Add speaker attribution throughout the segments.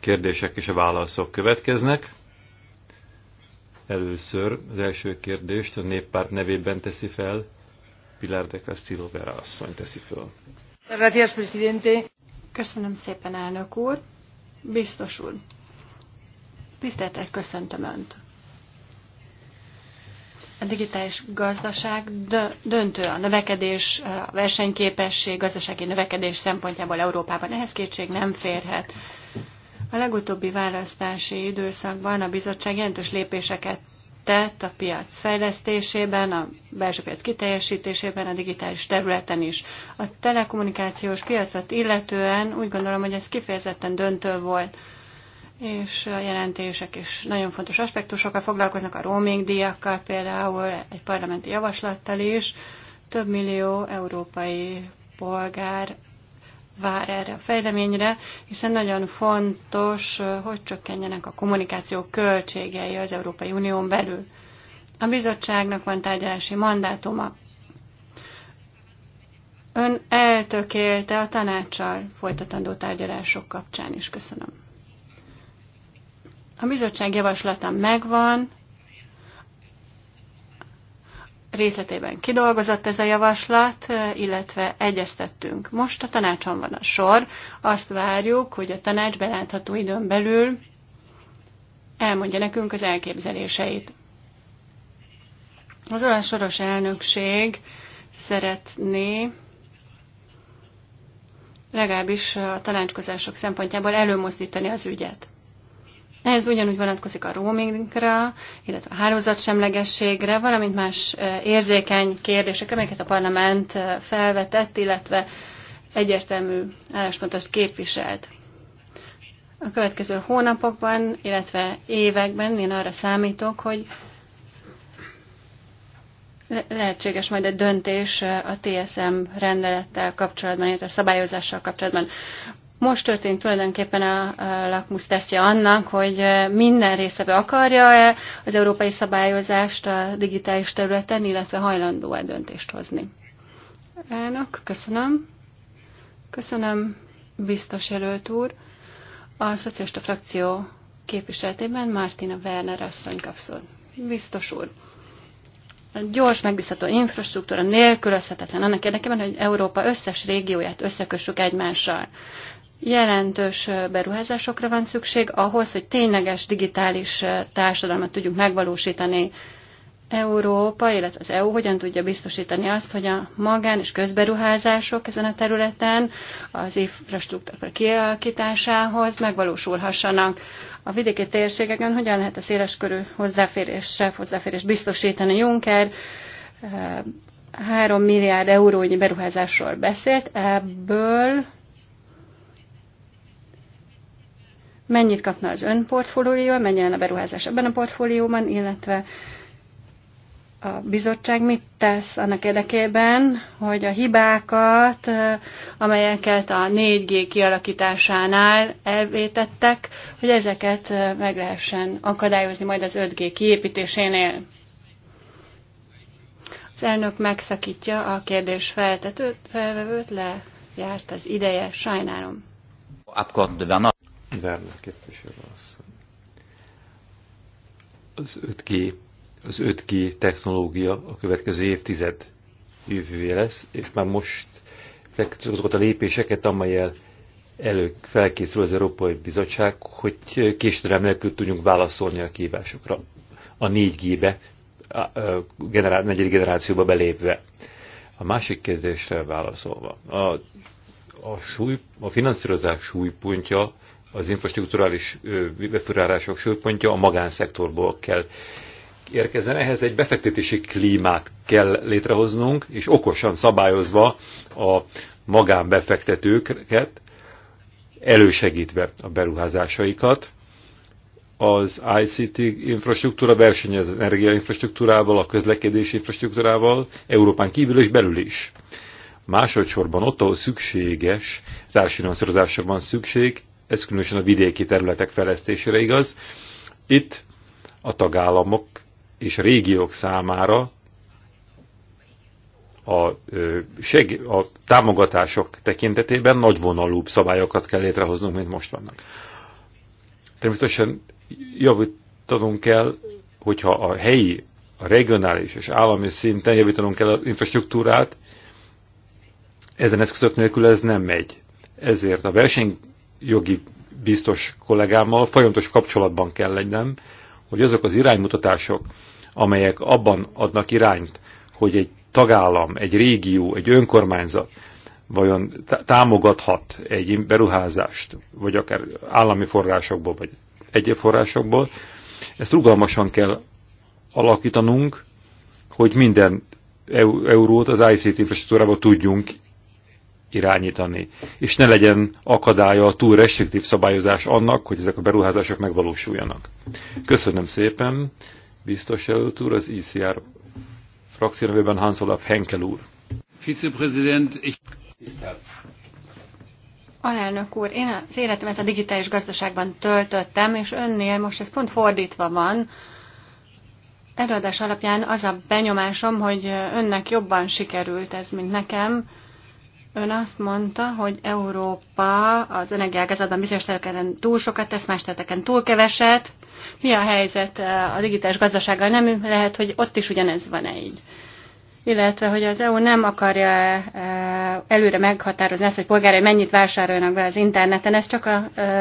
Speaker 1: kérdések és a válaszok következnek. Először az első kérdést a néppárt nevében teszi fel, Pilar de Castillo Vera asszony teszi fel.
Speaker 2: Gracias, presidente. Köszönöm szépen, elnök úr. Biztos úr. Tiszteltek, köszöntöm Önt. A digitális gazdaság döntő a növekedés, a versenyképesség, gazdasági növekedés szempontjából Európában ehhez kétség nem férhet. A legutóbbi választási időszakban a bizottság jelentős lépéseket tett a piac fejlesztésében, a belső piac kiteljesítésében, a digitális területen is. A telekommunikációs piacot illetően úgy gondolom, hogy ez kifejezetten döntő volt és a jelentések is nagyon fontos aspektusokkal foglalkoznak, a roaming díjakkal például, egy parlamenti javaslattal is. Több millió európai polgár vár erre a fejleményre, hiszen nagyon fontos, hogy csökkenjenek a kommunikáció költségei az Európai Unión belül. A bizottságnak van tárgyalási mandátuma. Ön eltökélte a tanácssal folytatandó tárgyalások kapcsán is. Köszönöm. A bizottság javaslata megvan, részletében kidolgozott ez a javaslat, illetve egyeztettünk. Most a tanácson van a sor. Azt várjuk, hogy a tanács belátható időn belül elmondja nekünk az elképzeléseit. Az olasz soros elnökség szeretné legalábbis a tanácskozások szempontjából előmozdítani az ügyet. Ez ugyanúgy vonatkozik a roamingra, illetve a hálózatsemlegességre, valamint más e, érzékeny kérdésekre, amelyeket a parlament e, felvetett, illetve egyértelmű álláspontot képviselt. A következő hónapokban, illetve években én arra számítok, hogy lehetséges majd egy döntés e, a TSM rendelettel kapcsolatban, illetve a szabályozással kapcsolatban. Most történt tulajdonképpen a, a lakmus tesztje annak, hogy minden részebe akarja-e az európai szabályozást a digitális területen, illetve hajlandó-e döntést hozni. Elnök, köszönöm. Köszönöm, biztos jelölt úr. A szocialista frakció képviseletében Martina Werner asszony kapszol. Biztos úr. A gyors, megbízható infrastruktúra nélkülözhetetlen annak érdekében, hogy Európa összes régióját összekössük egymással. Jelentős beruházásokra van szükség ahhoz, hogy tényleges digitális társadalmat tudjuk megvalósítani. Európa, illetve az EU hogyan tudja biztosítani azt, hogy a magán és közberuházások ezen a területen az infrastruktúra kialakításához megvalósulhassanak. A vidéki térségeken hogyan lehet a széleskörű hozzáférés, hozzáférés biztosítani Juncker, 3 milliárd eurónyi beruházásról beszélt, ebből mennyit kapna az ön portfóliója, mennyi lenne a beruházás ebben a portfólióban, illetve a bizottság mit tesz annak érdekében, hogy a hibákat, amelyeket a 4G kialakításánál elvétettek, hogy ezeket meg lehessen akadályozni majd az 5G kiépítésénél. Az elnök megszakítja a kérdés feltetőt, felvevőt, lejárt az ideje, sajnálom.
Speaker 1: Abgott Werner képviselő asszony. Az 5G, az 5G technológia a következő évtized jövője lesz, és már most azokat a lépéseket, amelyel elő felkészül az Európai Bizottság, hogy késedelem nélkül tudjunk válaszolni a kívásokra a 4G-be, generá negyedik generációba belépve. A másik kérdésre válaszolva, a, a, súly, a finanszírozás súlypontja az infrastruktúrális befurárások súlypontja a magánszektorból kell érkezzen. Ehhez egy befektetési klímát kell létrehoznunk, és okosan szabályozva a magánbefektetőket, elősegítve a beruházásaikat. Az ICT infrastruktúra verseny az energiainfrastruktúrával, a közlekedési infrastruktúrával, Európán kívül és belül is. Másodszorban ott, ahol szükséges, társadalmi van szükség, ez különösen a vidéki területek fejlesztésére igaz. Itt a tagállamok és a régiók számára a, seg, a támogatások tekintetében nagyvonalúbb szabályokat kell létrehoznunk, mint most vannak. Természetesen javítanunk kell, hogyha a helyi, a regionális és állami szinten javítanunk kell az infrastruktúrát, ezen eszközök nélkül ez nem megy. Ezért a verseny jogi biztos kollégámmal folyamatos kapcsolatban kell legyenem, hogy azok az iránymutatások, amelyek abban adnak irányt, hogy egy tagállam, egy régió, egy önkormányzat vajon támogathat egy beruházást, vagy akár állami forrásokból, vagy egyéb forrásokból, ezt rugalmasan kell alakítanunk, hogy minden eurót az ICT infrastruktúrába tudjunk irányítani, és ne legyen akadálya a túl restriktív szabályozás annak, hogy ezek a beruházások megvalósuljanak. Köszönöm szépen, biztos előtt úr, az ICR frakció nevében Hans Olaf Henkel úr. Vizepräsident, ich...
Speaker 2: Alelnök úr, én az életemet a digitális gazdaságban töltöttem, és önnél most ez pont fordítva van. Előadás alapján az a benyomásom, hogy önnek jobban sikerült ez, mint nekem Ön azt mondta, hogy Európa az energiágazatban bizonyos területeken túl sokat tesz, más területeken túl keveset. Mi a helyzet eh, a digitális gazdasággal? Nem lehet, hogy ott is ugyanez van-e így? Illetve, hogy az EU nem akarja eh, előre meghatározni ezt, hogy polgárai mennyit vásároljanak be az interneten. Ez csak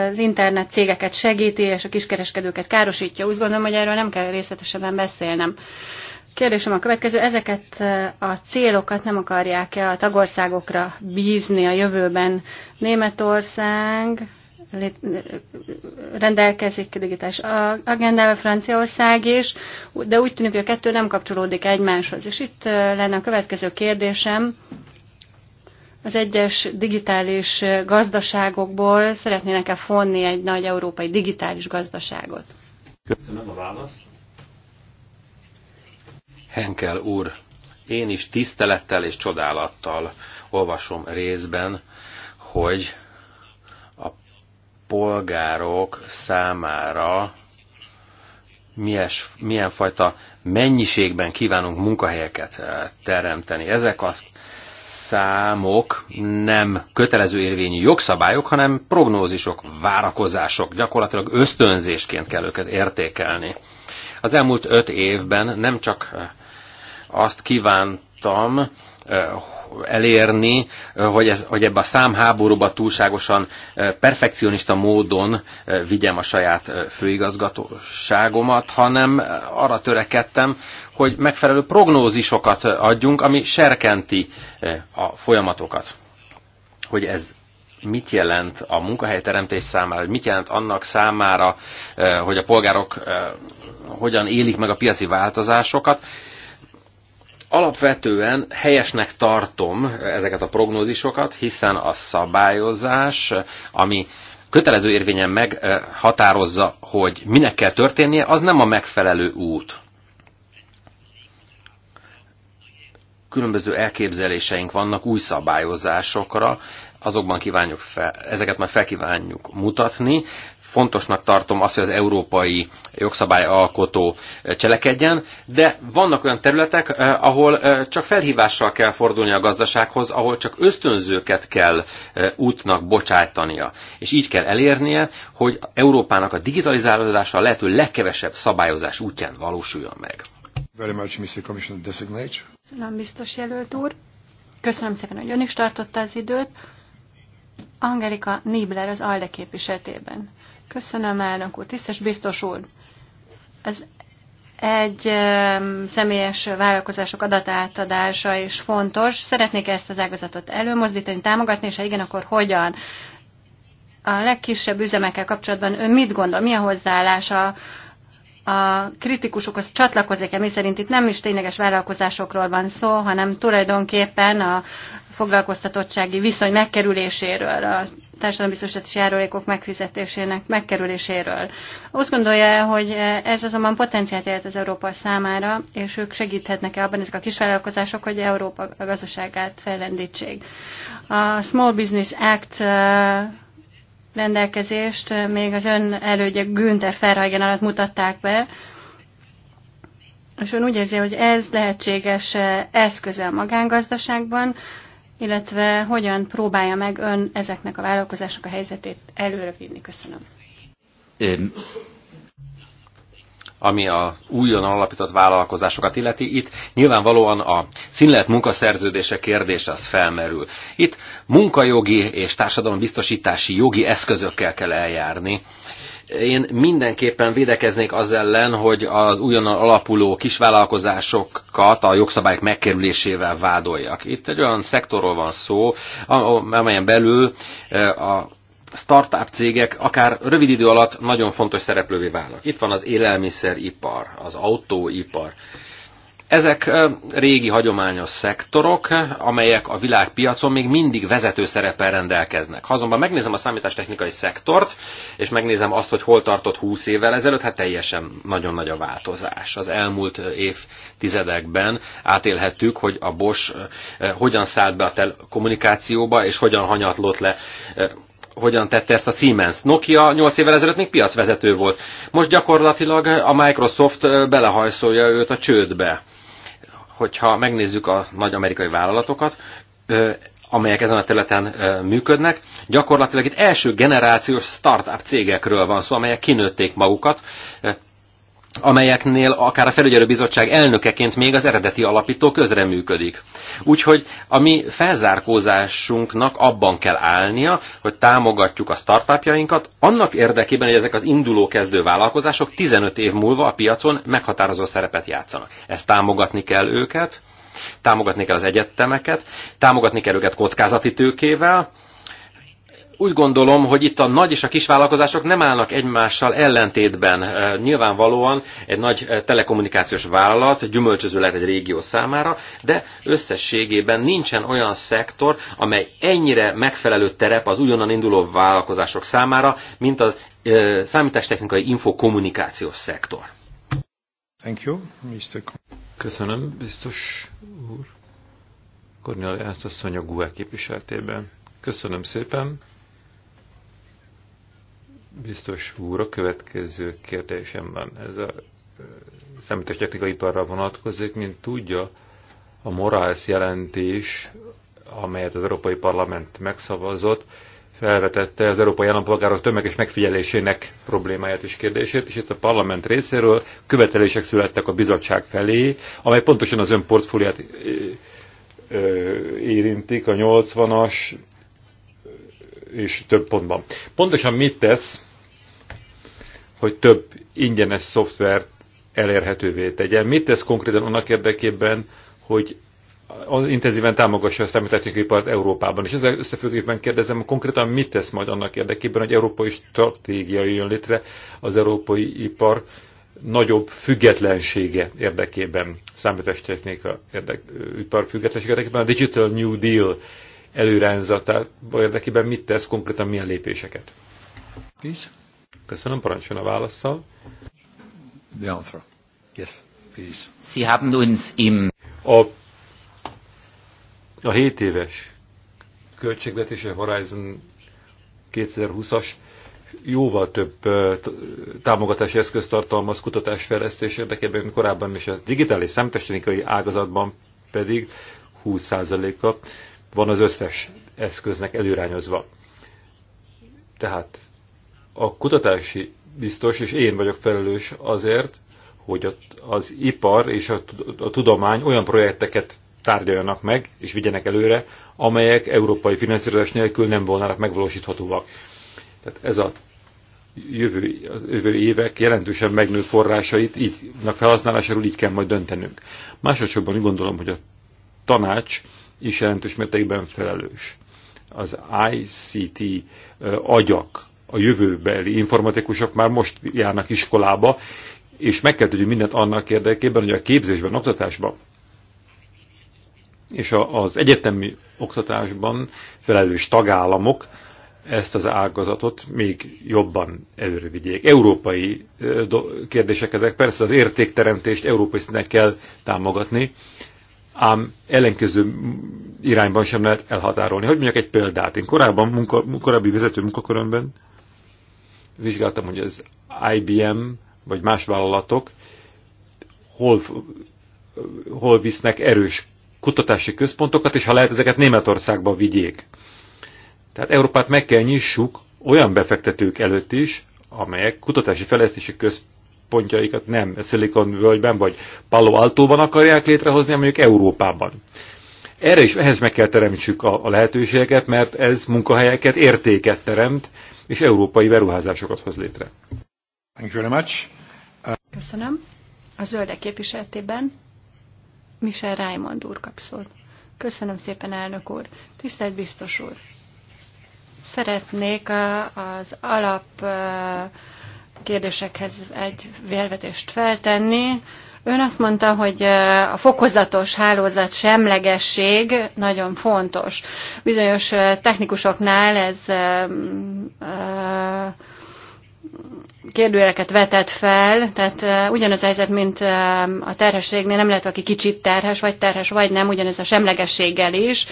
Speaker 2: az internet cégeket segíti, és a kiskereskedőket károsítja. Úgy gondolom, hogy erről nem kell részletesebben beszélnem. Kérdésem a következő, ezeket eh, a célokat nem akarják-e a tagországokra bízni a jövőben? Németország rendelkezik digitális agendával, Franciaország is, de úgy tűnik, hogy a kettő nem kapcsolódik egymáshoz. És itt eh, lenne a következő kérdésem, az egyes digitális eh, gazdaságokból szeretnének-e fonni egy nagy európai digitális gazdaságot?
Speaker 1: Köszönöm a választ.
Speaker 3: Henkel úr, én is tisztelettel és csodálattal olvasom részben, hogy a polgárok számára milyes, milyen fajta mennyiségben kívánunk munkahelyeket eh, teremteni. Ezek a számok nem kötelező érvényű jogszabályok, hanem prognózisok, várakozások, gyakorlatilag ösztönzésként kell őket értékelni. Az elmúlt öt évben nem csak eh, azt kívántam eh, elérni, eh, hogy, ez, hogy ebbe a számháborúba túlságosan eh, perfekcionista módon vigyem a saját főigazgatóságomat, hanem arra törekedtem, hogy megfelelő prognózisokat adjunk, ami serkenti a folyamatokat. Hogy ez mit jelent a munkahelyteremtés számára, hogy mit jelent annak számára, hogy a polgárok hogyan élik meg a piaci változásokat, Alapvetően helyesnek tartom ezeket a prognózisokat, hiszen a szabályozás, ami kötelező érvényen meghatározza, hogy minek kell történnie, az nem a megfelelő út. Különböző elképzeléseink vannak új szabályozásokra, azokban kívánjuk fel, ezeket már felkívánjuk mutatni, fontosnak tartom azt, hogy az európai jogszabályalkotó cselekedjen, de vannak olyan területek, eh, ahol eh, csak felhívással kell fordulni a gazdasághoz, ahol csak ösztönzőket kell eh, útnak bocsájtania. És így kell elérnie, hogy Európának a digitalizálódása a lehető legkevesebb szabályozás útján valósuljon meg.
Speaker 1: Very much, Mr. Commissioner Designate.
Speaker 2: Köszönöm, biztos jelölt úr. Köszönöm szépen, hogy ön is tartotta az időt. Angelika Nibler az ALDE képviseletében. Köszönöm, elnök úr. Tisztes biztos úr, ez egy személyes vállalkozások adatátadása is fontos. Szeretnék ezt az ágazatot előmozdítani, támogatni, és ha igen, akkor hogyan? A legkisebb üzemekkel kapcsolatban ön mit gondol? Mi a hozzáállása a kritikusokhoz csatlakozik ami szerint itt nem is tényleges vállalkozásokról van szó, hanem tulajdonképpen a foglalkoztatottsági viszony megkerüléséről, a társadalombiztosítási járulékok megfizetésének megkerüléséről. Azt gondolja, hogy ez azonban potenciált jelent az Európa számára, és ők segíthetnek-e abban ezek a kisvállalkozások, hogy Európa gazdaságát fellendítsék. A Small Business Act rendelkezést még az ön elődje Günther Ferhagen alatt mutatták be, és ön úgy érzi, hogy ez lehetséges eszköze a magángazdaságban, illetve hogyan próbálja meg ön ezeknek a vállalkozások a helyzetét előre vinni. Köszönöm
Speaker 3: ami a újon alapított vállalkozásokat illeti. Itt nyilvánvalóan a színlet munkaszerződése kérdése az felmerül. Itt munkajogi és társadalombiztosítási jogi eszközökkel kell eljárni. Én mindenképpen védekeznék az ellen, hogy az újonnan alapuló kisvállalkozásokat a jogszabályok megkerülésével vádoljak. Itt egy olyan szektorról van szó, amelyen belül e, a startup cégek akár rövid idő alatt nagyon fontos szereplővé válnak. Itt van az élelmiszeripar, az autóipar. Ezek régi hagyományos szektorok, amelyek a világpiacon még mindig vezető szerepel rendelkeznek. Ha azonban megnézem a számítástechnikai szektort, és megnézem azt, hogy hol tartott 20 évvel ezelőtt, hát teljesen nagyon nagy a változás. Az elmúlt évtizedekben átélhettük, hogy a Bosch hogyan szállt be a telekommunikációba, és hogyan hanyatlott le hogyan tette ezt a Siemens. Nokia 8 évvel ezelőtt még piacvezető volt. Most gyakorlatilag a Microsoft belehajszolja őt a csődbe. Hogyha megnézzük a nagy amerikai vállalatokat, amelyek ezen a területen működnek, gyakorlatilag itt első generációs startup cégekről van szó, amelyek kinőtték magukat, amelyeknél akár a felügyelőbizottság elnökeként még az eredeti alapító közreműködik. Úgyhogy a mi felzárkózásunknak abban kell állnia, hogy támogatjuk a startupjainkat, annak érdekében, hogy ezek az induló kezdő vállalkozások 15 év múlva a piacon meghatározó szerepet játszanak. Ezt támogatni kell őket, támogatni kell az egyetemeket, támogatni kell őket kockázati tőkével, úgy gondolom, hogy itt a nagy és a kis vállalkozások nem állnak egymással ellentétben. Nyilvánvalóan egy nagy telekommunikációs vállalat gyümölcsöző lehet egy régió számára, de összességében nincsen olyan szektor, amely ennyire megfelelő terep az újonnan induló vállalkozások számára, mint a számítástechnikai infokommunikációs szektor.
Speaker 1: Thank you, Mr. Köszönöm, biztos úr. Kornél ezt a szanyagú képviseltében. Köszönöm szépen. Biztos úr, a következő kérdésem van. Ez a számítás iparra vonatkozik, mint tudja, a Morales jelentés, amelyet az Európai Parlament megszavazott, felvetette az európai állampolgárok tömeges megfigyelésének problémáját és kérdését, és itt a parlament részéről követelések születtek a bizottság felé, amely pontosan az ön portfóliát érintik, a 80-as és több pontban. Pontosan mit tesz hogy több ingyenes szoftvert elérhetővé tegyen. Mit tesz konkrétan annak érdekében, hogy intenzíven támogassa a számítástechnikai ipart Európában. És ezzel összefüggésben kérdezem, konkrétan mit tesz majd annak érdekében, hogy európai stratégia jön létre az európai ipar nagyobb függetlensége érdekében, számítástechnika érdek, ipar függetlensége érdekében, a Digital New Deal előrányzatában érdekében mit tesz, konkrétan milyen lépéseket? Please. Köszönöm, parancsoljon a válaszsal. The answer. Yes, please. Sie haben uns im... A, a 7 éves költségvetése Horizon 2020-as jóval több támogatási eszköz tartalmaz kutatás fejlesztés érdekében, korábban is a digitális számítástechnikai ágazatban pedig 20%-a van az összes eszköznek előrányozva. Tehát a kutatási biztos, és én vagyok felelős azért, hogy az ipar és a tudomány olyan projekteket tárgyaljanak meg, és vigyenek előre, amelyek európai finanszírozás nélkül nem volnának megvalósíthatóak. Tehát ez a jövő, az jövő évek jelentősen megnő forrásait így felhasználásáról így kell majd döntenünk. Másodszorban úgy gondolom, hogy a tanács is jelentős mértékben felelős. Az ICT agyak a jövőbeli informatikusok már most járnak iskolába, és meg kell tegyünk mindent annak érdekében, hogy a képzésben, oktatásban és az egyetemi oktatásban felelős tagállamok ezt az ágazatot még jobban vigyék. Európai kérdések ezek, persze az értékteremtést európai szinten kell támogatni, ám ellenkező irányban sem lehet elhatárolni. Hogy mondjak egy példát? Én korábban, munka, korábbi vezető munkakörömben vizsgáltam, hogy az IBM vagy más vállalatok hol, hol visznek erős kutatási központokat, és ha lehet, ezeket Németországba vigyék. Tehát Európát meg kell nyissuk olyan befektetők előtt is, amelyek kutatási fejlesztési központjaikat nem Silicon Valley-ben vagy Palo Alto-ban akarják létrehozni, mondjuk Európában. Erre is ehhez meg kell teremtsük a, a lehetőségeket, mert ez munkahelyeket, értéket teremt, és európai beruházásokat hoz létre. Thank you very much. Köszönöm.
Speaker 2: A zöldek képviseletében Michel Raymond úr kapszol. Köszönöm szépen, elnök úr. Tisztelt biztos úr. Szeretnék az alap kérdésekhez egy vélvetést feltenni. Ön azt mondta, hogy a fokozatos hálózat semlegesség nagyon fontos. Bizonyos technikusoknál ez kérdőjeleket vetett fel, tehát ugyanaz a helyzet, mint a terhességnél, nem lehet, aki kicsit terhes, vagy terhes, vagy nem, ugyanez a semlegességgel is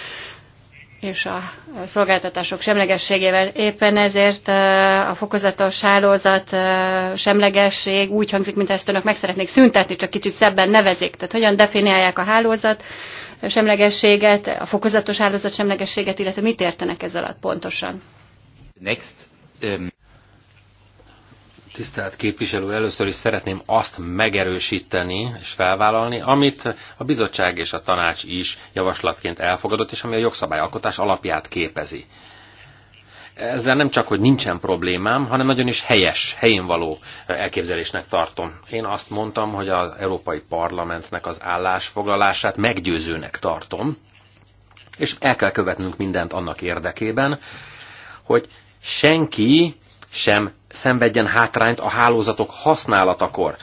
Speaker 2: és a szolgáltatások semlegességével. Éppen ezért eh, a fokozatos hálózat eh, semlegesség úgy hangzik, mint ezt önök meg szeretnék szüntetni, csak kicsit szebben nevezik. Tehát hogyan definiálják a hálózat semlegességet, a fokozatos hálózat semlegességet, illetve mit értenek ezzel alatt pontosan?
Speaker 3: Next. Um... Tisztelt képviselő, először is szeretném azt megerősíteni és felvállalni, amit a bizottság és a tanács is javaslatként elfogadott, és ami a jogszabályalkotás alapját képezi. Ezzel nem csak, hogy nincsen problémám, hanem nagyon is helyes, helyén való elképzelésnek tartom. Én azt mondtam, hogy az Európai Parlamentnek az állásfoglalását meggyőzőnek tartom, és el kell követnünk mindent annak érdekében, hogy senki sem szenvedjen hátrányt a hálózatok használatakor.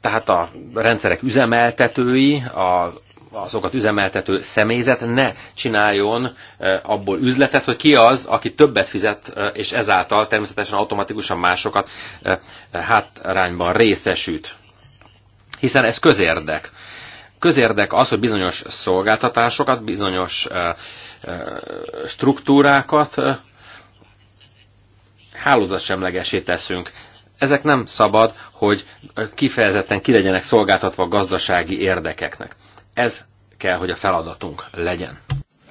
Speaker 3: Tehát a rendszerek üzemeltetői, a, azokat üzemeltető személyzet ne csináljon e, abból üzletet, hogy ki az, aki többet fizet, e, és ezáltal természetesen automatikusan másokat e, hátrányban részesült, Hiszen ez közérdek. Közérdek az, hogy bizonyos szolgáltatásokat, bizonyos struktúrákat hálózatsemlegesé teszünk. Ezek nem szabad, hogy kifejezetten ki legyenek szolgáltatva a gazdasági érdekeknek. Ez kell, hogy a feladatunk legyen.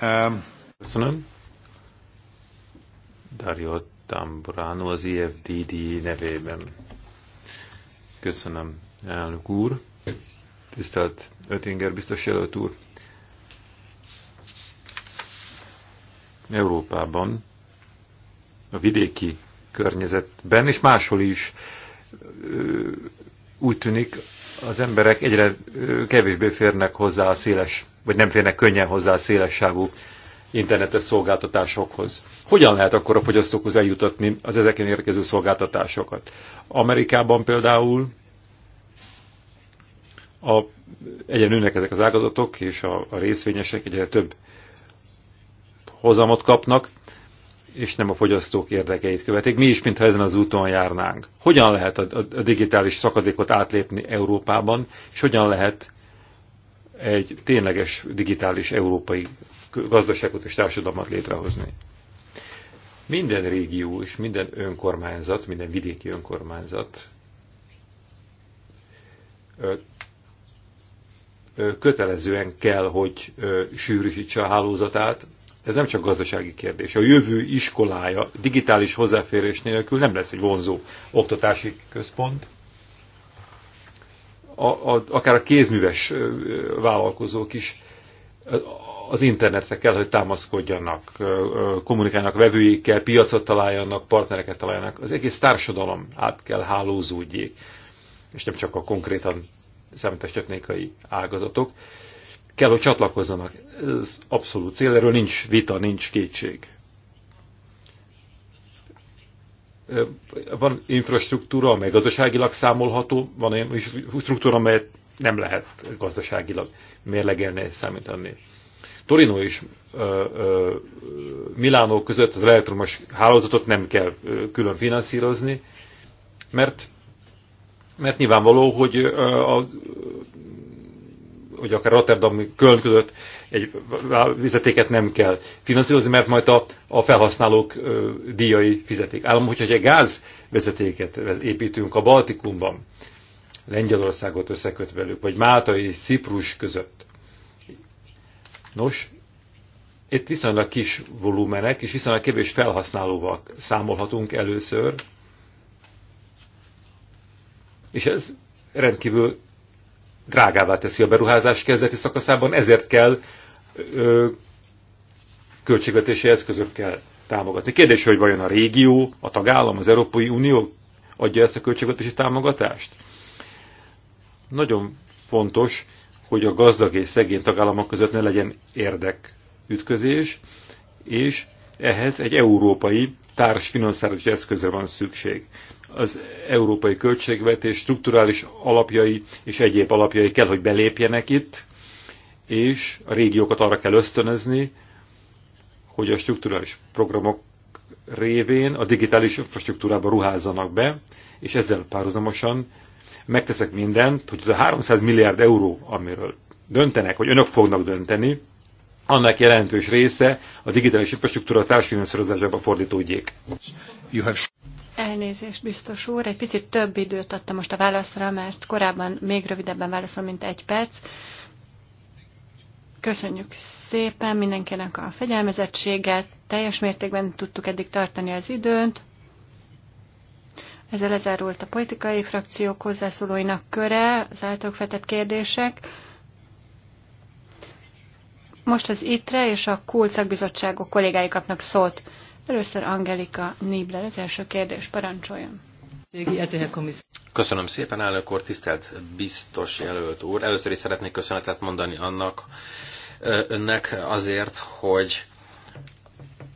Speaker 3: Um,
Speaker 1: köszönöm. Dario Tamburano az IFDD nevében. Köszönöm, elnök úr. Tisztelt Ötinger biztos jelölt úr. Európában a vidéki környezetben, és máshol is úgy tűnik, az emberek egyre kevésbé férnek hozzá a széles, vagy nem férnek könnyen hozzá a széles sávú internetes szolgáltatásokhoz. Hogyan lehet akkor a fogyasztókhoz eljutatni az ezeken érkező szolgáltatásokat? Amerikában például a, egyre nőnek ezek az ágazatok, és a, a részvényesek egyre több hozamot kapnak, és nem a fogyasztók érdekeit követik. Mi is, mintha ezen az úton járnánk. Hogyan lehet a, a, a digitális szakadékot átlépni Európában, és hogyan lehet egy tényleges digitális európai gazdaságot és társadalmat létrehozni? Minden régió és minden önkormányzat, minden vidéki önkormányzat kötelezően kell, hogy sűrűsítse a hálózatát, ez nem csak gazdasági kérdés. A jövő iskolája digitális hozzáférés nélkül nem lesz egy vonzó oktatási központ. A, a, akár a kézműves vállalkozók is az internetre kell, hogy támaszkodjanak, kommunikáljanak vevőikkel, piacot találjanak, partnereket találjanak. Az egész társadalom át kell hálózódjék, és nem csak a konkrétan számítástechnikai ágazatok kell, hogy csatlakozzanak. Ez abszolút cél, erről nincs vita, nincs kétség. Van infrastruktúra, amely gazdaságilag számolható, van olyan struktúra, amelyet nem lehet gazdaságilag mérlegelni és számítani. Torino és Milánó között az elektromos hálózatot nem kell külön finanszírozni, mert, mert nyilvánvaló, hogy a hogy akár Rotterdam Köln között egy vizetéket nem kell finanszírozni, mert majd a, a felhasználók ö, díjai fizetik. Állam, hogyha egy gázvezetéket építünk a Baltikumban, Lengyelországot összeköt velük, vagy máltai Ciprus között. Nos, itt viszonylag kis volumenek, és viszonylag kevés felhasználóval számolhatunk először, és ez rendkívül drágává teszi a beruházás kezdeti szakaszában, ezért kell ö, költségvetési eszközökkel támogatni. Kérdés, hogy vajon a régió, a tagállam, az Európai Unió adja ezt a költségvetési támogatást? Nagyon fontos, hogy a gazdag és szegény tagállamok között ne legyen érdekütközés, és ehhez egy európai társfinanszírozási eszközre van szükség az európai költségvetés strukturális alapjai és egyéb alapjai kell, hogy belépjenek itt, és a régiókat arra kell ösztönözni, hogy a strukturális programok révén a digitális infrastruktúrába ruházzanak be, és ezzel párhuzamosan megteszek mindent, hogy az a 300 milliárd euró, amiről döntenek, vagy önök fognak dönteni, annak jelentős része a digitális infrastruktúra társadalmi fordítódjék.
Speaker 2: Elnézést, biztos úr. Egy picit több időt adtam most a válaszra, mert korábban még rövidebben válaszol, mint egy perc. Köszönjük szépen mindenkinek a fegyelmezettséget. Teljes mértékben tudtuk eddig tartani az időnt. Ezzel lezárult a politikai frakciók hozzászólóinak köre, az általuk vetett kérdések. Most az ITRE és a KUL szakbizottságok kollégái kapnak szót. Először Angelika Nibler, az első kérdés, parancsoljon.
Speaker 3: Köszönöm szépen, elnök úr, tisztelt biztos jelölt úr. Először is szeretnék köszönetet mondani annak önnek azért, hogy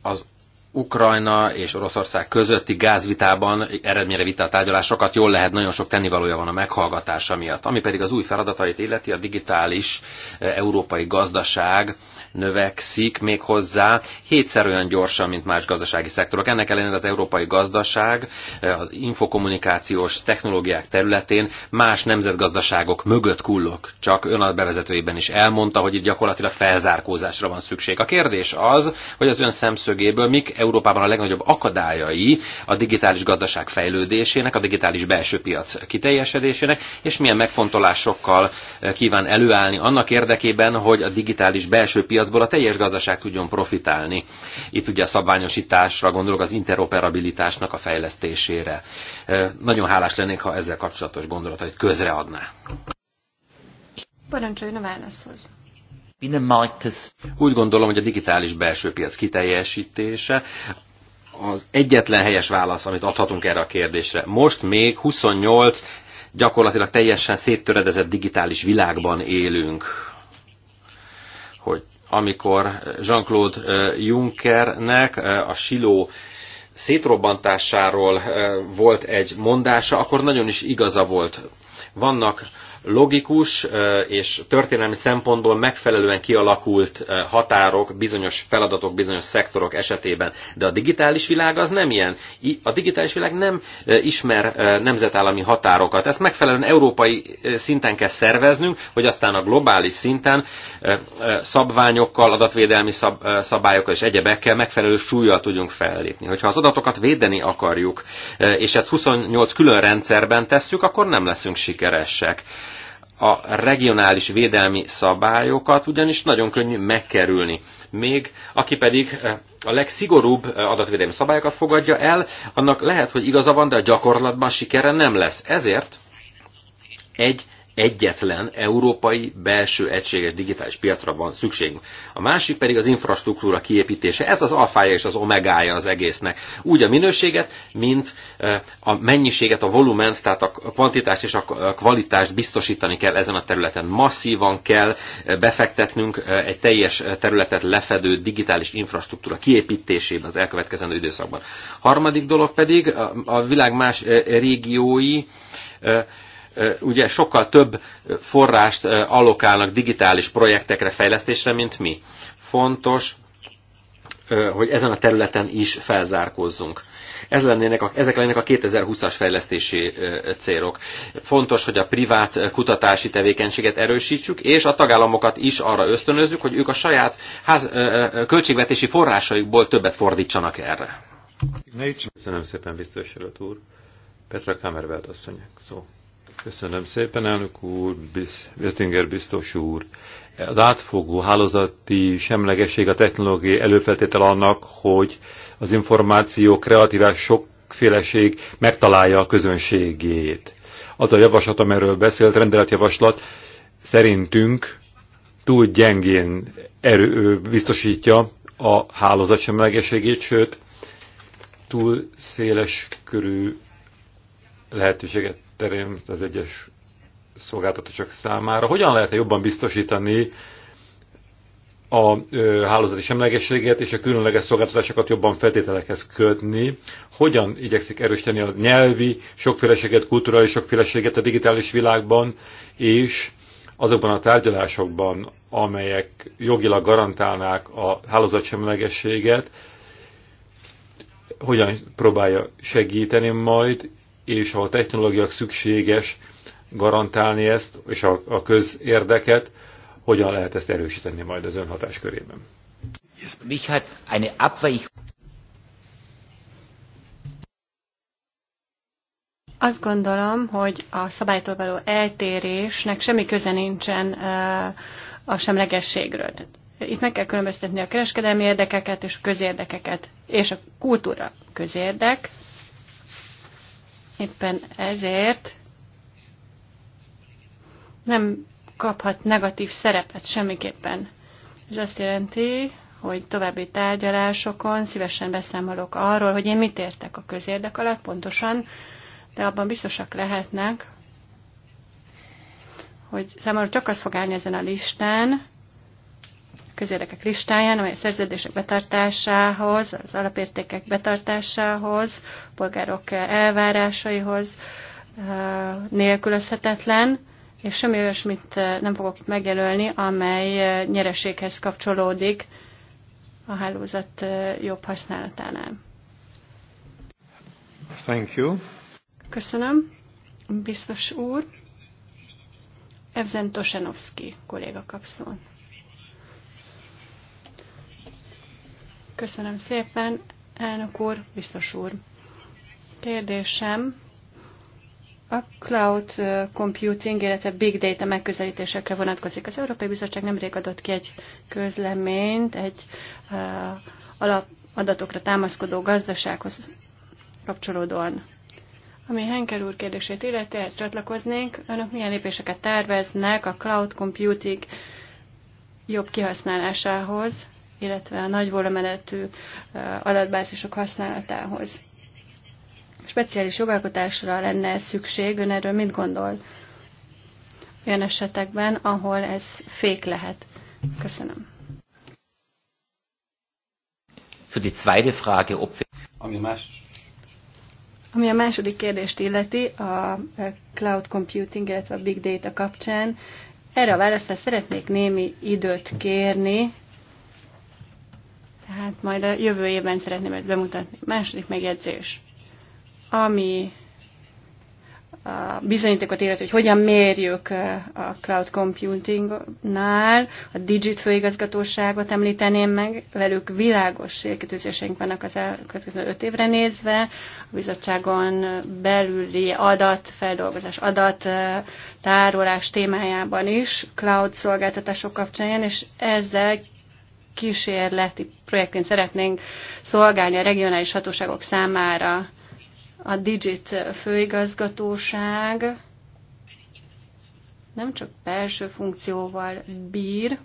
Speaker 3: az Ukrajna és Oroszország közötti gázvitában eredményre vita tárgyalásokat jól lehet, nagyon sok tennivalója van a meghallgatása miatt. Ami pedig az új feladatait illeti, a digitális európai gazdaság növekszik még hozzá hétszer olyan gyorsan, mint más gazdasági szektorok. Ennek ellenére az európai gazdaság eh, az infokommunikációs technológiák területén más nemzetgazdaságok mögött kullok. Csak ön a bevezetőjében is elmondta, hogy itt gyakorlatilag felzárkózásra van szükség. A kérdés az, hogy az ön szemszögéből mik Európában a legnagyobb akadályai a digitális gazdaság fejlődésének, a digitális belső piac kiteljesedésének, és milyen megfontolásokkal eh, kíván előállni annak érdekében, hogy a digitális belső piac piacból a teljes gazdaság tudjon profitálni. Itt ugye a szabványosításra gondolok, az interoperabilitásnak a fejlesztésére. Nagyon hálás lennék, ha ezzel kapcsolatos gondolatait közreadná.
Speaker 2: Parancsoljon a válaszhoz.
Speaker 3: Úgy gondolom, hogy a digitális belső piac kiteljesítése az egyetlen helyes válasz, amit adhatunk erre a kérdésre. Most még 28 gyakorlatilag teljesen széttöredezett digitális világban élünk. Hogy amikor Jean-Claude Junckernek a siló szétrobbantásáról volt egy mondása, akkor nagyon is igaza volt. Vannak logikus és történelmi szempontból megfelelően kialakult határok bizonyos feladatok, bizonyos szektorok esetében. De a digitális világ az nem ilyen. A digitális világ nem ismer nemzetállami határokat. Ezt megfelelően európai szinten kell szerveznünk, hogy aztán a globális szinten szabványokkal, adatvédelmi szabályokkal és egyebekkel megfelelő súlyjal tudjunk fellépni. Hogyha az adatokat védeni akarjuk, és ezt 28 külön rendszerben tesszük, akkor nem leszünk sikeresek a regionális védelmi szabályokat ugyanis nagyon könnyű megkerülni. Még aki pedig eh, a legszigorúbb eh, adatvédelmi szabályokat fogadja el, annak lehet, hogy igaza van, de a gyakorlatban sikere nem lesz. Ezért egy egyetlen európai belső egységes digitális piacra van szükségünk. A másik pedig az infrastruktúra kiépítése. Ez az alfája és az omegája az egésznek. Úgy a minőséget, mint eh, a mennyiséget, a volument, tehát a kvantitást és a kvalitást biztosítani kell ezen a területen. Masszívan kell eh, befektetnünk eh, egy teljes területet lefedő digitális infrastruktúra kiépítésébe az elkövetkezendő időszakban. Harmadik dolog pedig a világ más régiói ugye sokkal több forrást alokálnak digitális projektekre, fejlesztésre, mint mi. Fontos, hogy ezen a területen is felzárkózzunk. Ez lennének a, ezek lennének a 2020-as fejlesztési célok. Fontos, hogy a privát kutatási tevékenységet erősítsük, és a tagállamokat is arra ösztönözzük, hogy ők a saját ház, költségvetési forrásaikból
Speaker 1: többet fordítsanak erre. Köszönöm szépen, biztos úr. Petra Kamervelt asszony, szó. Köszönöm szépen, elnök úr, Jöttinger biztos úr. Az átfogó hálózati semlegesség a technológiai előfeltétel annak, hogy az információ kreatívás sokféleség megtalálja a közönségét. Az a javaslat, amiről beszélt, rendeletjavaslat szerintünk túl gyengén erő, biztosítja a hálózat semlegességét, sőt, túl széles körű lehetőséget terén az egyes szolgáltatások számára. Hogyan lehet jobban biztosítani a ö, hálózati semlegességet és a különleges szolgáltatásokat jobban feltételekhez kötni? Hogyan igyekszik erősíteni a nyelvi sokféleséget, kulturális sokféleséget a digitális világban, és azokban a tárgyalásokban, amelyek jogilag garantálnák a semlegességet? hogyan próbálja segíteni majd, és ha a technológiák szükséges garantálni ezt, és a, a közérdeket, hogyan lehet ezt erősíteni majd az önhatás körében.
Speaker 2: Azt gondolom, hogy a szabálytól való eltérésnek semmi köze nincsen a semlegességről. Itt meg kell különböztetni a kereskedelmi érdekeket és a közérdekeket. És a kultúra közérdek, Éppen ezért nem kaphat negatív szerepet semmiképpen. Ez azt jelenti, hogy további tárgyalásokon szívesen beszámolok arról, hogy én mit értek a közérdek alatt pontosan, de abban biztosak lehetnek, hogy számomra csak az fog állni ezen a listán, közérdekek listáján, amely a szerződések betartásához, az alapértékek betartásához, a polgárok elvárásaihoz eh, nélkülözhetetlen, és semmi olyasmit eh, nem fogok itt megjelölni, amely eh, nyereséghez kapcsolódik a hálózat jobb használatánál. Thank you. Köszönöm. Biztos úr. Evzen Tosenovski kolléga kap szót. Köszönöm szépen, elnök úr, biztos úr. Kérdésem, a cloud computing, illetve big data megközelítésekre vonatkozik. Az Európai Bizottság nemrég adott ki egy közleményt, egy uh, alapadatokra támaszkodó gazdasághoz kapcsolódóan. Ami Henkel úr kérdését illeti, ehhez csatlakoznénk. Önök milyen lépéseket terveznek a cloud computing jobb kihasználásához, illetve a nagy volumenetű adatbázisok használatához. Speciális jogalkotásra lenne szükség, ön erről mit gondol? Olyan esetekben, ahol ez fék lehet. Köszönöm.
Speaker 3: Für die zweite Frage, ob wir ami, más...
Speaker 2: ami a második kérdést illeti, a cloud computing, illetve a big data kapcsán, erre a választás szeretnék némi időt kérni, tehát majd a jövő évben szeretném ezt bemutatni. Második megjegyzés. Ami a bizonyítékot illeti, hogy hogyan mérjük a cloud computingnál, a Digit főigazgatóságot említeném meg, velük világos célkitűzéseink vannak az elkövetkező öt évre nézve, a bizottságon belüli adatfeldolgozás, adat tárolás témájában is, cloud szolgáltatások kapcsán, és ezzel kísérleti projektként szeretnénk szolgálni a regionális hatóságok számára. A Digit főigazgatóság nem csak belső funkcióval bír,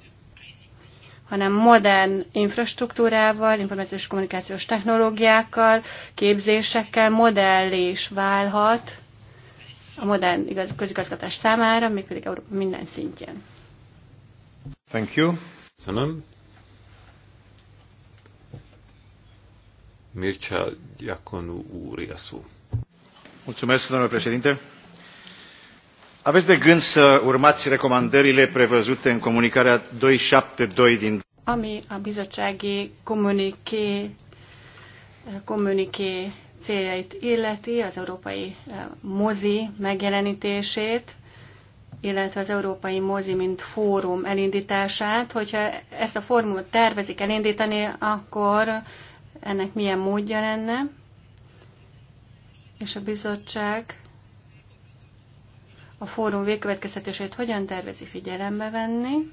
Speaker 2: hanem modern infrastruktúrával, információs kommunikációs technológiákkal, képzésekkel modell is válhat a modern igaz, közigazgatás számára, mégpedig Európa minden szintjén.
Speaker 1: Thank you. Mircea Diaconu Uriasu. a Mulțumesc, domnule președinte. Aveți de gând să urmați recomandările prevăzute în comunicarea 272 din...
Speaker 2: Ami a bizottsági kommuniké, kommuniké céljait illeti, az európai eh, mozi megjelenítését, illetve az európai mozi, mint fórum elindítását. Hogyha ezt a fórumot tervezik elindítani, akkor ennek milyen módja lenne, és a bizottság a fórum végkövetkeztetését hogyan tervezi figyelembe venni,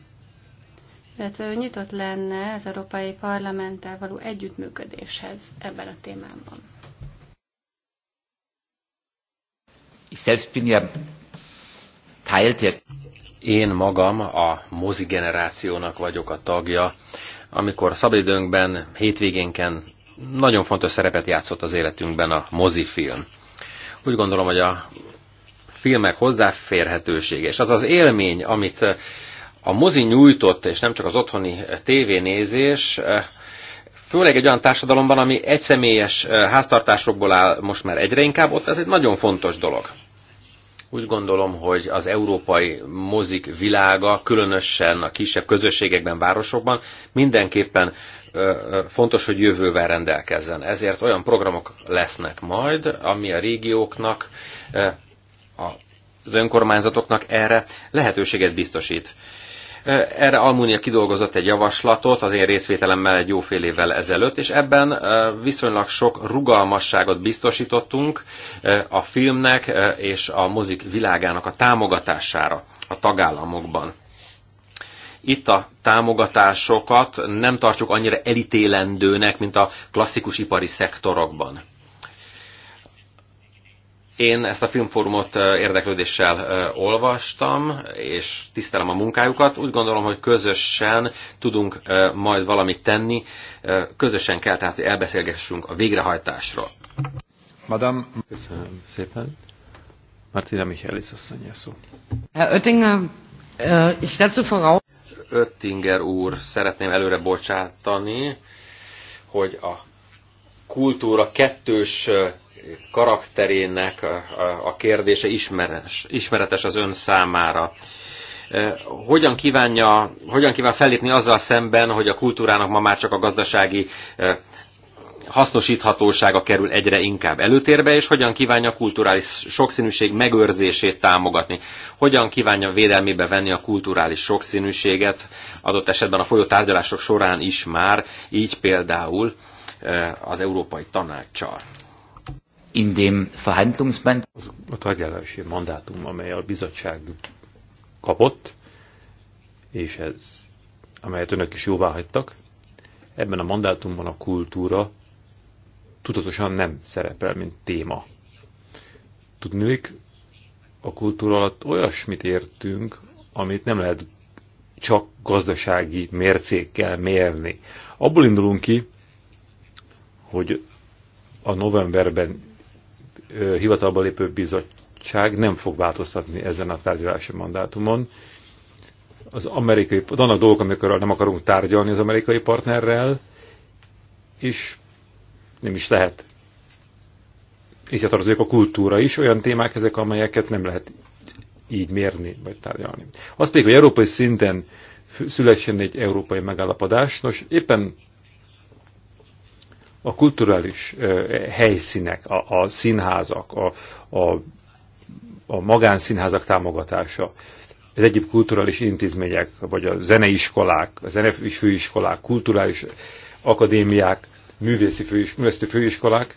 Speaker 2: illetve ő nyitott lenne az Európai Parlamenttel való együttműködéshez ebben a témában.
Speaker 3: én magam a mozi generációnak vagyok a tagja. Amikor szabadidőnkben, hétvégénken nagyon fontos szerepet játszott az életünkben a mozifilm. Úgy gondolom, hogy a filmek hozzáférhetősége, és az az élmény, amit eh, a mozi nyújtott, és nem csak az otthoni eh, tévénézés, eh, főleg egy olyan társadalomban, ami egyszemélyes háztartásokból áll most már egyre inkább, ott ez egy nagyon fontos dolog. Úgy gondolom, hogy az európai mozik világa, különösen a kisebb közösségekben, városokban mindenképpen fontos, hogy jövővel rendelkezzen. Ezért olyan programok lesznek majd, ami a régióknak, az önkormányzatoknak erre lehetőséget biztosít. Erre Almunia kidolgozott egy javaslatot az én részvételemmel egy jó fél évvel ezelőtt, és ebben viszonylag sok rugalmasságot biztosítottunk a filmnek és a mozik világának a támogatására a tagállamokban. Itt a támogatásokat nem tartjuk annyira elítélendőnek, mint a klasszikus ipari szektorokban. Én ezt a filmfórumot érdeklődéssel olvastam, és tisztelem a munkájukat. Úgy gondolom, hogy közösen tudunk majd valamit tenni. Közösen kell tehát, hogy elbeszélgessünk a végrehajtásról.
Speaker 1: Madame. Köszönöm szépen. Martina Michaelis asszony szó.
Speaker 2: Herr Oettinger, äh, ich setze
Speaker 3: voraus, Öttinger úr, szeretném előre bocsátani, hogy a kultúra kettős karakterének a kérdése ismeres, ismeretes az ön számára. Hogyan, kívánja, hogyan kíván fellépni azzal szemben, hogy a kultúrának ma már csak a gazdasági hasznosíthatósága kerül egyre inkább előtérbe, és hogyan kívánja a kulturális sokszínűség megőrzését támogatni. Hogyan kívánja védelmébe venni a kulturális sokszínűséget, adott esetben a folyó tárgyalások során is már, így például
Speaker 1: eh, az Európai Tanácssal.
Speaker 2: In dem Verhandlungsband... Az
Speaker 1: a tárgyalási mandátum, amely a bizottság kapott, és ez, amelyet önök is jóvá hagytak, ebben a mandátumban a kultúra tudatosan nem szerepel, mint téma. Tudnék, a kultúra alatt olyasmit értünk, amit nem lehet csak gazdasági mércékkel mérni. Abból indulunk ki, hogy a novemberben hivatalba lépő bizottság nem fog változtatni ezen a tárgyalási mandátumon. Az amerikai, annak dolgok, amikor nem akarunk tárgyalni az amerikai partnerrel, és nem is lehet. Így tartozik a kultúra is, olyan témák ezek, amelyeket nem lehet így mérni, vagy tárgyalni. Az pedig, hogy európai szinten szülessen egy európai megállapodás, nos éppen a kulturális helyszínek, a, a színházak, a, a, a magánszínházak támogatása, az egyéb kulturális intézmények, vagy a zeneiskolák, a zenefőiskolák, kulturális akadémiák művészi főis, művészeti főiskolák,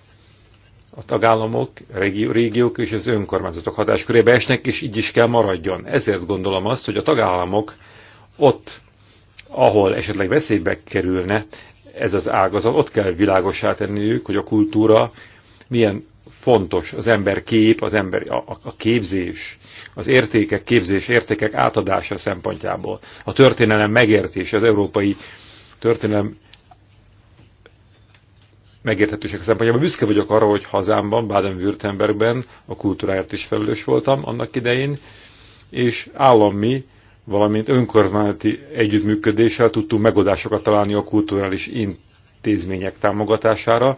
Speaker 1: a tagállamok, régiók és az önkormányzatok hatáskörébe esnek, és így is kell maradjon. Ezért gondolom azt, hogy a tagállamok ott, ahol esetleg veszélybe kerülne ez az ágazat, ott kell világosá tenniük, hogy a kultúra milyen fontos az ember kép, az ember, a, a képzés, az értékek, képzés, értékek átadása szempontjából. A történelem megértése, az európai történelem megérthetőség szempontjából büszke vagyok arra, hogy hazámban, Baden-Württembergben a kultúráért is felelős voltam annak idején, és állami, valamint önkormányzati együttműködéssel tudtunk megoldásokat találni a kulturális intézmények támogatására.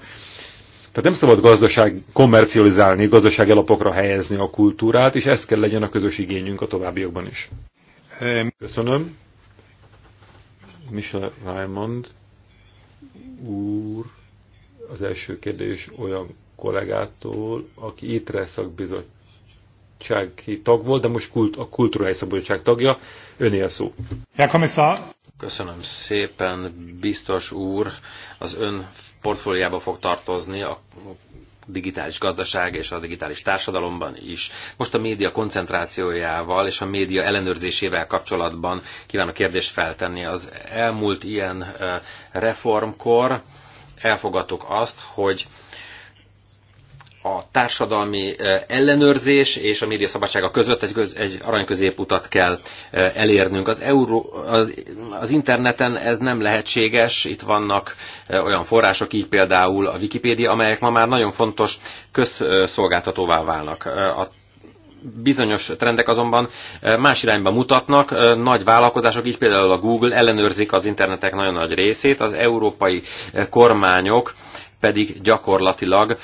Speaker 1: Tehát nem szabad gazdaság komercializálni, gazdasági alapokra helyezni a kultúrát, és ez kell legyen a közös igényünk a továbbiakban is. Köszönöm. Michel Raymond úr az első kérdés olyan kollégától, aki ITRE szakbizottsági tag volt, de most kult, a kulturális szabadság tagja. Öné a szó. Köszönöm szépen, biztos úr. Az ön
Speaker 3: portfóliába fog tartozni a digitális gazdaság és a digitális társadalomban is. Most a média koncentrációjával és a média ellenőrzésével kapcsolatban kívánok kérdést feltenni. Az elmúlt ilyen reformkor elfogadtuk azt, hogy a társadalmi eh, ellenőrzés és a média szabadsága között egy, köz, egy aranyközéputat kell eh, elérnünk. Az, euró, az, az interneten ez nem lehetséges, itt vannak eh, olyan források, így például a Wikipédia, amelyek ma már nagyon fontos közszolgáltatóvá válnak. A Bizonyos trendek azonban más irányba mutatnak. Nagy vállalkozások, így például a Google ellenőrzik az internetek nagyon nagy részét, az európai kormányok pedig gyakorlatilag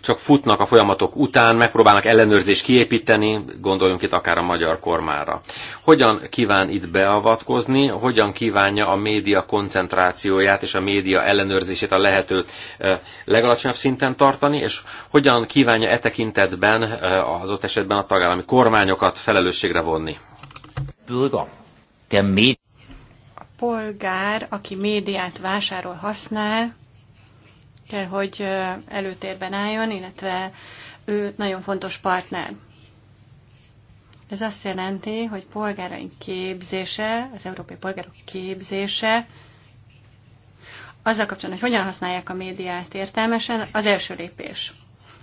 Speaker 3: csak futnak a folyamatok után, megpróbálnak ellenőrzést kiépíteni, gondoljunk itt akár a magyar kormára. Hogyan kíván itt beavatkozni, hogyan kívánja a média koncentrációját és a média ellenőrzését a lehető legalacsonyabb szinten tartani, és hogyan kívánja e tekintetben az ott esetben a tagállami kormányokat felelősségre vonni?
Speaker 2: A polgár, aki médiát vásárol, használ, kell, hogy előtérben álljon, illetve ő nagyon fontos partner. Ez azt jelenti, hogy polgáraink képzése, az európai polgárok képzése, azzal kapcsolatban, hogy hogyan használják a médiát értelmesen, az első lépés.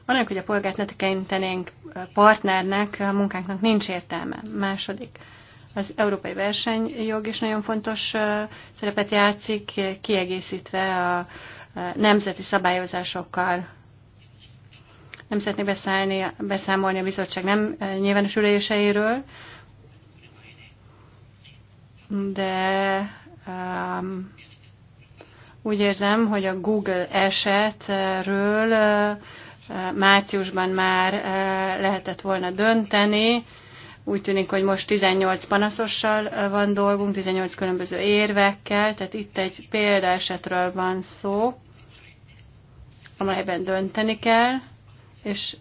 Speaker 2: Annak, hogy a polgárt ne tekintenénk partnernek, a munkánknak nincs értelme. Második. Az európai versenyjog is nagyon fontos szerepet játszik, kiegészítve a nemzeti szabályozásokkal. Nem szeretnék beszállni, beszámolni a bizottság nem nyilvános üléseiről, de um, úgy érzem, hogy a Google esetről márciusban már lehetett volna dönteni, úgy tűnik, hogy most 18 panaszossal van dolgunk, 18 különböző érvekkel, tehát itt egy példaesetről van szó, amelyben dönteni kell, és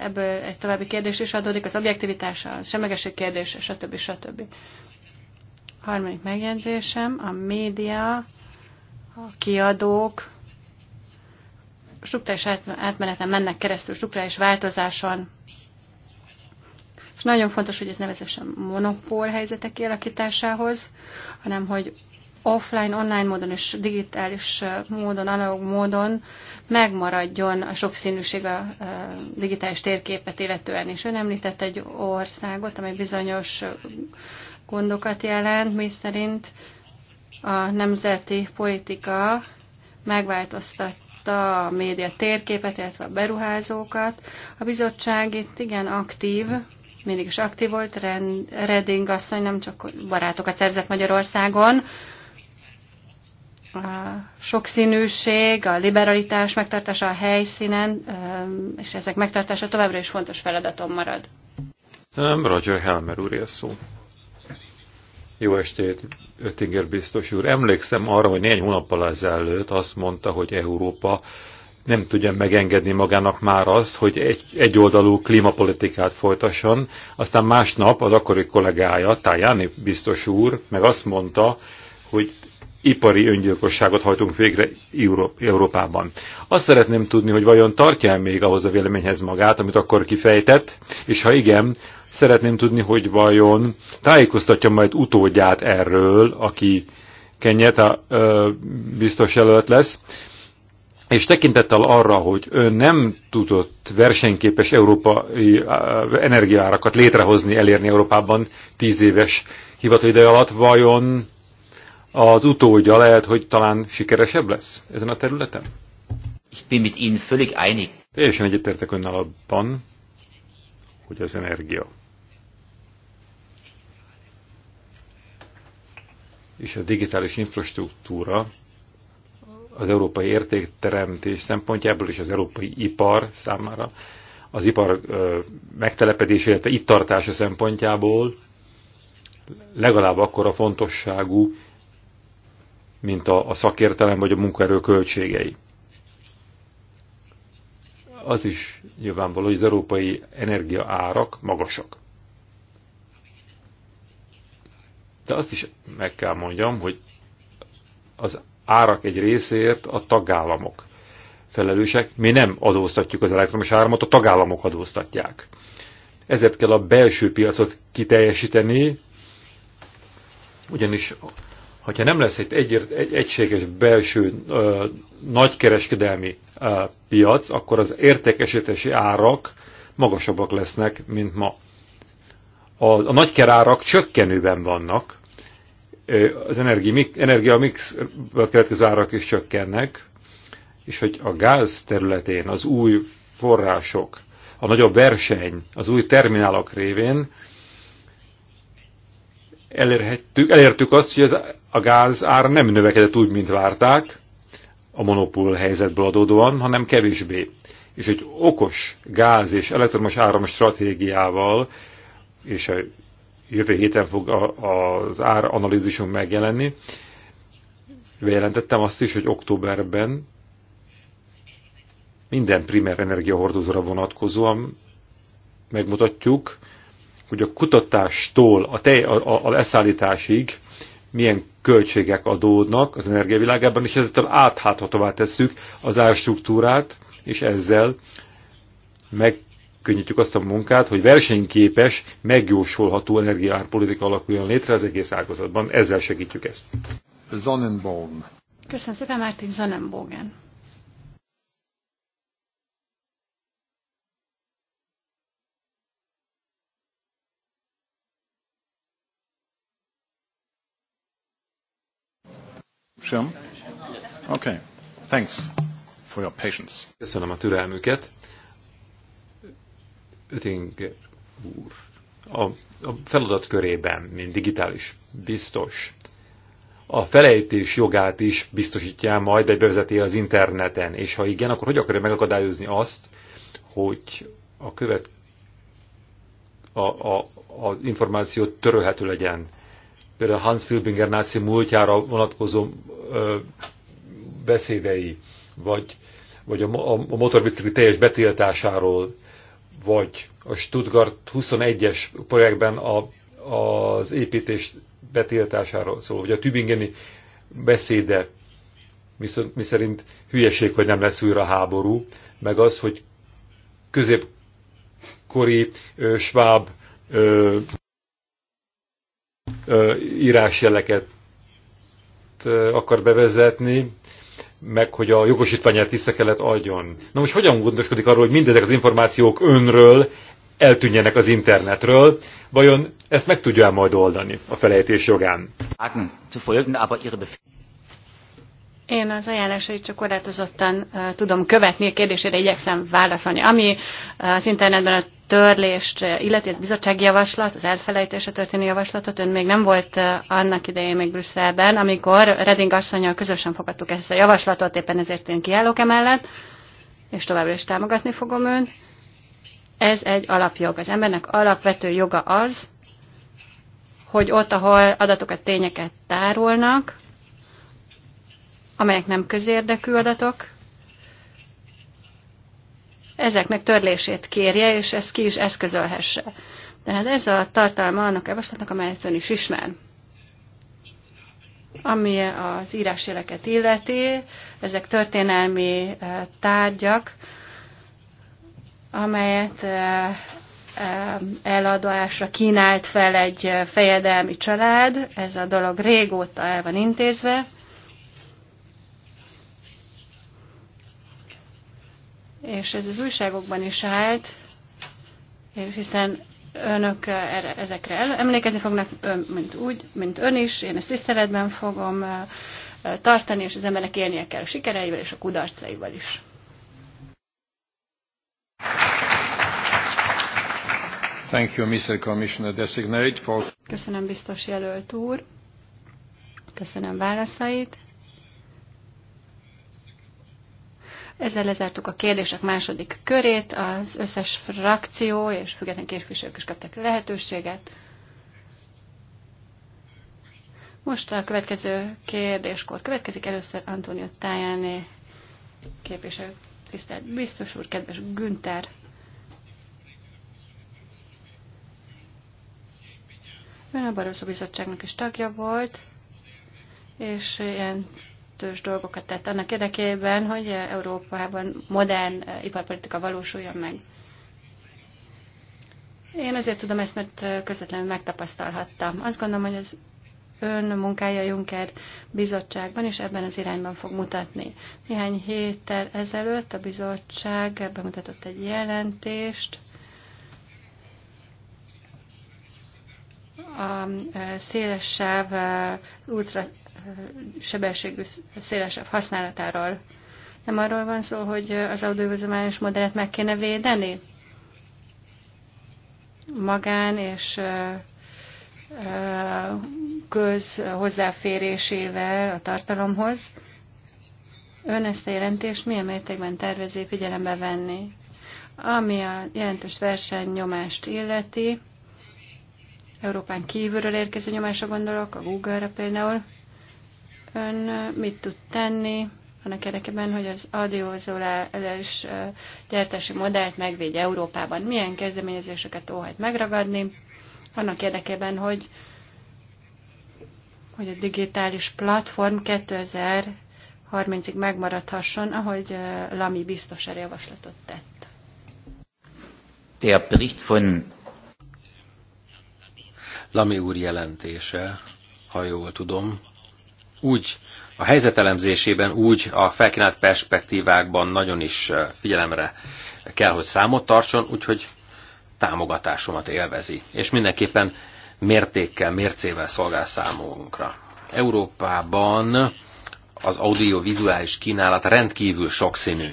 Speaker 2: ebből egy további kérdés is adódik, az objektivitás, a semlegesség kérdése, stb. stb. A harmadik megjegyzésem, a média, a kiadók, struktúrális átmeneten mennek keresztül, struktúrális változáson, és nagyon fontos, hogy ez ne vezessen monopól helyzetek kialakításához, hanem hogy offline, online módon és digitális módon, analóg módon megmaradjon a sokszínűség a digitális térképet illetően. És ön említett egy országot, amely bizonyos gondokat jelent, mi szerint a nemzeti politika megváltoztatta a média térképet, illetve a beruházókat. A bizottság itt igen aktív, mindig is aktív volt. Reding asszony nem csak barátokat szerzett Magyarországon, a sokszínűség, a liberalitás megtartása a helyszínen, és ezek megtartása továbbra is fontos feladatom marad.
Speaker 1: Szerintem Roger Helmer úr a szó. Jó estét, Öttinger biztos úr. Emlékszem arra, hogy néhány hónappal ezelőtt azt mondta, hogy Európa nem tudja megengedni magának már azt, hogy egy, egyoldalú klímapolitikát folytasson. Aztán másnap az akkori kollégája, Tajani biztos úr, meg azt mondta, hogy ipari öngyilkosságot hajtunk végre Európában. Azt szeretném tudni, hogy vajon tartja -e még ahhoz a véleményhez magát, amit akkor kifejtett, és ha igen, szeretném tudni, hogy vajon tájékoztatja majd utódját erről, aki Kenyet a biztos jelölt lesz, és tekintettel arra, hogy ő nem tudott versenyképes európai energiaárakat létrehozni, elérni Európában tíz éves hivatalideje alatt, vajon az utódja lehet, hogy talán sikeresebb lesz ezen a területen? Ich bin mit Ihnen völlig einig. Teljesen egyetértek önnel abban, hogy az energia és a digitális infrastruktúra az európai értékteremtés szempontjából és az európai ipar számára, az ipar megtelepedés, illetve itt tartása szempontjából legalább akkora fontosságú, mint a, a szakértelem vagy a munkaerő költségei. Az is nyilvánvaló, hogy az európai energiaárak magasak. De azt is meg kell mondjam, hogy az árak egy részéért a tagállamok felelősek. Mi nem adóztatjuk az elektromos áramot, a tagállamok adóztatják. Ezért kell a belső piacot kiteljesíteni, ugyanis ha nem lesz egy, egy, egy egységes belső ö, nagykereskedelmi ö, piac, akkor az értékesítési árak magasabbak lesznek, mint ma. A, a nagykerárak csökkenőben vannak, az energiamixből következő árak is csökkennek, és hogy a gáz területén az új források, a nagyobb verseny az új terminálok révén elérhettük, elértük azt, hogy az, a gáz ár nem növekedett úgy, mint várták, a monopól helyzetből adódóan, hanem kevésbé. És egy okos gáz és elektromos áram stratégiával és a jövő héten fog a, az ár analízison megjelenni. Bejelentettem azt is, hogy októberben minden primer energiahordozóra vonatkozóan megmutatjuk, hogy a kutatástól a, tej, a, a, a leszállításig milyen költségek adódnak az energiavilágában, és ezzel átháthatóvá tesszük az árstruktúrát, és ezzel meg megkönnyítjük azt a munkát, hogy versenyképes, megjósolható energiárpolitika alakuljon létre az egész ágazatban. Ezzel segítjük ezt. Sonnenborn.
Speaker 2: Köszönöm szépen, Martin Zonenbogen.
Speaker 1: Sem? Okay. Thanks for your patience. Köszönöm a türelmüket. Ötinger úr a, a feladat körében, mint digitális biztos, a felejtés jogát is biztosítja majd, egy bevezeti az interneten, és ha igen, akkor hogy akarja megakadályozni azt, hogy a követ a, a, az információ törölhető legyen. Például Hans Filbinger náci múltjára vonatkozó ö, beszédei, vagy, vagy a, a, a motorbicikli teljes betiltásáról vagy a Stuttgart 21-es projektben a, az építés betiltásáról szól, vagy a Tübingeni beszéde, viszont, miszerint hülyeség, hogy nem lesz újra háború, meg az, hogy középkori ö, sváb ö, ö, írásjeleket ö, akar bevezetni, meg hogy a jogosítványát vissza kellett adjon. Na most hogyan gondoskodik arról, hogy mindezek az információk önről eltűnjenek az internetről, vajon ezt meg tudja -e majd oldani a felejtés jogán?
Speaker 2: Én az ajánlásait csak korlátozottan uh, tudom követni, a kérdésére igyekszem válaszolni. Ami uh, az internetben a törlést, uh, illeti az bizottsági javaslat, az elfelejtésre történő javaslatot, ön még nem volt uh, annak idején még Brüsszelben, amikor Reding asszonyjal közösen fogadtuk ezt a javaslatot, éppen ezért én kiállok emellett, és továbbra is támogatni fogom ön. Ez egy alapjog. Az embernek alapvető joga az, hogy ott, ahol adatokat, tényeket tárolnak, amelyek nem közérdekű adatok, ezeknek törlését kérje, és ezt ki is eszközölhesse. Tehát ez a tartalma annak javaslatnak, amelyet ön is ismer. Ami az írásjeleket illeti, ezek történelmi eh, tárgyak, amelyet eh, eh, eladásra kínált fel egy fejedelmi család. Ez a dolog régóta el van intézve. és ez az újságokban is állt, hiszen önök erre, ezekre emlékezni fognak, ön, mint úgy, mint ön is, én ezt tiszteletben fogom tartani, és az embernek élnie kell a sikereivel és a kudarcaival is.
Speaker 1: Thank you, Mr. Commissioner Designate, for...
Speaker 2: Köszönöm biztos jelölt úr, köszönöm válaszait. Ezzel lezártuk a kérdések második körét, az összes frakció és független képviselők is kaptak lehetőséget. Most a következő kérdéskor következik először Antonio Tajani képviselő. Tisztelt biztos úr, kedves Günther! Ön a Barosszó Bizottságnak is tagja volt, és ilyen jelentős dolgokat tett annak érdekében, hogy Európában modern eh, iparpolitika valósuljon meg. Én azért tudom ezt, mert eh, közvetlenül megtapasztalhattam. Azt gondolom, hogy az ön munkája Juncker bizottságban is ebben az irányban fog mutatni. Néhány héttel ezelőtt a bizottság bemutatott egy jelentést a szélesebb ultra sebességű szélesebb használatáról. Nem arról van szó, hogy az audiovizuális modellet meg kéne védeni? Magán és köz hozzáférésével a tartalomhoz. Ön ezt a jelentést milyen mértékben tervezi figyelembe venni? Ami a jelentős versenynyomást illeti, Európán kívülről érkező nyomásra gondolok, a Google-ra például. Ön mit tud tenni annak érdekében, hogy az audiovizuális gyártási modellt megvédje Európában? Milyen kezdeményezéseket óhajt megragadni? Annak érdekében, hogy, hogy a digitális platform 2030-ig megmaradhasson, ahogy Lami biztos javaslatot tett.
Speaker 3: Der Bericht von Lami úr jelentése, ha jól tudom, úgy a helyzetelemzésében, úgy a felkínált perspektívákban nagyon is figyelemre kell, hogy számot tartson, úgyhogy támogatásomat élvezi. És mindenképpen mértékkel, mércével szolgál számunkra. Európában az audiovizuális kínálat rendkívül sokszínű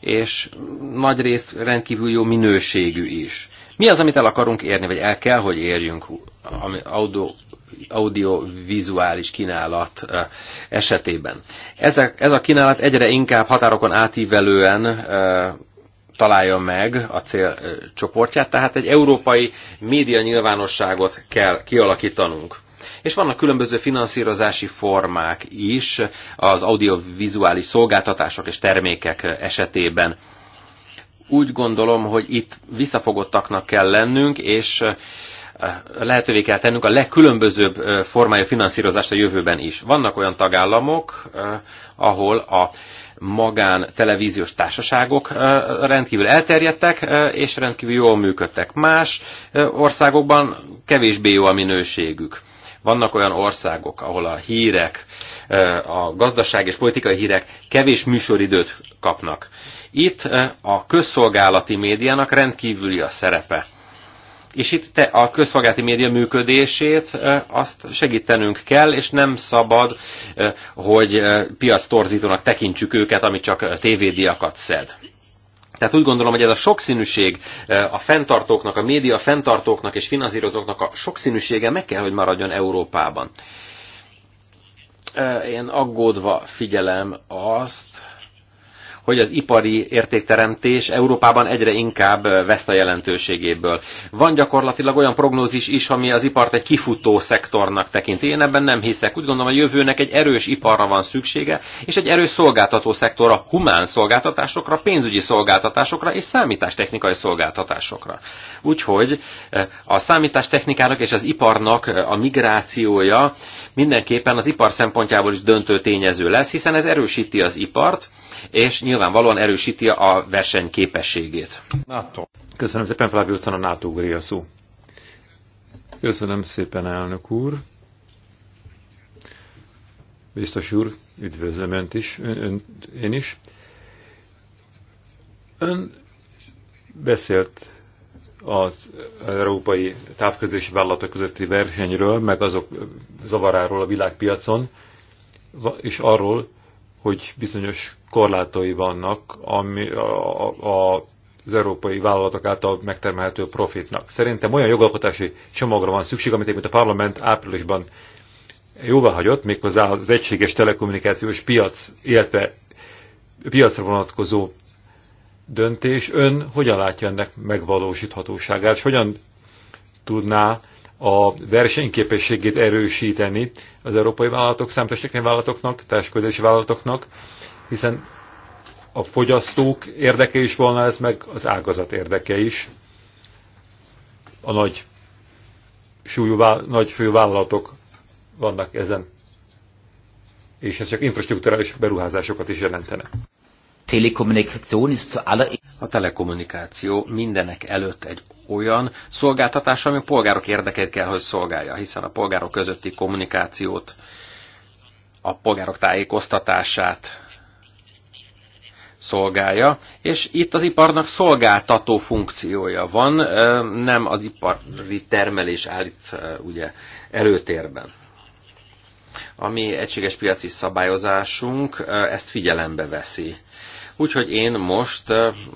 Speaker 3: és nagyrészt rendkívül jó minőségű is. Mi az, amit el akarunk érni, vagy el kell, hogy érjünk ami audio, audiovizuális kínálat esetében? Ezek, ez a kínálat egyre inkább határokon átívelően találja meg a célcsoportját, tehát egy európai média nyilvánosságot kell kialakítanunk. És vannak különböző finanszírozási formák is az audiovizuális szolgáltatások és termékek esetében úgy gondolom, hogy itt visszafogottaknak kell lennünk, és lehetővé kell tennünk a legkülönbözőbb formája finanszírozást a jövőben is. Vannak olyan tagállamok, ahol a magán televíziós társaságok rendkívül elterjedtek, és rendkívül jól működtek. Más országokban kevésbé jó a minőségük. Vannak olyan országok, ahol a hírek, a gazdaság és politikai hírek kevés műsoridőt kapnak. Itt eh, a közszolgálati médiának rendkívüli a szerepe. És itt te a közszolgálati média működését eh, azt segítenünk kell, és nem szabad, eh, hogy piac torzítónak tekintsük őket, ami csak tévédiakat szed. Tehát úgy gondolom, hogy ez a sokszínűség a fenntartóknak, a média fenntartóknak és finanszírozóknak a sokszínűsége meg kell, hogy maradjon Európában. Én aggódva figyelem azt, hogy az ipari értékteremtés Európában egyre inkább veszt a jelentőségéből. Van gyakorlatilag olyan prognózis is, ami az ipart egy kifutó szektornak tekinti. Én ebben nem hiszek. Úgy gondolom, a jövőnek egy erős iparra van szüksége, és egy erős szolgáltató szektorra, humán szolgáltatásokra, pénzügyi szolgáltatásokra és számítástechnikai szolgáltatásokra. Úgyhogy a számítástechnikának és az iparnak a migrációja mindenképpen az ipar szempontjából is döntő tényező lesz, hiszen ez erősíti az ipart, és nyilvánvalóan erősíti a verseny képességét.
Speaker 1: NATO. Köszönöm szépen, Flávio, a NATO a szó. Köszönöm szépen, elnök úr. Biztos úr, üdvözlöm önt is, ön, ön, én is. Ön beszélt az európai távközlési vállalatok közötti versenyről, meg azok zavaráról a világpiacon, és arról, hogy bizonyos korlátai vannak ami a, a, az európai vállalatok által megtermelhető profitnak. Szerintem olyan jogalkotási csomagra van szükség, amit egyébként a parlament áprilisban jóvá hagyott, méghozzá az egységes telekommunikációs piac, illetve piacra vonatkozó döntés. Ön hogyan látja ennek megvalósíthatóságát, és hogyan tudná a versenyképességét erősíteni az európai vállalatok, számítástechnikai vállalatoknak, társadalmi vállalatoknak, hiszen a fogyasztók érdeke is volna ez, meg az ágazat érdeke is. A nagy súlyú, nagy fő vállalatok vannak ezen, és ez csak infrastruktúrális beruházásokat is jelentene.
Speaker 3: A telekommunikáció mindenek előtt egy olyan szolgáltatás, ami a polgárok érdekeit kell, hogy szolgálja, hiszen a polgárok közötti kommunikációt, a polgárok tájékoztatását szolgálja, és itt az iparnak szolgáltató funkciója van, nem az ipari termelés állít ugye előtérben. Ami egységes piaci szabályozásunk ezt figyelembe veszi Úgyhogy én most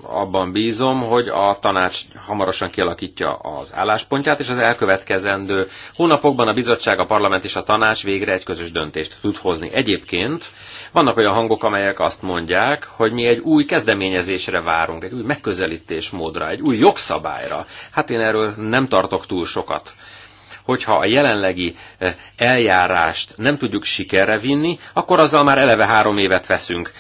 Speaker 3: abban bízom, hogy a tanács hamarosan kialakítja az álláspontját, és az elkövetkezendő hónapokban a bizottság, a parlament és a tanács végre egy közös döntést tud hozni. Egyébként vannak olyan hangok, amelyek azt mondják, hogy mi egy új kezdeményezésre várunk, egy új megközelítésmódra, egy új jogszabályra. Hát én erről nem tartok túl sokat hogyha a jelenlegi eljárást nem tudjuk sikerre vinni, akkor azzal már eleve három évet veszünk.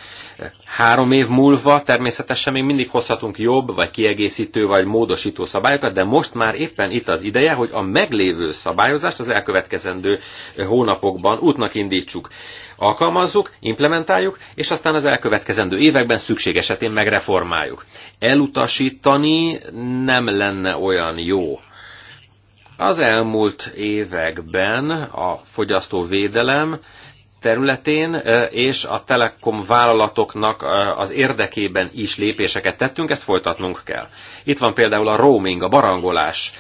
Speaker 3: Három év múlva természetesen még mindig hozhatunk jobb, vagy kiegészítő, vagy módosító szabályokat, de most már éppen itt az ideje, hogy a meglévő szabályozást az elkövetkezendő eh, hónapokban útnak indítsuk. Alkalmazzuk, implementáljuk, és aztán az elkövetkezendő években szükség esetén megreformáljuk. Elutasítani nem lenne olyan jó. Az elmúlt években a fogyasztóvédelem területén, és a telekom vállalatoknak az érdekében is lépéseket tettünk, ezt folytatnunk kell. Itt van például a roaming, a barangolás.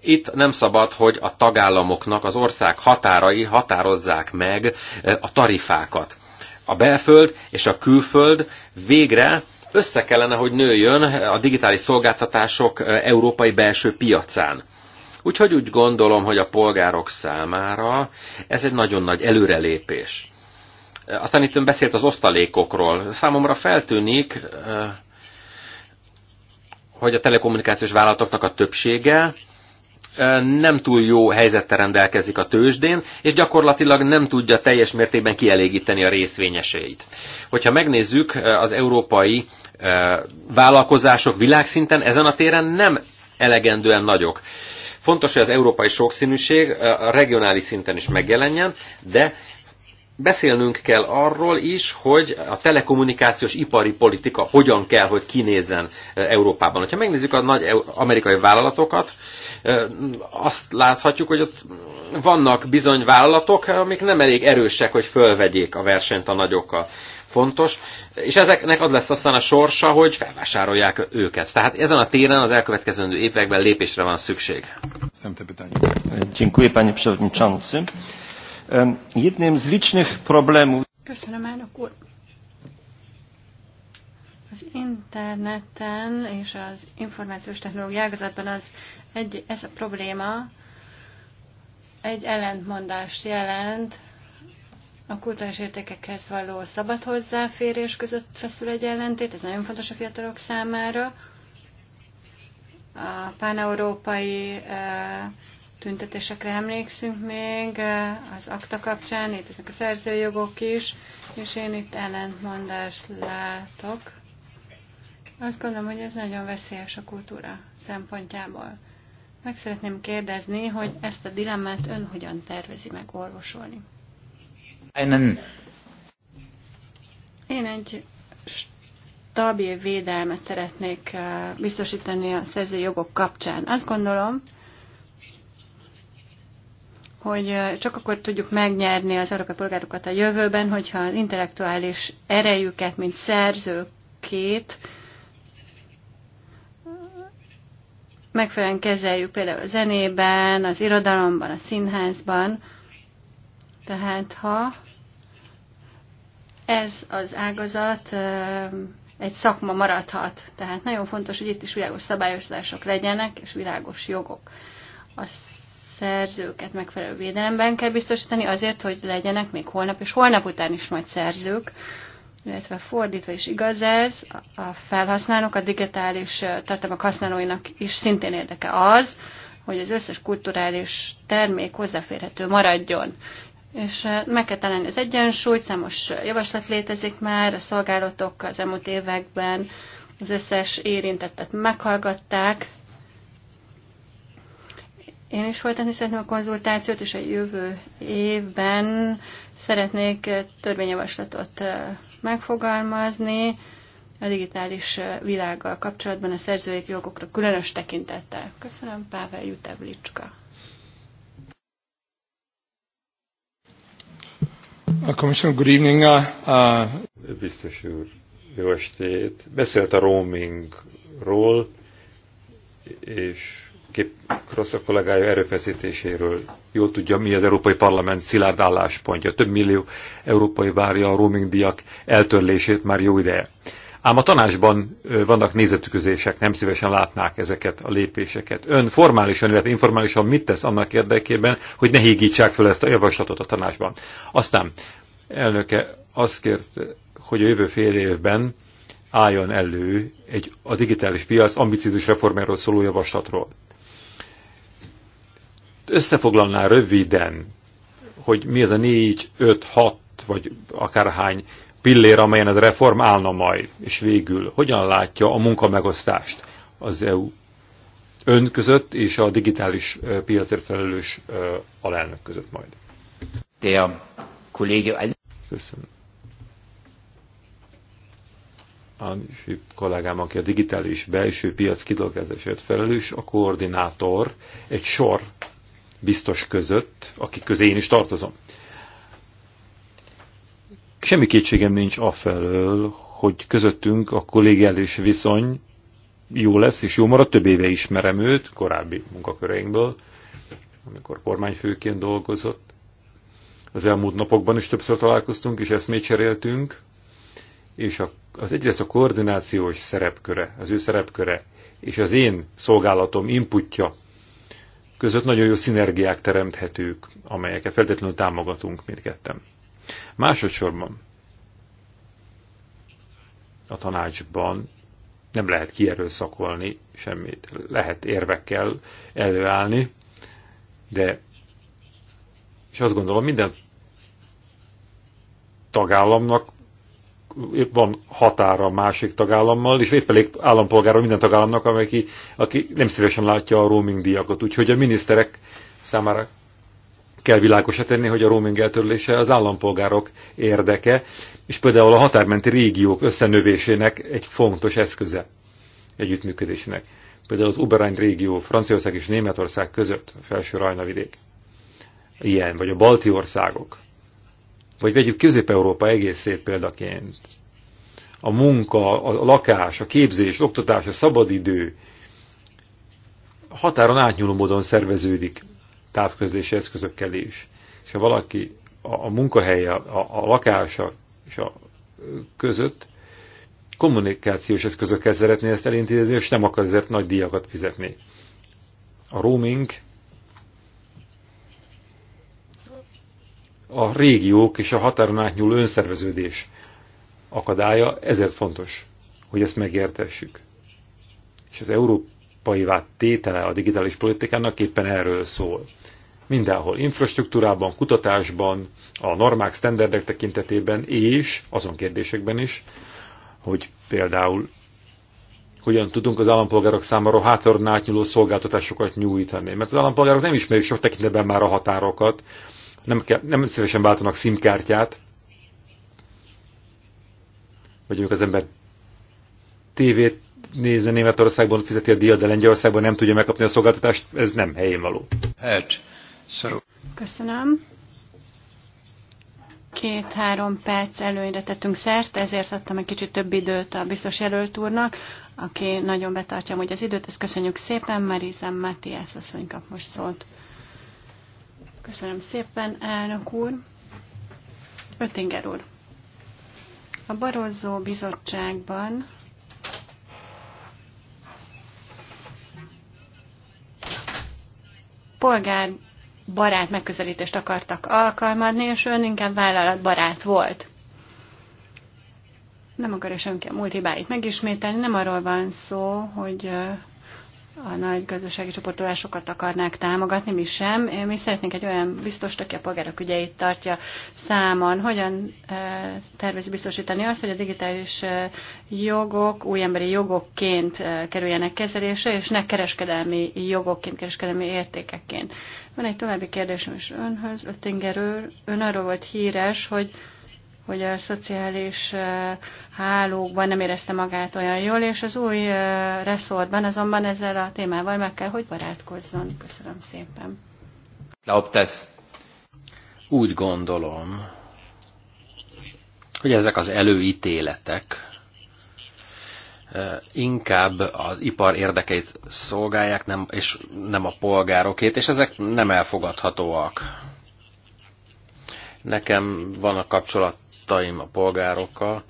Speaker 3: Itt nem szabad, hogy a tagállamoknak az ország határai határozzák meg a tarifákat. A belföld és a külföld végre össze kellene, hogy nőjön a digitális szolgáltatások európai belső piacán Úgyhogy úgy gondolom, hogy a polgárok számára ez egy nagyon nagy előrelépés. Aztán itt ön beszélt az osztalékokról. Számomra feltűnik, eh, hogy a telekommunikációs vállalatoknak a többsége eh, nem túl jó helyzette rendelkezik a tőzsdén, és gyakorlatilag nem tudja teljes mértékben kielégíteni a részvényeseit. Hogyha megnézzük, eh, az európai vállalkozások világszinten ezen a téren nem elegendően nagyok. Fontos, hogy az európai sokszínűség a regionális szinten is megjelenjen, de beszélnünk kell arról is, hogy a telekommunikációs ipari politika hogyan kell, hogy kinézzen Európában. Ha megnézzük a nagy amerikai vállalatokat, azt láthatjuk, hogy ott vannak bizony vállalatok, amik nem elég erősek, hogy fölvegyék a versenyt a nagyokkal fontos, és ezeknek az lesz aztán a sorsa, hogy felvásárolják őket. Tehát ezen a téren az elkövetkező években lépésre van szükség.
Speaker 2: Köszönöm, elnök úr. Az interneten és az információs technológia ágazatban az egy, ez a probléma egy ellentmondást jelent a kulturális értékekhez való szabad hozzáférés között feszül egy ellentét, ez nagyon fontos a fiatalok számára. A páneurópai tüntetésekre emlékszünk még, az akta kapcsán, itt ezek a szerzőjogok is, és én itt ellentmondást látok. Azt gondolom, hogy ez nagyon veszélyes a kultúra szempontjából. Meg szeretném kérdezni, hogy ezt a dilemmát ön hogyan tervezi meg orvosolni einen Én egy stabil védelmet szeretnék eh, biztosítani a szerzői jogok kapcsán. Azt gondolom, hogy eh, csak akkor tudjuk megnyerni az európai polgárokat a jövőben, hogyha az intellektuális erejüket, mint szerzőkét megfelelően kezeljük például a zenében, az irodalomban, a színházban. Tehát ha ez az ágazat egy szakma maradhat. Tehát nagyon fontos, hogy itt is világos szabályozások legyenek, és világos jogok. A szerzőket megfelelő védelemben kell biztosítani azért, hogy legyenek még holnap és holnap után is majd szerzők, illetve fordítva is igaz ez, a felhasználók, a digitális tartalmak használóinak is szintén érdeke az, hogy az összes kulturális termék hozzáférhető maradjon és meg kell találni az egyensúlyt, számos javaslat létezik már, a szolgálatok az elmúlt években az összes érintettet meghallgatták. Én is folytatni szeretném a konzultációt, és a jövő évben szeretnék törvényjavaslatot megfogalmazni a digitális világgal kapcsolatban a szerzői jogokra különös tekintettel. Köszönöm, Pável Jutevlicska.
Speaker 1: A Commission, good evening. Uh, uh, Biztos úr, jó estét. Beszélt a roamingról, és kép Krossz a kollégája erőfeszítéséről. Jól tudja, mi az Európai Parlament szilárd álláspontja. Több millió európai várja a roaming diak eltörlését már jó ideje. Ám a tanácsban vannak nézetüközések, nem szívesen látnák ezeket a lépéseket. Ön formálisan, illetve informálisan mit tesz annak érdekében, hogy ne hígítsák fel ezt a javaslatot a tanácsban? Aztán elnöke azt kért, hogy a jövő fél évben álljon elő egy a digitális piac ambiciózus reformjáról szóló javaslatról. Összefoglalná röviden, hogy mi ez a 4, 5, 6 vagy akárhány pillér, amelyen a reform állna majd. És végül, hogyan látja a munkamegosztást az EU ön között és a digitális piacért felelős alelnök között majd? Köszönöm. A kollégám, aki a digitális belső piac kidolgozásért felelős, a koordinátor egy sor biztos között, akik közé én is tartozom. Semmi kétségem nincs afelől, hogy közöttünk a kollégiális viszony jó lesz, és jó marad, több éve ismerem őt, korábbi munkaköreinkből, amikor kormányfőként dolgozott. Az elmúlt napokban is többször találkoztunk, és eszmét cseréltünk, és az egyrészt a koordinációs szerepköre, az ő szerepköre, és az én szolgálatom inputja között nagyon jó szinergiák teremthetők, amelyeket feltétlenül támogatunk mindketten. Másodszorban a tanácsban nem lehet kierőszakolni semmit. Lehet érvekkel előállni, de és azt gondolom minden tagállamnak van határa a másik tagállammal, és épp elég állampolgára minden tagállamnak, aki, aki nem szívesen látja a roaming díjakat. Úgyhogy a miniszterek számára kell világosra tenni, hogy a roaming eltörlése az állampolgárok érdeke, és például a határmenti régiók összenövésének egy fontos eszköze együttműködésnek. Például az Uberány régió Franciaország és Németország között, a felső Rajnavidék. Ilyen, vagy a balti országok. Vagy vegyük Közép-Európa egészét példaként. A munka, a lakás, a képzés, oktatás, a szabadidő, határon átnyúló módon szerveződik távközlési eszközökkel is. És ha valaki a, a munkahelye, a, a lakása és a között kommunikációs eszközökkel szeretné ezt elintézni, és nem akar ezért nagy díjakat fizetni. A roaming a régiók és a határon átnyúló önszerveződés akadálya, ezért fontos, hogy ezt megértessük. És az európai tétele a digitális politikának éppen erről szól mindenhol, infrastruktúrában, kutatásban, a normák, sztenderdek tekintetében, és azon kérdésekben is, hogy például hogyan tudunk az állampolgárok számára hátoron átnyúló szolgáltatásokat nyújtani. Mert az állampolgárok nem ismerik sok tekintetben már a határokat, nem, kell, nem szívesen váltanak szimkártyát, vagy ők az ember tévét nézne Németországban, fizeti a díjat, de Lengyelországban nem tudja megkapni a szolgáltatást, ez nem helyén való. Hát.
Speaker 2: Köszönöm. Két-három perc előnyre tettünk szert, ezért adtam egy kicsit több időt a biztos jelölt úrnak, aki nagyon betartja hogy az időt. Ezt köszönjük szépen, Marisa Matthias asszony kap most szólt. Köszönöm szépen, elnök úr. Öttinger úr. A Barozzó bizottságban polgár barát megközelítést akartak alkalmazni, és ön inkább vállalatbarát volt. Nem akarja senki a múlt hibáit megismételni, nem arról van szó, hogy a nagy gazdasági csoportolásokat akarnák támogatni, mi sem. Mi szeretnénk egy olyan biztos, aki a polgárok ügyeit tartja számon. Hogyan eh, tervezi biztosítani azt, hogy a digitális eh, jogok új emberi jogokként eh, kerüljenek kezelésre, és ne kereskedelmi jogokként, kereskedelmi értékekként. Van egy további kérdésem is önhöz, Öttinger ön arról volt híres, hogy hogy a szociális hálókban nem érezte magát olyan jól, és az új reszortban azonban ezzel a témával meg kell, hogy barátkozzon. Köszönöm szépen.
Speaker 3: Lauptesz. Úgy gondolom, hogy ezek az előítéletek inkább az ipar érdekeit szolgálják, nem, és nem a polgárokét, és ezek nem elfogadhatóak. Nekem van a kapcsolat barátaim, a polgárokkal,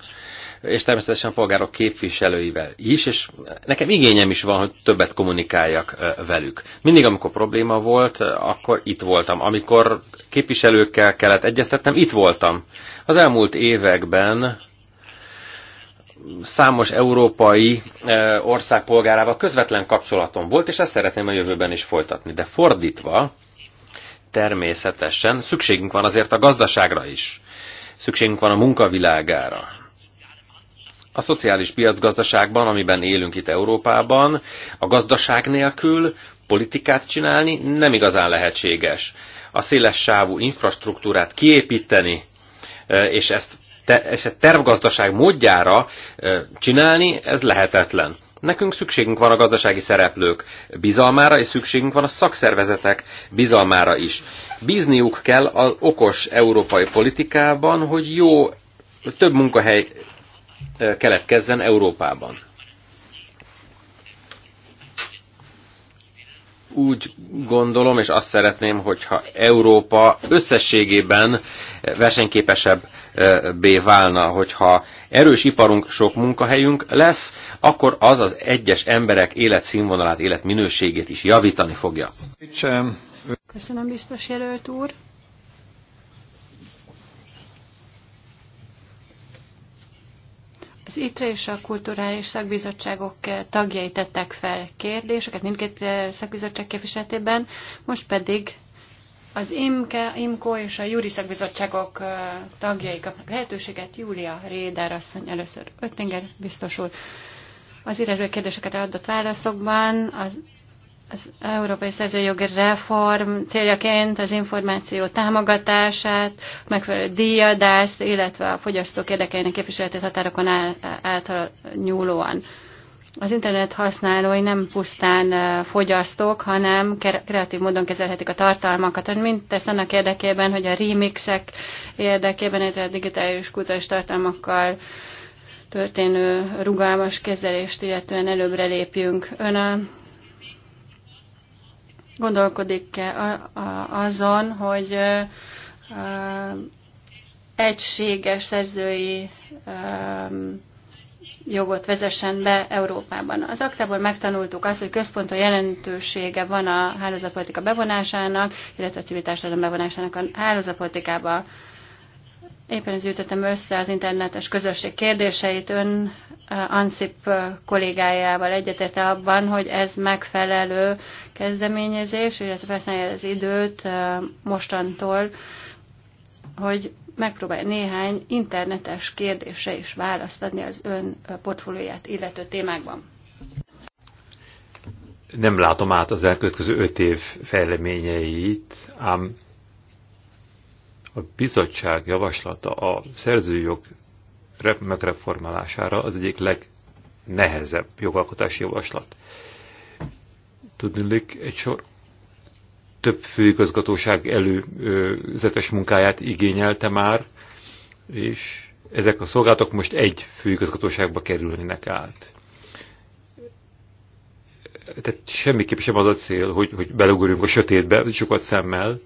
Speaker 3: és természetesen a polgárok képviselőivel is, és nekem igényem is van, hogy többet kommunikáljak velük. Mindig, amikor probléma volt, akkor itt voltam. Amikor képviselőkkel kellett egyeztetnem, itt voltam. Az elmúlt években számos európai ország polgárával közvetlen kapcsolatom volt, és ezt szeretném a jövőben is folytatni. De fordítva, természetesen szükségünk van azért a gazdaságra is. Szükségünk van a munkavilágára. A szociális piacgazdaságban, amiben élünk itt Európában, a gazdaság nélkül politikát csinálni nem igazán lehetséges. A széles sávú infrastruktúrát kiépíteni, e, és ezt, te, ezt tervgazdaság módjára e, csinálni, ez lehetetlen. Nekünk szükségünk van a gazdasági szereplők bizalmára, és szükségünk van a szakszervezetek bizalmára is. Bízniuk kell az okos európai politikában, hogy jó, több munkahely eh, keletkezzen Európában. úgy gondolom, és azt szeretném, hogyha Európa összességében versenyképesebb eh, B válna, hogyha erős iparunk, sok munkahelyünk lesz, akkor az az egyes emberek életszínvonalát, életminőségét is javítani fogja.
Speaker 2: Köszönöm, biztos jelölt úr. Az ITRE és a kulturális szakbizottságok tagjai tettek fel kérdéseket mindkét eh, szakbizottság képviseletében, most pedig az IMKE, IMKO és a Júri szakbizottságok eh, tagjai kapnak lehetőséget. Júlia Réder asszony először Öttinger biztosul. Az írásbeli kérdéseket adott válaszokban az az Európai Szerzőjogi Reform céljaként az információ támogatását, megfelelő díjadást, illetve a fogyasztók érdekeinek képviseletét határokon által nyúlóan. Az internet használói nem pusztán fogyasztók, hanem kreatív módon kezelhetik a tartalmakat, mint ezt annak érdekében, hogy a remixek érdekében, illetve a digitális kultúrás tartalmakkal történő rugalmas kezelést, illetően előbbre lépjünk. Ön a Gondolkodik-e azon, hogy egységes szerzői jogot vezessen be Európában. Az aktából megtanultuk azt, hogy központi jelentősége van a hálózatpolitika bevonásának, illetve a civil társadalom bevonásának a hálózatpolitikába. Éppen ez ütöttem össze az internetes közösség kérdéseit. Ön ANSZIP kollégájával egyetért abban, hogy ez megfelelő kezdeményezés, illetve felszállja az időt mostantól, hogy megpróbálja néhány internetes kérdésre is választ adni az ön portfólióját illető témákban.
Speaker 1: Nem látom át az elkövetkező öt év fejleményeit, ám a bizottság javaslata a szerzőjog megreformálására az egyik legnehezebb jogalkotási javaslat. Tudnilik egy sor több főigazgatóság előzetes munkáját igényelte már, és ezek a szolgálatok most egy főigazgatóságba kerülnének át. Tehát semmiképp sem az a cél, hogy, hogy belugorjunk a sötétbe sokat szemmel,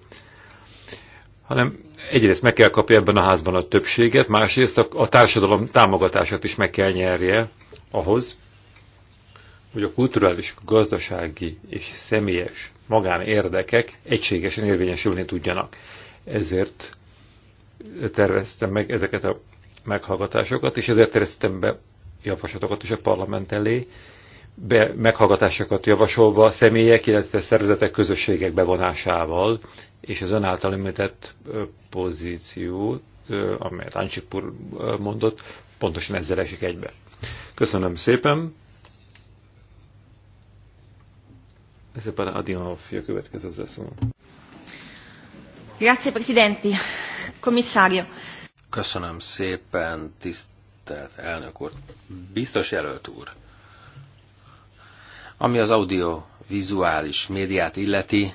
Speaker 1: hanem egyrészt meg kell kapja ebben a házban a többséget, másrészt a, a társadalom támogatását is meg kell nyerje ahhoz, hogy a kulturális, gazdasági és személyes magánérdekek egységesen érvényesülni tudjanak. Ezért terveztem meg ezeket a meghallgatásokat, és ezért terveztem be javaslatokat is a parlament elé, be, meghallgatásokat javasolva személyek, illetve szervezetek közösségek bevonásával, és az ön által említett pozíció, amelyet Ancsipur mondott, pontosan ezzel esik egybe. Köszönöm szépen. Szépen Adina a következő hozzászóló.
Speaker 2: Grazie, Presidenti. Commissario.
Speaker 3: Köszönöm szépen, tisztelt elnök úr. Biztos jelölt úr ami az audiovizuális médiát illeti,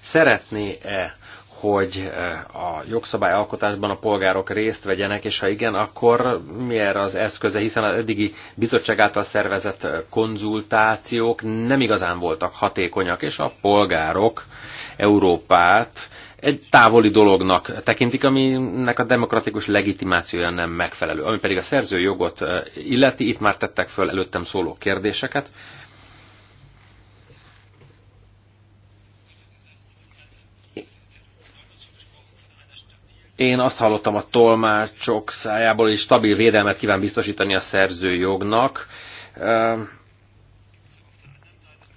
Speaker 3: szeretné-e hogy eh, a jogszabályalkotásban a polgárok részt vegyenek, és ha igen, akkor mi erre az eszköze, hiszen az eddigi bizottság által szervezett eh, konzultációk nem igazán voltak hatékonyak, és a polgárok Európát egy távoli dolognak tekintik, aminek a demokratikus legitimációja nem megfelelő. Ami pedig a szerzőjogot eh, illeti, itt már tettek föl előttem szóló kérdéseket, Én azt hallottam a tolmácsok szájából, hogy stabil védelmet kíván biztosítani a szerzőjognak.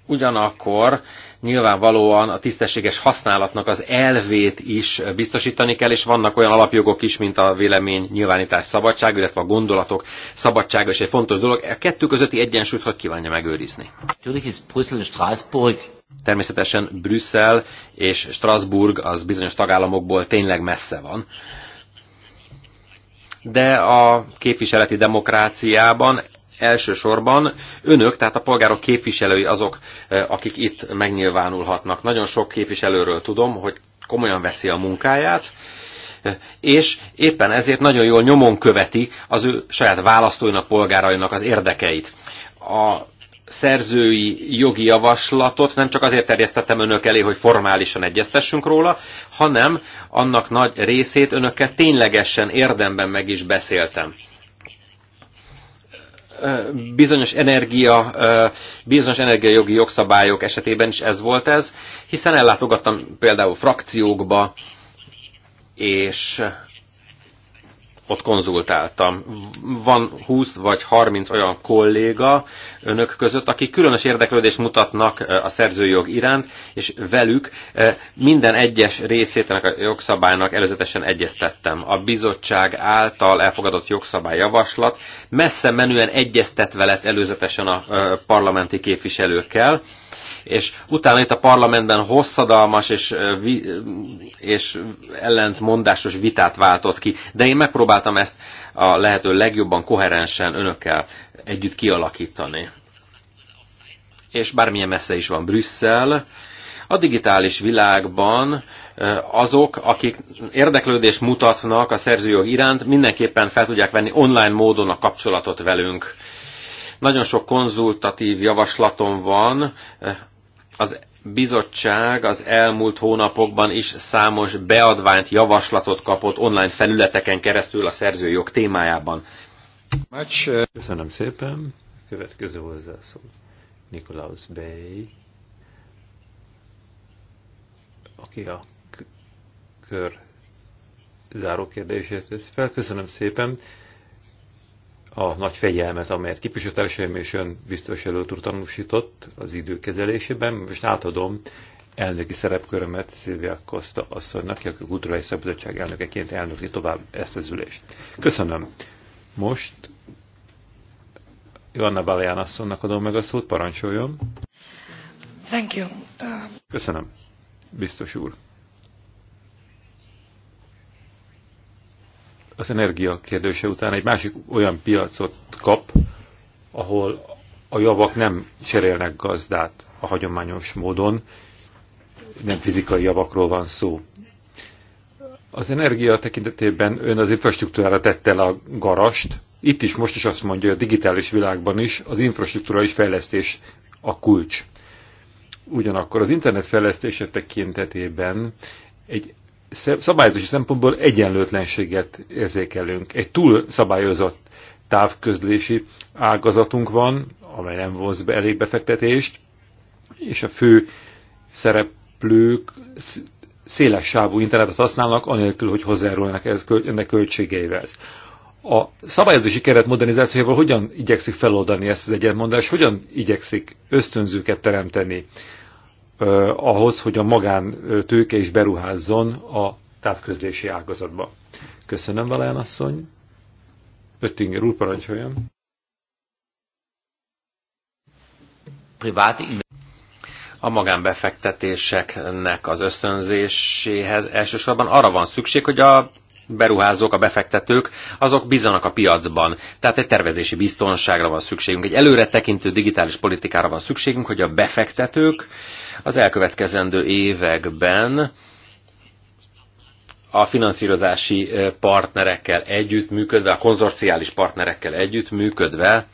Speaker 3: Ugyanakkor nyilvánvalóan a tisztességes használatnak az elvét is biztosítani kell, és vannak olyan alapjogok is, mint a vélemény nyilvánítás szabadság, illetve a gondolatok szabadsága és egy fontos dolog. A kettő közötti egyensúlyt hogy kívánja megőrizni? Természetesen Brüsszel és Strasbourg az bizonyos tagállamokból tényleg messze van de a képviseleti demokráciában elsősorban önök, tehát a polgárok képviselői azok, eh, akik itt megnyilvánulhatnak. Nagyon sok képviselőről tudom, hogy komolyan veszi a munkáját, eh, és éppen ezért nagyon jól nyomon követi az ő saját választóinak, polgárainak az érdekeit. A szerzői jogi javaslatot nem csak azért terjesztettem önök elé, hogy formálisan egyeztessünk róla, hanem annak nagy részét önökkel ténylegesen érdemben meg is beszéltem bizonyos energia, bizonyos energiajogi jogszabályok esetében is ez volt ez, hiszen ellátogattam például frakciókba, és ott konzultáltam. Van 20 vagy 30 olyan kolléga önök között, akik különös érdeklődést mutatnak e, a szerzőjog iránt, és velük e, minden egyes részét ennek a jogszabálynak előzetesen egyeztettem. A bizottság által elfogadott jogszabályjavaslat messze menően egyeztetve lett előzetesen a e, parlamenti képviselőkkel, és utána itt a parlamentben hosszadalmas és, és ellentmondásos vitát váltott ki. De én megpróbáltam ezt a lehető legjobban koherensen önökkel együtt kialakítani. És bármilyen messze is van Brüsszel, a digitális világban azok, akik érdeklődést mutatnak a szerzőjog iránt, mindenképpen fel tudják venni online módon a kapcsolatot velünk. Nagyon sok konzultatív javaslatom van az bizottság az elmúlt hónapokban is számos beadványt, javaslatot kapott online felületeken keresztül a szerzőjog témájában.
Speaker 1: Uh, Köszönöm szépen. Következő hozzászó. Nikolaus Bey, aki a kör záró kérdését fel. Köszönöm szépen a nagy fegyelmet, amelyet képviselőtársaim és ön biztos előtt úr tanúsított az időkezelésében. Most átadom elnöki szerepkörömet Szilvia Koszta asszonynak, aki a Kulturális Szabadság elnökeként elnöki tovább ezt az ülést. Köszönöm. Most Joanna Balaján asszonynak adom meg a szót, parancsoljon.
Speaker 2: Thank you. Uh,
Speaker 1: Köszönöm, biztos úr. az energia kérdése után egy másik olyan piacot kap, ahol a javak nem cserélnek gazdát a hagyományos módon, nem fizikai javakról van szó. Az energia tekintetében ön az infrastruktúrára tette le a garast, itt is most is azt mondja, hogy a digitális világban is az infrastruktúra is fejlesztés a kulcs. Ugyanakkor az internet fejlesztése tekintetében egy szabályozási szempontból egyenlőtlenséget érzékelünk. Egy túl szabályozott távközlési ágazatunk van, amely nem vonz be elég befektetést, és a fő szereplők széles sávú internetet használnak, anélkül, hogy hozzájárulnak ez, ennek költségeivel. A szabályozási keret modernizációjával hogyan igyekszik feloldani ezt az egyenmondást, hogyan igyekszik ösztönzőket teremteni ahhoz, hogy a magán tőke is beruházzon a távközlési ágazatba. Köszönöm, Valán asszony. Öttinger úr, parancsoljon. Privát
Speaker 3: a magánbefektetéseknek az ösztönzéséhez elsősorban arra van szükség, hogy a beruházók, a befektetők, azok bizanak a piacban. Tehát egy tervezési biztonságra van szükségünk, egy előre tekintő digitális politikára van szükségünk, hogy a befektetők az elkövetkezendő években a finanszírozási eh, partnerekkel együttműködve, a konzorciális partnerekkel együttműködve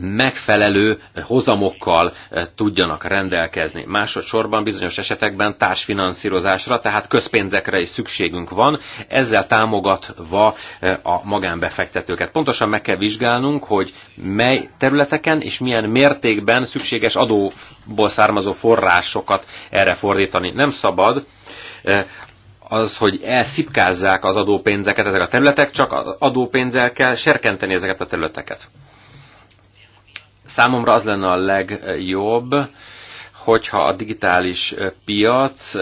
Speaker 3: megfelelő hozamokkal eh, tudjanak rendelkezni. Másodszorban bizonyos esetekben társfinanszírozásra, tehát közpénzekre is szükségünk van, ezzel támogatva eh, a magánbefektetőket. Pontosan meg kell vizsgálnunk, hogy mely területeken és milyen mértékben szükséges adóból származó forrásokat erre fordítani. Nem szabad eh, az, hogy elszipkázzák az adópénzeket ezek a területek, csak adópénzzel kell serkenteni ezeket a területeket. Számomra az lenne a legjobb, hogyha a digitális piac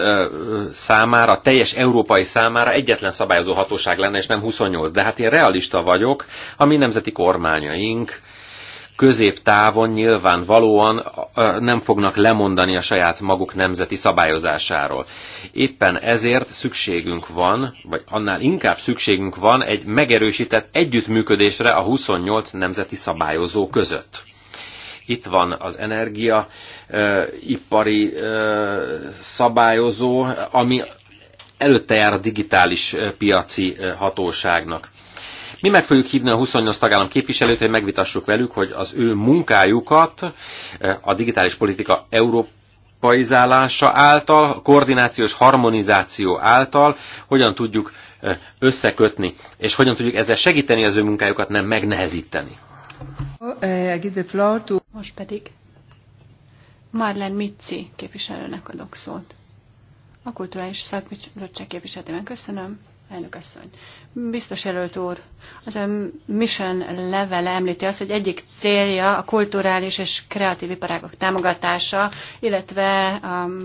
Speaker 3: számára, a teljes európai számára egyetlen szabályozó hatóság lenne, és nem 28. De hát én realista vagyok, a mi nemzeti kormányaink középtávon nyilvánvalóan nem fognak lemondani a saját maguk nemzeti szabályozásáról. Éppen ezért szükségünk van, vagy annál inkább szükségünk van egy megerősített együttműködésre a 28 nemzeti szabályozó között. Itt van az energia ipari szabályozó, ami előtte jár a digitális piaci hatóságnak. Mi meg fogjuk hívni a 28 tagállam képviselőt, hogy megvitassuk velük, hogy az ő munkájukat a digitális politika Európa paizálása által, koordinációs harmonizáció által hogyan tudjuk összekötni, és hogyan tudjuk ezzel segíteni az ő munkájukat, nem megnehezíteni.
Speaker 2: Most pedig Marlen Mitzi képviselőnek adok szót. A kulturális szakbizottság képviseletében köszönöm. Elnök asszony. Biztos jelölt úr, az a mission levele említi azt, hogy egyik célja a kulturális és kreatív iparágok támogatása, illetve az um,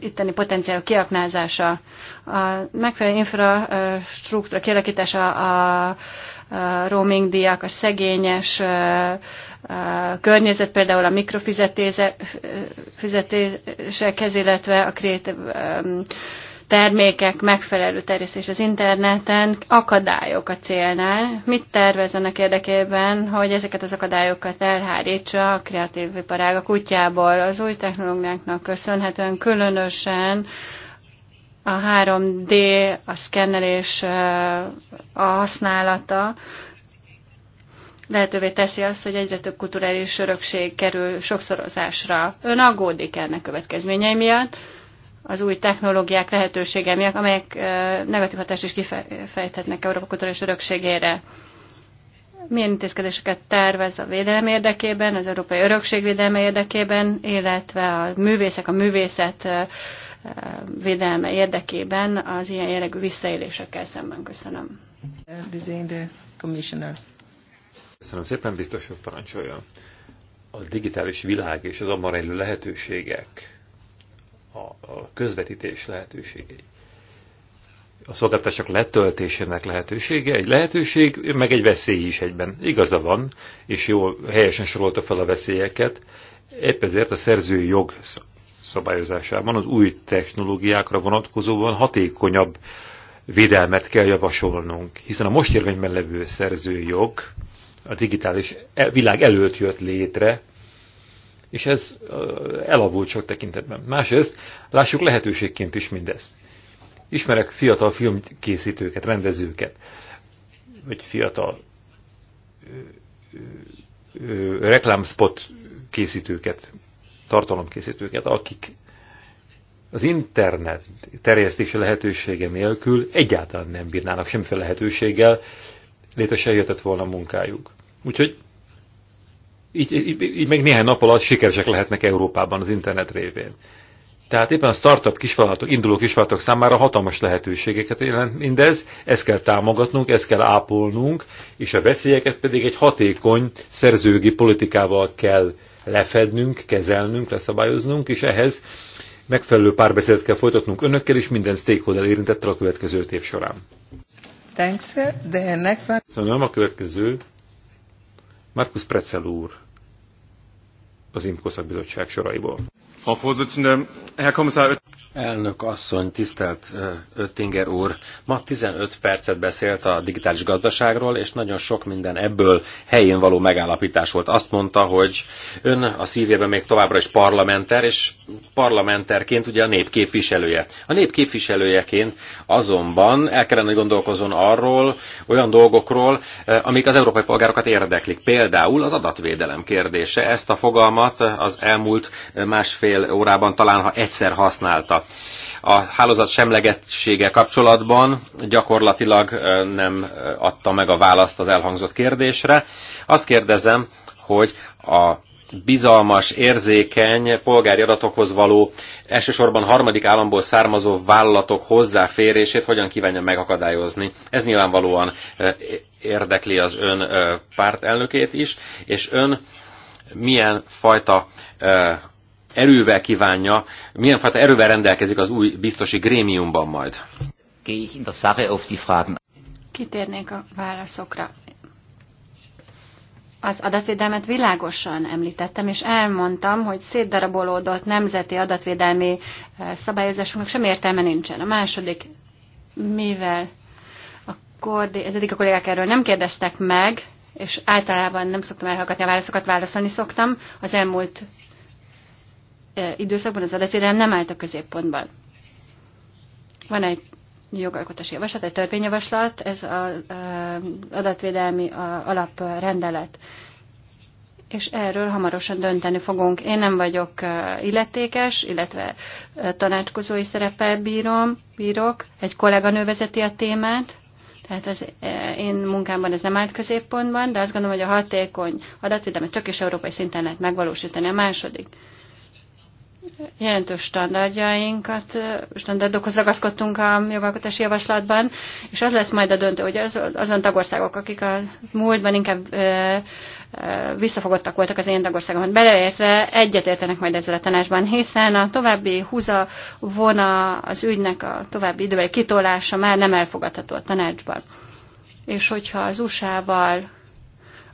Speaker 2: itteni potenciálok kiaknázása. A megfelelő infrastruktúra kialakítása a roaming díjak, a szegényes környezet, például a mikrofizetések, illetve a kreatív termékek megfelelő terjesztés az interneten akadályok a célnál. Mit tervez ennek érdekében, hogy ezeket az akadályokat elhárítsa a kreatív iparág a kutyából? Az új technológiáknak köszönhetően különösen a 3D, a szkennelés a használata lehetővé teszi azt, hogy egyre több kulturális örökség kerül sokszorozásra. Ön aggódik ennek következményei miatt, az új technológiák lehetősége miatt, amelyek negatív hatást is kifejthetnek Európa kulturális örökségére. Milyen intézkedéseket tervez a védelem érdekében, az európai örökség védelme érdekében, illetve a művészek, a művészet védelme érdekében az ilyen jellegű visszaélésekkel szemben. Köszönöm.
Speaker 1: Köszönöm szépen, biztos, hogy parancsolja. A digitális világ és az abban rejlő lehetőségek a, közvetítés lehetőségei. A szolgáltatások letöltésének lehetősége egy lehetőség, meg egy veszély is egyben. Igaza van, és jó helyesen sorolta fel a veszélyeket, épp ezért a szerzői jog szabályozásában az új technológiákra vonatkozóan hatékonyabb védelmet kell javasolnunk, hiszen a most érvényben levő szerző jog a digitális e-, világ előtt jött létre, és ez elavult sok tekintetben. Másrészt lássuk lehetőségként is mindezt. Ismerek fiatal filmkészítőket, rendezőket, vagy fiatal reklámspot készítőket, tartalomkészítőket, akik az internet terjesztése lehetősége nélkül egyáltalán nem bírnának semmiféle lehetőséggel, létre se jöhetett volna a munkájuk. Úgyhogy így, így, így meg néhány nap alatt sikeresek lehetnek Európában az internet révén. Tehát éppen a startup kisvállalatok, induló kisvállalatok számára hatalmas lehetőségeket jelent mindez, ezt kell támogatnunk, ezt kell ápolnunk, és a veszélyeket pedig egy hatékony szerzőgi politikával kell lefednünk, kezelnünk, leszabályoznunk, és ehhez megfelelő párbeszédet kell folytatnunk önökkel és minden stakeholder érintettel a következő év során.
Speaker 3: Thanks, the next one.
Speaker 1: Köszönöm, a következő Markus Precel úr az Imkoszak Bizottság soraiból. Frau
Speaker 3: Vorsitzende, Herr Kommissar Elnök asszony, tisztelt Öttinger úr! Ma 15 percet beszélt a digitális gazdaságról, és nagyon sok minden ebből helyén való megállapítás volt. Azt mondta, hogy ön a szívében még továbbra is parlamenter, és parlamenterként ugye a nép A nép képviselőjeként azonban el kellene gondolkozon arról, olyan dolgokról, amik az európai polgárokat érdeklik. Például az adatvédelem kérdése. Ezt a fogalmat az elmúlt másfél fél órában, talán ha egyszer használta. A hálózat semlegessége kapcsolatban gyakorlatilag nem adta meg a választ az elhangzott kérdésre. Azt kérdezem, hogy a bizalmas, érzékeny polgári adatokhoz való elsősorban harmadik államból származó vállalatok hozzáférését hogyan kívánja megakadályozni. Ez nyilvánvalóan érdekli az ön pártelnökét is, és ön milyen fajta erővel kívánja, milyen fajta erővel rendelkezik az új biztosi grémiumban majd?
Speaker 2: Kitérnék a válaszokra. Az adatvédelmet világosan említettem, és elmondtam, hogy szétdarabolódott nemzeti adatvédelmi eh, szabályozásunknak sem értelme nincsen. A második, mivel a, koordi- a kollégák erről nem kérdeztek meg, és általában nem szoktam elhallgatni a válaszokat, válaszolni szoktam. Az elmúlt időszakban az adatvédelem nem állt a középpontban. Van egy jogalkotási javaslat, egy törvényjavaslat, ez az adatvédelmi alaprendelet. És erről hamarosan dönteni fogunk. Én nem vagyok illetékes, illetve tanácskozói szerepel bírom, bírok. Egy kolléganő vezeti a témát, tehát az én munkámban ez nem állt középpontban, de azt gondolom, hogy a hatékony adatvédelmet csak is európai szinten lehet megvalósítani. A második jelentős standardjainkat, standardokhoz ragaszkodtunk a jogalkotási javaslatban, és az lesz majd a döntő, hogy az, azon tagországok, akik a múltban inkább e, visszafogottak voltak az én tagországomban beleértve, egyetértenek majd ezzel a tanásban, hiszen a további húza vona az ügynek a további időbeli kitolása már nem elfogadható a tanácsban. És hogyha az USA-val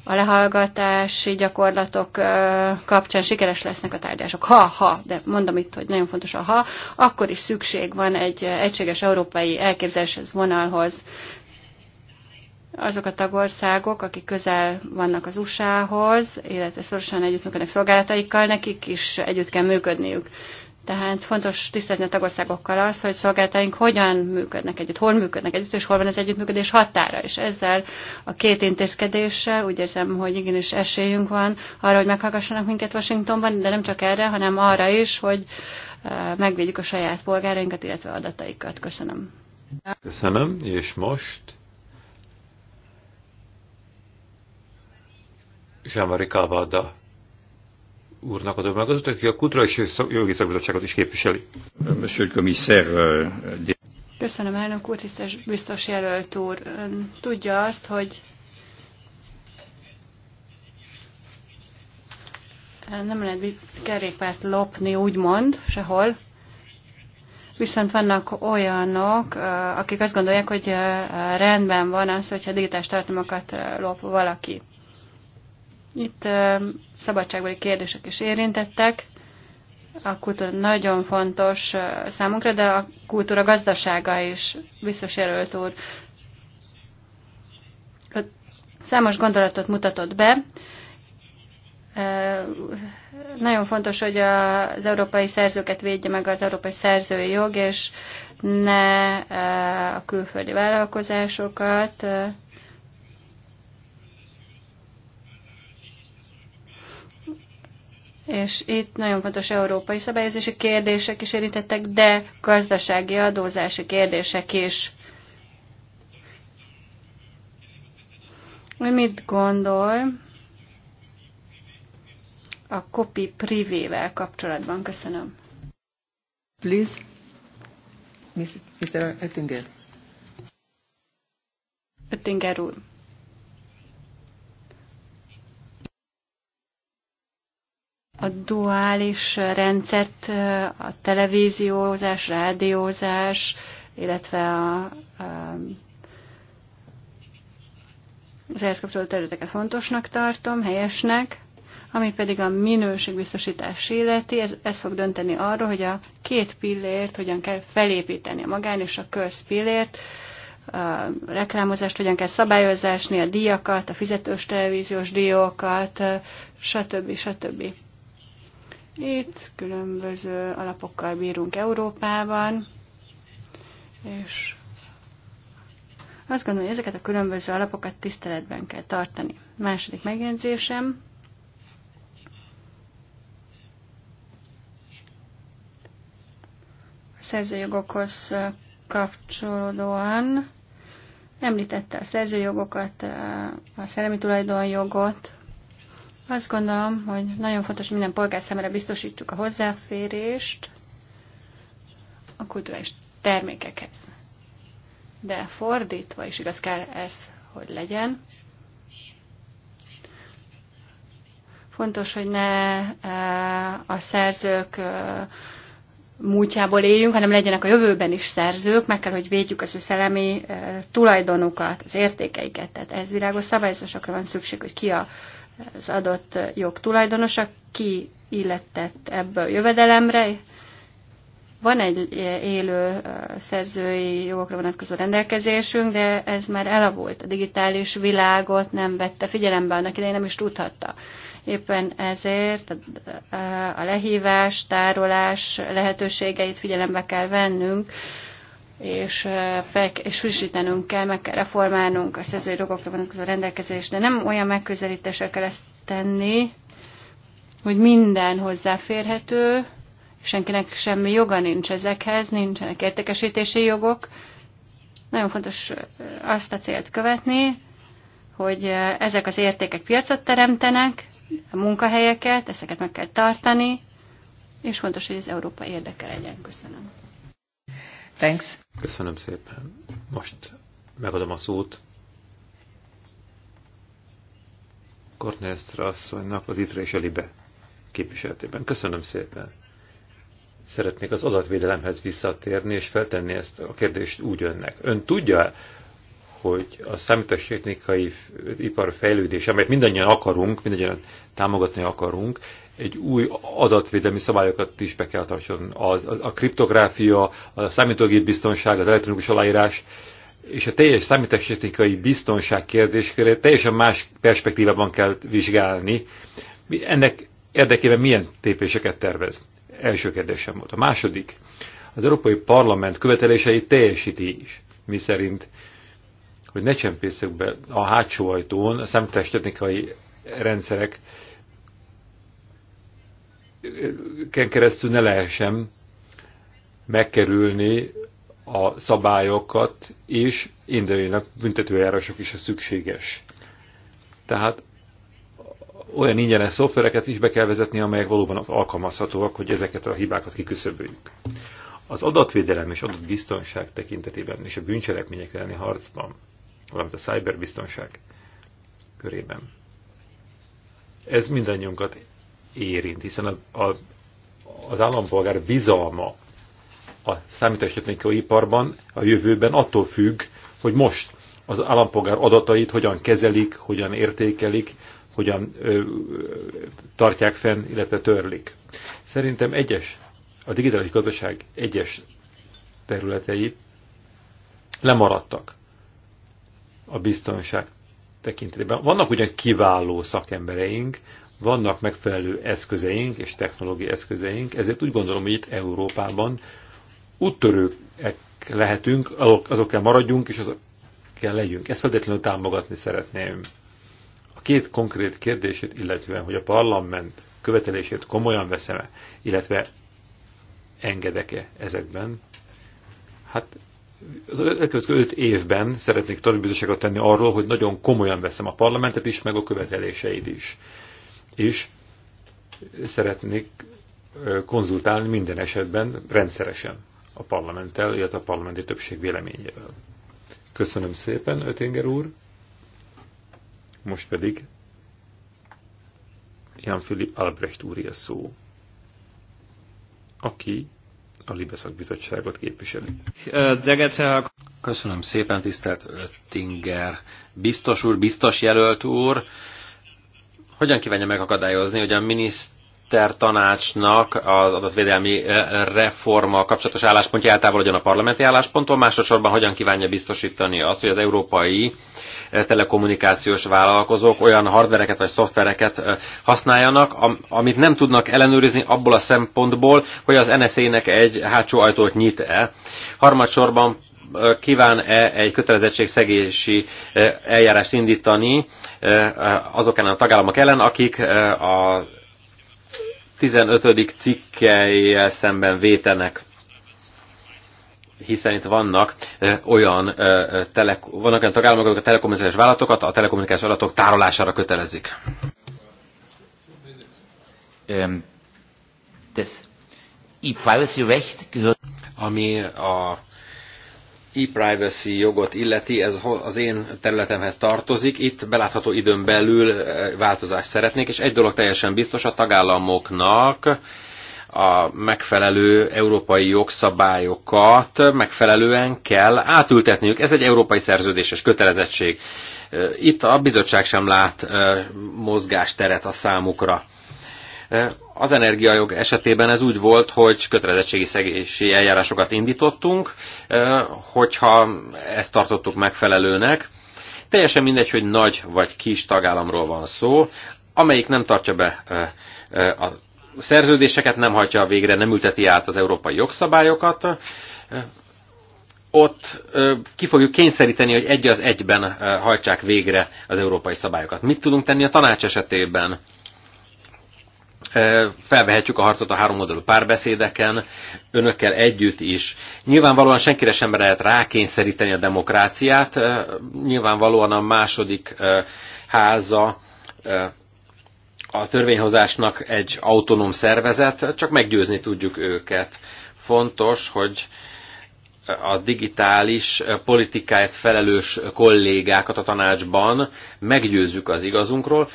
Speaker 2: a lehallgatási gyakorlatok kapcsán sikeres lesznek a tárgyások. Ha, ha, de mondom itt, hogy nagyon fontos a ha, akkor is szükség van egy egységes európai elképzeléshez vonalhoz. Azok a tagországok, akik közel vannak az USA-hoz, illetve szorosan együttműködnek szolgálataikkal, nekik is együtt kell működniük. Tehát fontos tisztázni a tagországokkal az, hogy szolgáltaink hogyan működnek együtt, hol működnek együtt, és hol van az együttműködés határa. És ezzel a két intézkedéssel úgy érzem, hogy igenis esélyünk van arra, hogy meghallgassanak minket Washingtonban, de nem csak erre, hanem arra is, hogy eh, megvédjük a saját polgárainkat, illetve adataikat. Köszönöm.
Speaker 1: Köszönöm, és most Jean-Marie Cavada úrnak adom meg utat, aki a Kutra és Jogi Szakbizottságot is képviseli. Euh,
Speaker 2: Köszönöm, elnök úr, tisztes biztos jelölt úr. Ön tudja azt, hogy nem lehet kerékpárt lopni, úgymond, sehol. Viszont vannak olyanok, akik azt gondolják, hogy rendben van az, hogyha digitális tartalmakat lop valaki. Itt szabadságbeli kérdések is érintettek. A kultúra nagyon fontos számunkra, de a kultúra gazdasága is biztos jelölt úr. Számos gondolatot mutatott be, nagyon fontos, hogy az európai szerzőket védje meg az európai szerzői jog, és ne a külföldi vállalkozásokat. és itt nagyon fontos európai szabályozási kérdések is érintettek, de gazdasági adózási kérdések is. Mi mit gondol a copy privével kapcsolatban? Köszönöm. Please, Mr. Oettinger. Oettinger úr. A duális rendszert, a televíziózás, rádiózás, illetve a, a az ehhez kapcsolódó területeket fontosnak tartom, helyesnek, ami pedig a minőségbiztosítás illeti, ez, ez fog dönteni arról, hogy a két pillért hogyan kell felépíteni, a magán és a pillért, a reklámozást hogyan kell szabályozásni, a díjakat, a fizetős televíziós díjokat, stb. stb. Itt különböző alapokkal bírunk Európában, és azt gondolom, hogy ezeket a különböző alapokat tiszteletben kell tartani. Második megjegyzésem. A szerzőjogokhoz kapcsolódóan említette a szerzőjogokat, a szellemi tulajdonjogot, azt gondolom, hogy nagyon fontos, hogy minden polgár számára biztosítsuk a hozzáférést a kulturális termékekhez. De fordítva is igaz kell ez, hogy legyen. Fontos, hogy ne eh, a szerzők eh, múltjából éljünk, hanem legyenek a jövőben is szerzők, meg kell, hogy védjük az ő szellemi eh, tulajdonukat, az értékeiket. Tehát ez világos szabályozásokra van szükség, hogy ki a az adott jog tulajdonosa, ki illettett ebből jövedelemre. Van egy élő szerzői jogokra vonatkozó rendelkezésünk, de ez már elavult. A digitális világot nem vette figyelembe, annak idején nem is tudhatta. Éppen ezért a lehívás, tárolás lehetőségeit figyelembe kell vennünk, és, fel, és frissítenünk kell, meg kell reformálnunk a szerzői jogokra vonatkozó rendelkezést, de nem olyan megközelítéssel kell ezt tenni, hogy minden hozzáférhető, senkinek semmi joga nincs ezekhez, nincsenek értékesítési jogok. Nagyon fontos azt a célt követni, hogy ezek az értékek piacot teremtenek, a munkahelyeket, ezeket meg kell tartani, és fontos, hogy ez Európa érdeke legyen. Köszönöm.
Speaker 1: Thanks. Köszönöm szépen. Most megadom a szót Kornelstra asszonynak az ITRE és Libe képviseletében. Köszönöm szépen. Szeretnék az adatvédelemhez visszatérni, és feltenni ezt a kérdést úgy önnek. Ön tudja, hogy a számítástechnikai ipar fejlődése, amelyet mindannyian akarunk, mindannyian támogatni akarunk, egy új adatvédelmi szabályokat is be kell tartson. A, a, a kriptográfia, a számítógép biztonság, az elektronikus aláírás és a teljes számítástechnikai biztonság kérdésére teljesen más perspektívában kell vizsgálni. Ennek érdekében milyen tépéseket tervez? Első kérdésem volt. A második, az Európai Parlament követeléseit teljesíti is, mi szerint, hogy ne csempészek be a hátsó ajtón a számítástechnikai rendszerek keresztül ne lehessen megkerülni a szabályokat, és induljanak büntetőjárások is, a szükséges. Tehát olyan ingyenes szoftvereket is be kell vezetni, amelyek valóban alkalmazhatóak, hogy ezeket a hibákat kiküszöböljük. Az adatvédelem és adatbiztonság tekintetében és a bűncselekmények elleni harcban, valamint a cyberbiztonság körében. Ez mindannyiunkat érint, hiszen a, a, az állampolgár bizalma a számítástechnikai iparban a jövőben attól függ, hogy most az állampolgár adatait hogyan kezelik, hogyan értékelik, hogyan ö, ö, tartják fenn, illetve törlik. Szerintem egyes, a digitális gazdaság egyes területei lemaradtak a biztonság tekintetében. Vannak ugyan kiváló szakembereink, vannak megfelelő eszközeink és technológiai eszközeink, ezért úgy gondolom, hogy itt Európában úttörőek lehetünk, azok kell maradjunk, és azok kell legyünk. Ezt feltétlenül támogatni szeretném. A két konkrét kérdését, illetve, hogy a parlament követelését komolyan veszem-e, illetve engedek-e ezekben, hát az elkövetkező öt évben szeretnék tanulbizonyságot tenni arról, hogy nagyon komolyan veszem a parlamentet is, meg a követeléseit is és szeretnék konzultálni minden esetben rendszeresen a parlamenttel, illetve a parlamenti többség véleményével. Köszönöm szépen, Ötinger úr. Most pedig Jan Philipp Albrecht úr szó, aki a Libeszak Bizottságot képviseli.
Speaker 3: Köszönöm szépen, tisztelt Ötinger biztos úr, biztos jelölt úr hogyan kívánja megakadályozni, hogy a miniszter tanácsnak az adatvédelmi eh, reforma kapcsolatos álláspontja eltávolodjon a parlamenti állásponttól, másodszorban hogyan kívánja biztosítani azt, hogy az európai eh, telekommunikációs vállalkozók olyan hardvereket vagy szoftvereket eh, használjanak, amit nem tudnak ellenőrizni abból a szempontból, hogy az NSZ-nek egy hátsó ajtót nyit-e. Harmadsorban kíván-e egy kötelezettségszegési eh, eljárást indítani eh, azok ellen a tagállamok ellen, akik eh, a 15. cikkei szemben vétenek hiszen itt vannak olyan, telek, vannak olyan tagállamok, akik a telekommunikációs vállalatokat a telekommunikációs adatok tárolására kötelezik. Ähm, Ami a e-privacy jogot illeti, ez az én területemhez tartozik, itt belátható időn belül eh, változást szeretnék, és egy dolog teljesen biztos, a tagállamoknak a megfelelő európai jogszabályokat megfelelően kell átültetniük. Ez egy európai szerződéses kötelezettség. Eh, itt a bizottság sem lát eh, mozgásteret a számukra. E, az energiajog esetében ez úgy volt, hogy kötelezettségi szegési eljárásokat indítottunk, e, hogyha ezt tartottuk megfelelőnek. Teljesen mindegy, hogy nagy vagy kis tagállamról van szó, amelyik nem tartja be e, a szerződéseket, nem hagyja végre, nem ülteti át az európai jogszabályokat, ott ki fogjuk kényszeríteni, hogy egy az egyben hajtsák végre az európai szabályokat. Mit tudunk tenni a tanács esetében? felvehetjük a harcot a három oldalú párbeszédeken, önökkel együtt is. Nyilvánvalóan senkire sem lehet rákényszeríteni a demokráciát, nyilvánvalóan a második háza a törvényhozásnak egy autonóm szervezet, csak meggyőzni tudjuk őket. Fontos, hogy a digitális politikáért felelős kollégákat a tanácsban meggyőzzük az igazunkról,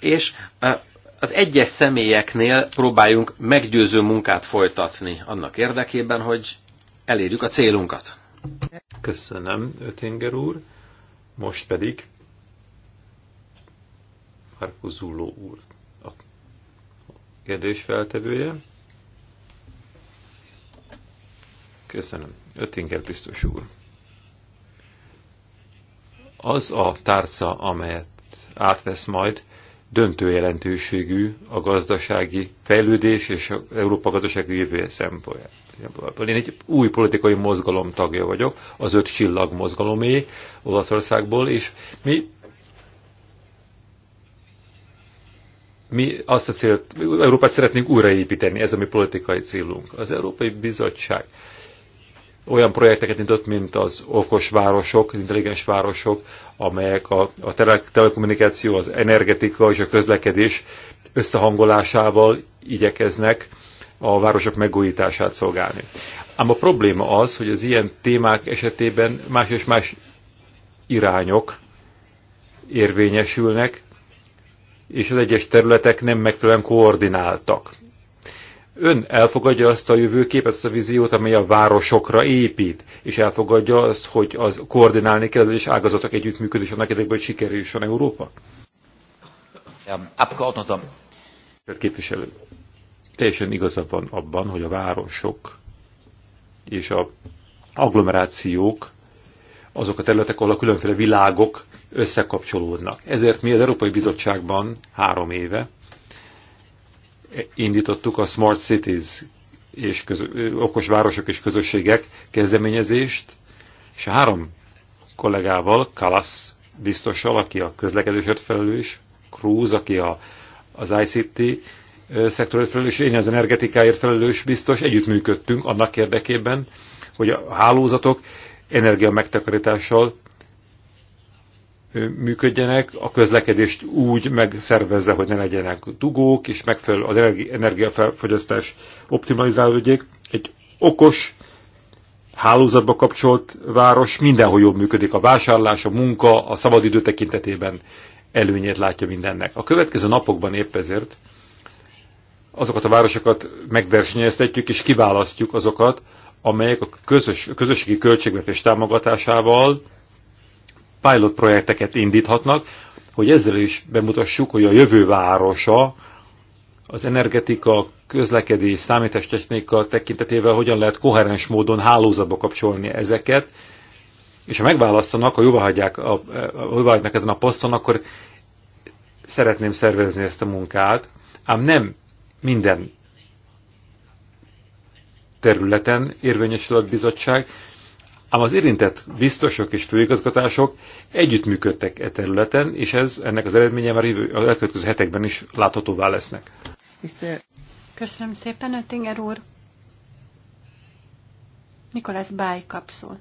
Speaker 3: és az egyes személyeknél próbáljunk meggyőző munkát folytatni annak érdekében, hogy elérjük a célunkat.
Speaker 1: Köszönöm, Ötinger úr. Most pedig Markus Zulló úr a feltevője. Köszönöm. Ötinger biztos úr. Az a tárca, amelyet átvesz majd, döntő jelentőségű a gazdasági fejlődés és a Európa gazdasági jövője szempontjából. Én egy új politikai mozgalom tagja vagyok, az öt csillag mozgalomé Olaszországból, és mi mi azt a célt, Európát szeretnénk újraépíteni, ez a mi politikai célunk. Az Európai Bizottság olyan projekteket indított, mint az okos városok, intelligens városok, amelyek a, a tele, telekommunikáció, az energetika és a közlekedés összehangolásával igyekeznek a városok megújítását szolgálni. Ám a probléma az, hogy az ilyen témák esetében más és más irányok érvényesülnek, és az egyes területek nem megfelelően koordináltak Ön elfogadja azt a jövőképet, azt a víziót, amely a városokra épít, és elfogadja azt, hogy az koordinálni kell, és ágazatok együttműködés annak érdekében, hogy sikerüljön Európa? Tehát Képviselő, teljesen igaza van abban, hogy a városok és a agglomerációk azok a területek, ahol a különféle világok összekapcsolódnak. Ezért mi az Európai Bizottságban három éve indítottuk a Smart Cities és közö, okos városok és közösségek kezdeményezést, és a három kollégával, Kalasz biztossal, aki a közlekedésért felelős, Cruz, aki a, az ICT szektorért felelős, én az energetikáért felelős biztos, együttműködtünk annak érdekében, hogy a hálózatok energia megtakarítással működjenek, a közlekedést úgy megszervezze, hogy ne legyenek dugók, és megfelelő az energiafogyasztás optimalizálódjék. Egy okos, hálózatba kapcsolt város mindenhol jobb működik. A vásárlás, a munka, a szabadidő tekintetében előnyét látja mindennek. A következő napokban épp ezért azokat a városokat megversenyeztetjük és kiválasztjuk azokat, amelyek a közös, a közösségi költségvetés támogatásával pilot projekteket indíthatnak, hogy ezzel is bemutassuk, hogy a jövő városa az energetika, közlekedés, számítástechnika tekintetével hogyan lehet koherens módon hálózatba kapcsolni ezeket, és ha megválasztanak, ha jóváhagyják, a, jóváhagynak ezen a poszton, akkor szeretném szervezni ezt a munkát, ám nem minden területen érvényesül a bizottság, ám az érintett biztosok és főigazgatások együttműködtek e területen, és ez ennek az eredménye már a elkövetkező hetekben is láthatóvá lesznek.
Speaker 2: Köszönöm szépen, Öttinger úr. Nikolász Báj kapszol.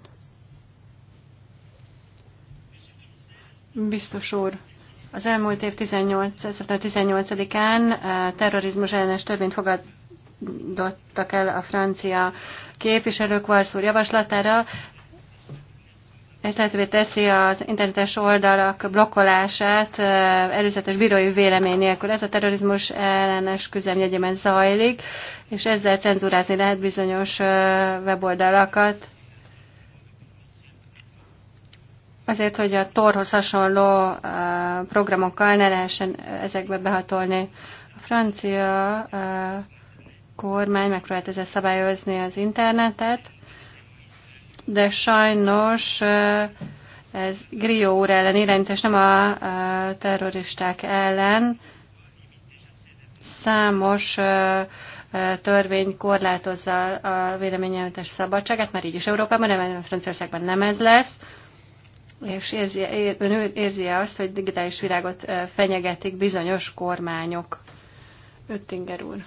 Speaker 2: Biztos úr, az elmúlt év 18, 18-án eh, terrorizmus ellenes törvényt fogadottak fogadtak el a francia képviselők Valszúr javaslatára, ez lehetővé teszi az internetes oldalak blokkolását előzetes bírói vélemény nélkül. Ez a terrorizmus ellenes küzdelem zajlik, és ezzel cenzúrázni lehet bizonyos weboldalakat. Azért, hogy a torhoz hasonló programokkal ne lehessen ezekbe behatolni. A francia kormány megpróbált ezzel szabályozni az internetet, de sajnos ez Grió úr ellen irányítás, nem a terroristák ellen. Számos törvény korlátozza a véleményelőtes szabadságát, már így is Európában, nem Franciaországban nem ez lesz és érzi, ér, ön érzi -e azt, hogy digitális világot fenyegetik bizonyos kormányok? Öttinger úr.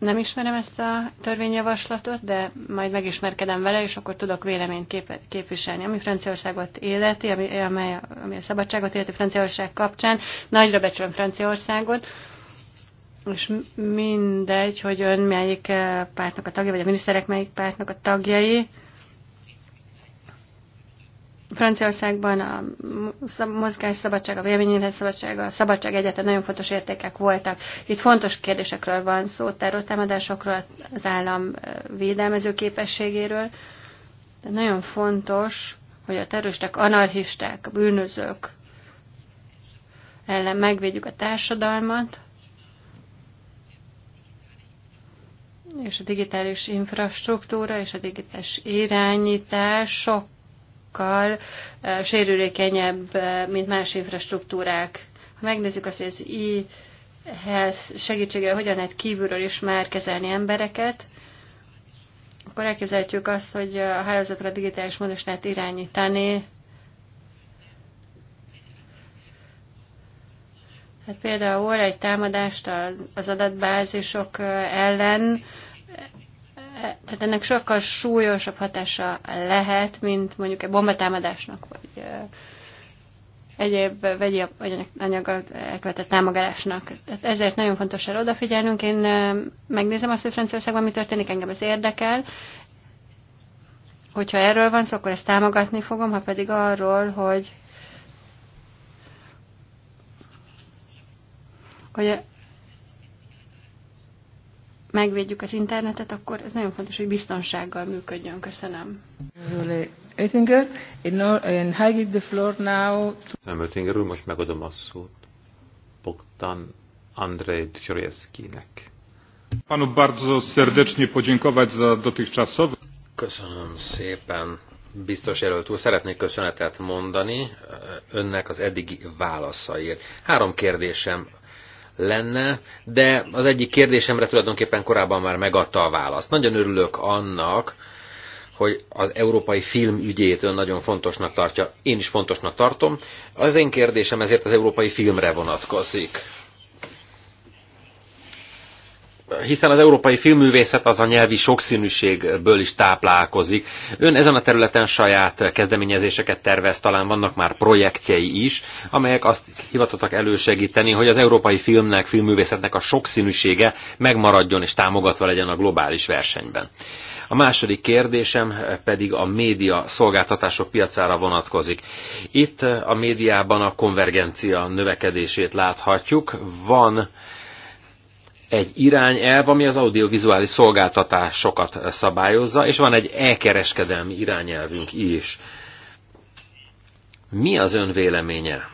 Speaker 2: Nem ismerem ezt a törvényjavaslatot, de majd megismerkedem vele, és akkor tudok véleményt kép- képviselni. Ami Franciaországot életi, ami, amely, ami a szabadságot életi Franciaország kapcsán, nagyra becsülöm Franciaországot, és mindegy, hogy ön melyik eh, pártnak a tagja, vagy a miniszterek melyik pártnak a tagjai, Franciaországban a mozgás szabadság, a véleményélet szabadság, a szabadság egyetlen nagyon fontos értékek voltak. Itt fontos kérdésekről van szó, terrortámadásokról, az állam védelmező képességéről. De nagyon fontos, hogy a terroristák, anarchisták, a bűnözők ellen megvédjük a társadalmat, és a digitális infrastruktúra és a digitális irányítások sokkal eh, sérülékenyebb, eh, mint más infrastruktúrák. Ha megnézzük azt, hogy az e-health segítségével hogyan lehet kívülről is már kezelni embereket, akkor elképzelhetjük azt, hogy a hálózatokat digitális módon lehet irányítani. Hát például egy támadást az adatbázisok eh, ellen, E, tehát ennek sokkal súlyosabb hatása lehet, mint mondjuk egy bombatámadásnak, vagy e, egyéb vegyi anyaggal elkövetett támogatásnak. Tehát ezért nagyon fontos erre odafigyelnünk. Én e, megnézem azt, hogy Franciaországban mi történik, engem ez érdekel. Hogyha erről van szó, akkor ezt támogatni fogom, ha pedig arról, hogy hogy megvédjük az internetet, akkor ez nagyon fontos, hogy biztonsággal működjön. Köszönöm. Köszönöm, and
Speaker 1: Nem, Oettinger úr, most megadom a szót Bogdan Andrzej Czorieszkinek. Panu bardzo serdecznie podziękować za dotychczasowy...
Speaker 3: Köszönöm szépen. Biztos jelölt úr, szeretnék köszönetet mondani e, önnek az eddigi válaszaiért. Három kérdésem lenne, de az egyik kérdésemre tulajdonképpen korábban már megadta a választ. Nagyon örülök annak, hogy az európai film ügyét ön nagyon fontosnak tartja, én is fontosnak tartom. Az én kérdésem ezért az európai filmre vonatkozik hiszen az európai filmművészet az a nyelvi sokszínűségből is táplálkozik. Ön ezen a területen saját kezdeményezéseket tervez, talán vannak már projektjei is, amelyek azt hivatottak elősegíteni, hogy az európai filmnek, filmművészetnek a sokszínűsége megmaradjon és támogatva legyen a globális versenyben. A második kérdésem pedig a média szolgáltatások piacára vonatkozik. Itt a médiában a konvergencia növekedését láthatjuk. Van egy irányelv, ami az audiovizuális szolgáltatásokat szabályozza, és van egy elkereskedelmi irányelvünk is. Mi az ön véleménye?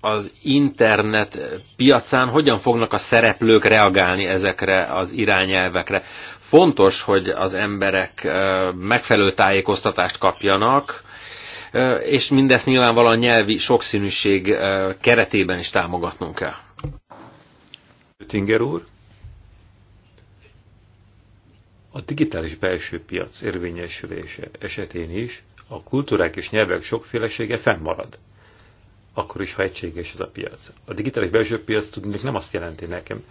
Speaker 3: Az internet piacán hogyan fognak a szereplők reagálni ezekre az irányelvekre? Fontos, hogy az emberek megfelelő tájékoztatást kapjanak, és mindezt nyilvánvalóan nyelvi sokszínűség
Speaker 1: keretében is támogatnunk kell. Tinger úr, a digitális belső piac érvényesülése esetén is a kultúrák és nyelvek sokfélesége fennmarad. Akkor is, ha egységes ez a piac. A digitális belső piac tudnék nem azt jelenti nekem,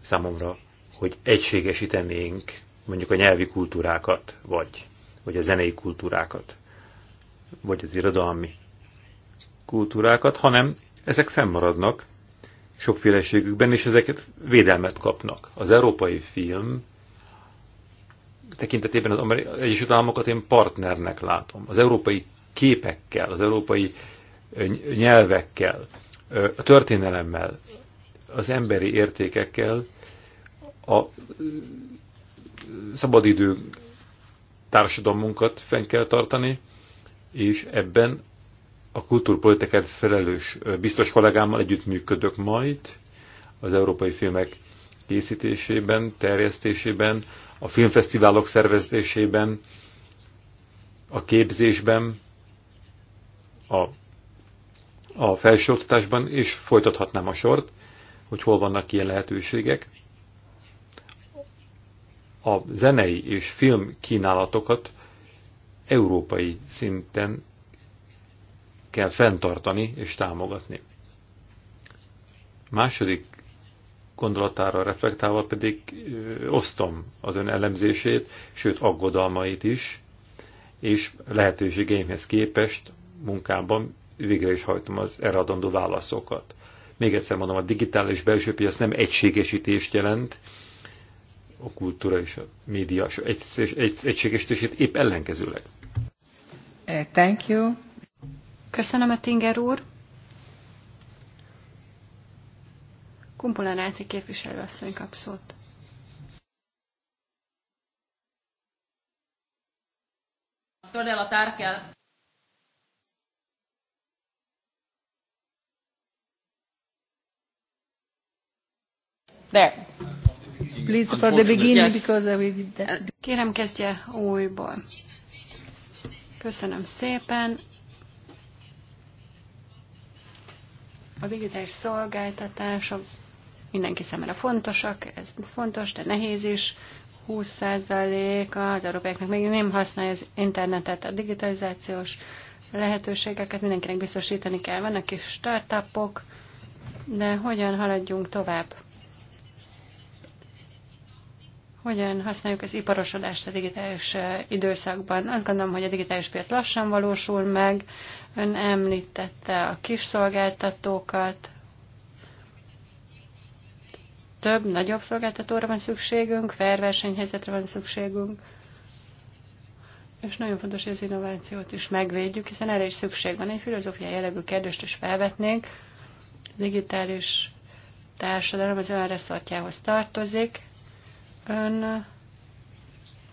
Speaker 1: számomra, hogy egységesítenénk mondjuk a nyelvi kultúrákat, vagy, vagy a zenei kultúrákat vagy az irodalmi kultúrákat, hanem ezek fennmaradnak sokféleségükben, és ezeket védelmet kapnak. Az európai film tekintetében az Egyesült Államokat én partnernek látom. Az európai képekkel, az európai nyelvekkel, a történelemmel, az emberi értékekkel, a szabadidő társadalmunkat fenn kell tartani, és ebben a kultúrpolitikát felelős biztos kollégámmal együttműködök majd az európai filmek készítésében, terjesztésében, a filmfesztiválok szervezésében, a képzésben, a, a felsőoktatásban, és folytathatnám a sort, hogy hol vannak ilyen lehetőségek. A zenei és film kínálatokat európai szinten kell fenntartani és támogatni. Második gondolatára reflektálva pedig ö, osztom az ön elemzését, sőt aggodalmait is, és lehetőségeimhez képest munkámban végre is hajtom az erre adandó válaszokat. Még egyszer mondom, a digitális belső piac nem egységesítést jelent, a kultúra és a média egy, egy, egységestését épp ellenkezőleg.
Speaker 2: Eh, thank you. Köszönöm a Tinger úr. Kumpulánáci képviselőasszony kap szót. Todella tärkeä There. Please, for the beginning, because we did that. Kérem, kezdje újból. Köszönöm szépen. A digitális szolgáltatások mindenki számára fontosak, ez fontos, de nehéz is. 20 az európaiaknak még nem használja az internetet, a digitalizációs lehetőségeket mindenkinek biztosítani kell. Vannak is startupok, de hogyan haladjunk tovább? hogyan használjuk az iparosodást a digitális időszakban. Azt gondolom, hogy a digitális piac lassan valósul meg. Ön említette a kis szolgáltatókat. Több, nagyobb szolgáltatóra van szükségünk, fair versenyhelyzetre van szükségünk. És nagyon fontos, hogy az innovációt is megvédjük, hiszen erre is szükség van. Egy filozófiai jellegű kérdést is felvetnénk. A digitális társadalom az önreszortjához tartozik Ön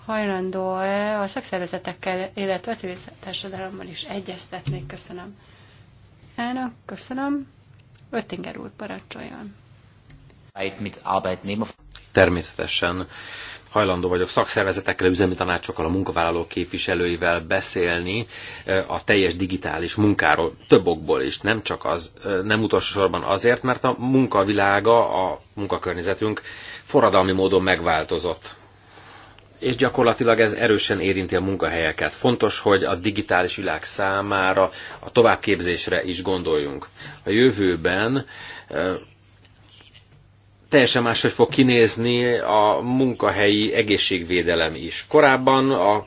Speaker 2: hajlandó-e a szakszervezetekkel, illetve a civil társadalommal is egyeztetni? Köszönöm. Elnök, köszönöm. Öttinger úr, parancsoljon.
Speaker 3: Természetesen hajlandó vagyok szakszervezetekkel, üzemi tanácsokkal, a munkavállalók képviselőivel beszélni a teljes digitális munkáról, több okból is, nem csak az, nem utolsó sorban azért, mert a munkavilága, a munkakörnyezetünk forradalmi módon megváltozott. És gyakorlatilag ez erősen érinti a munkahelyeket. Fontos, hogy a digitális világ számára a továbbképzésre is gondoljunk. A jövőben teljesen máshogy fog kinézni a munkahelyi egészségvédelem is. Korábban a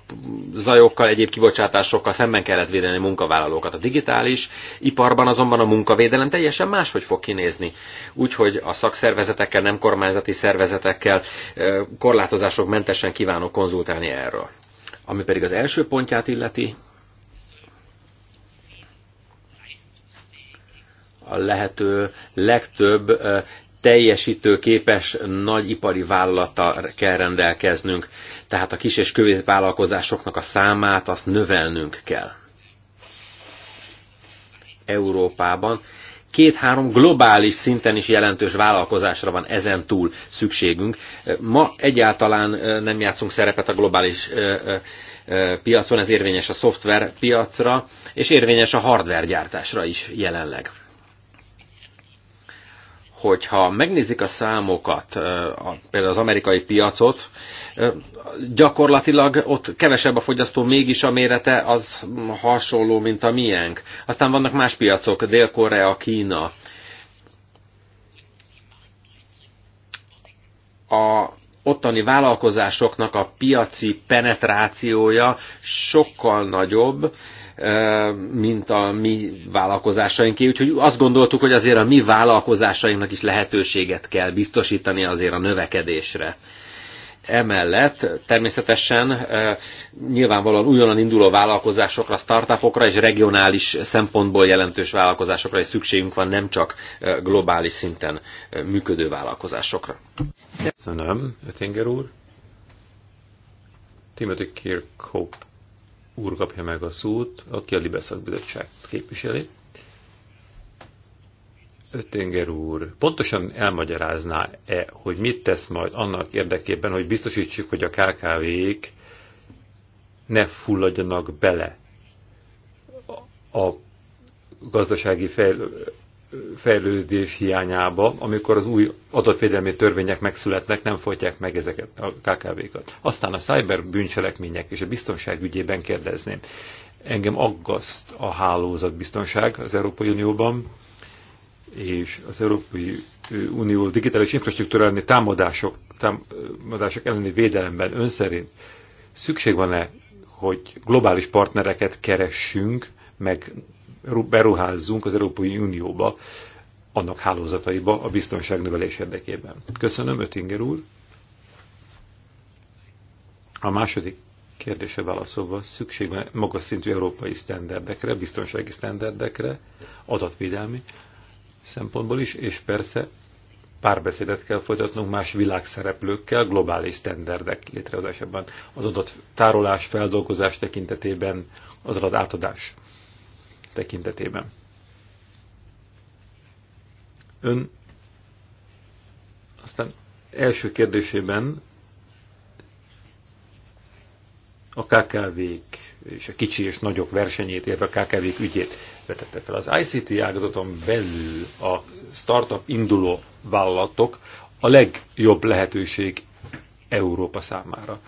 Speaker 3: zajokkal, egyéb kibocsátásokkal szemben kellett védeni a munkavállalókat. A digitális iparban azonban a munkavédelem teljesen máshogy fog kinézni. Úgyhogy a szakszervezetekkel, nem kormányzati szervezetekkel korlátozások mentesen kívánok konzultálni erről. Ami pedig az első pontját illeti, a lehető legtöbb teljesítőképes nagy ipari vállalattal kell rendelkeznünk, tehát a kis és vállalkozásoknak a számát azt növelnünk kell. Európában két-három globális szinten is jelentős vállalkozásra van ezen túl szükségünk. Ma egyáltalán nem játszunk szerepet a globális piacon, ez érvényes a szoftver piacra, és érvényes a hardware gyártásra is jelenleg hogyha megnézik a számokat, például az amerikai piacot, gyakorlatilag ott kevesebb a fogyasztó, mégis a mérete az hasonló, mint a miénk. Aztán vannak más piacok, Dél-Korea, Kína. A ottani vállalkozásoknak a piaci penetrációja sokkal nagyobb, mint a mi vállalkozásainké. Úgyhogy azt gondoltuk, hogy azért a mi vállalkozásainknak is lehetőséget kell biztosítani azért a növekedésre. Emellett természetesen nyilvánvalóan újonnan induló vállalkozásokra, startupokra és regionális szempontból jelentős vállalkozásokra is szükségünk van, nem csak globális szinten működő vállalkozásokra. Köszönöm,
Speaker 1: Ötinger úr. Timothy Kirkhope úr kapja meg a szót, aki a Libeszak bizottságot képviseli. Öttinger úr, pontosan elmagyarázná-e, hogy mit tesz majd annak érdekében, hogy biztosítsuk, hogy a KKV-k ne fulladjanak bele a gazdasági fejl fejlődés hiányába, amikor az új adatvédelmi törvények megszületnek, nem folytják meg ezeket a KKV-kat. Aztán a cyber bűncselekmények és a biztonság ügyében kérdezném. Engem aggaszt a hálózatbiztonság az Európai Unióban, és az Európai Unió digitális infrastruktúra elleni támadások, támadások elleni védelemben ön szerint szükség van-e, hogy globális partnereket keressünk, meg beruházzunk az Európai Unióba, annak hálózataiba a biztonság növelés érdekében. Köszönöm, Ötinger úr. A második kérdése válaszolva szükség van magas szintű európai sztenderdekre, biztonsági sztenderdekre, adatvédelmi szempontból is, és persze párbeszédet kell folytatnunk más világszereplőkkel globális sztenderdek létrehozásában, az adat tárolás, feldolgozás tekintetében, az adat átadás tekintetében. Ön aztán első kérdésében a kkv és a kicsi és nagyok versenyét, illetve a kkv ügyét vetette fel. Az ICT ágazaton belül a startup induló vállalatok a legjobb lehetőség Európa számára.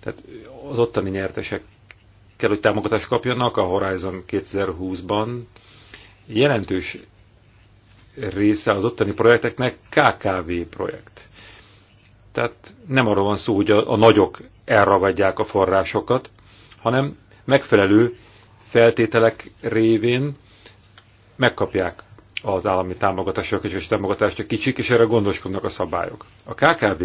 Speaker 1: Tehát az ottani nyertesek kell, hogy támogatást kapjanak a Horizon 2020-ban. Jelentős része az ottani projekteknek KKV projekt. Tehát nem arról van szó, hogy a, a nagyok elravadják a forrásokat, hanem megfelelő feltételek révén megkapják az állami támogatások és támogatást a kicsik, és erre gondoskodnak a szabályok. A KKV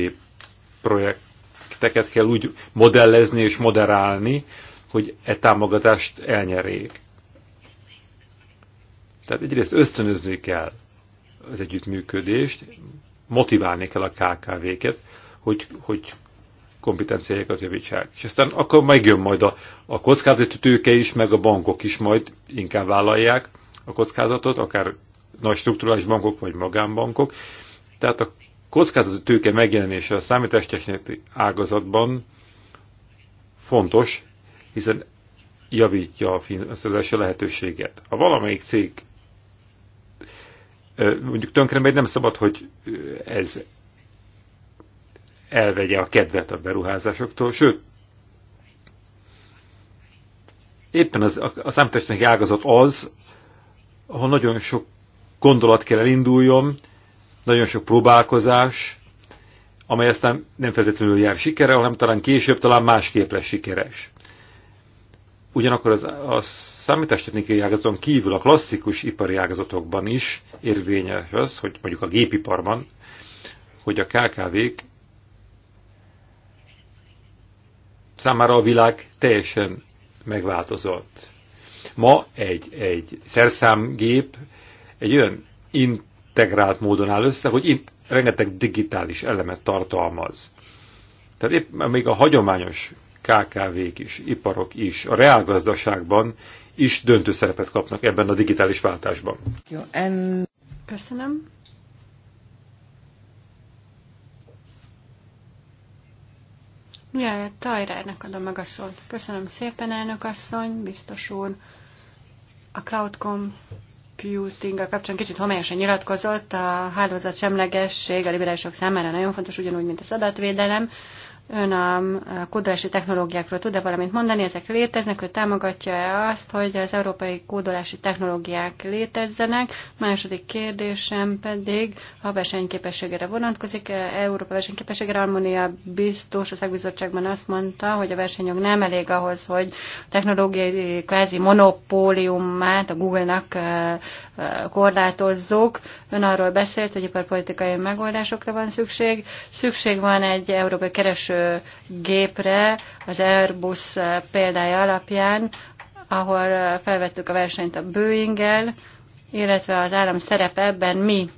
Speaker 1: projekteket kell úgy modellezni és moderálni, hogy e támogatást elnyerjék. Tehát egyrészt ösztönözni kell az együttműködést, motiválni kell a KKV-ket, hogy, hogy kompetenciájákat javítsák. És aztán akkor megjön majd a, a kockázati tőke is, meg a bankok is majd inkább vállalják a kockázatot, akár nagy struktúrális bankok, vagy magánbankok. Tehát a kockázati tőke megjelenése a számítástechnikai ágazatban fontos hiszen javítja a finanszírozási lehetőséget. Ha valamelyik cég mondjuk tönkre megy, nem szabad, hogy ez elvegye a kedvet a beruházásoktól, sőt, éppen az, a, a számítástechnikai ágazat az, ahol nagyon sok gondolat kell elinduljon, nagyon sok próbálkozás, amely aztán nem feltétlenül jár sikere, hanem talán később talán másképp lesz sikeres. Ugyanakkor az, a számítástechnikai ágazaton kívül a klasszikus ipari ágazatokban is érvényes az, hogy mondjuk a gépiparban, hogy a KKV-k számára a világ teljesen megváltozott. Ma egy, egy szerszámgép egy olyan integrált módon áll össze, hogy itt rengeteg digitális elemet tartalmaz. Tehát épp még a hagyományos KKV-k is, iparok is, a reálgazdaságban is döntő szerepet kapnak ebben a digitális váltásban.
Speaker 2: Jó, en... Köszönöm. Jaj, Tajrárnak adom meg a szót. Köszönöm szépen, elnök asszony, biztos úr. A cloud computing -a kapcsán kicsit homályosan nyilatkozott. A hálózat semlegesség a liberálisok számára nagyon fontos, ugyanúgy, mint az adatvédelem ön a kódolási technológiákról tud-e valamit mondani, ezek léteznek, ő támogatja-e azt, hogy az európai kódolási technológiák létezzenek. Második kérdésem pedig a versenyképességére vonatkozik. Európa versenyképességére Almonia biztos a szakbizottságban azt mondta, hogy a versenyjog nem elég ahhoz, hogy a technológiai kvázi monopóliumát a Google-nak korlátozzuk. Ön arról beszélt, hogy iparpolitikai megoldásokra van szükség. Szükség van egy európai kereső gépre az Airbus példája alapján, ahol felvettük a versenyt a boeing illetve az állam szerepe ebben mi.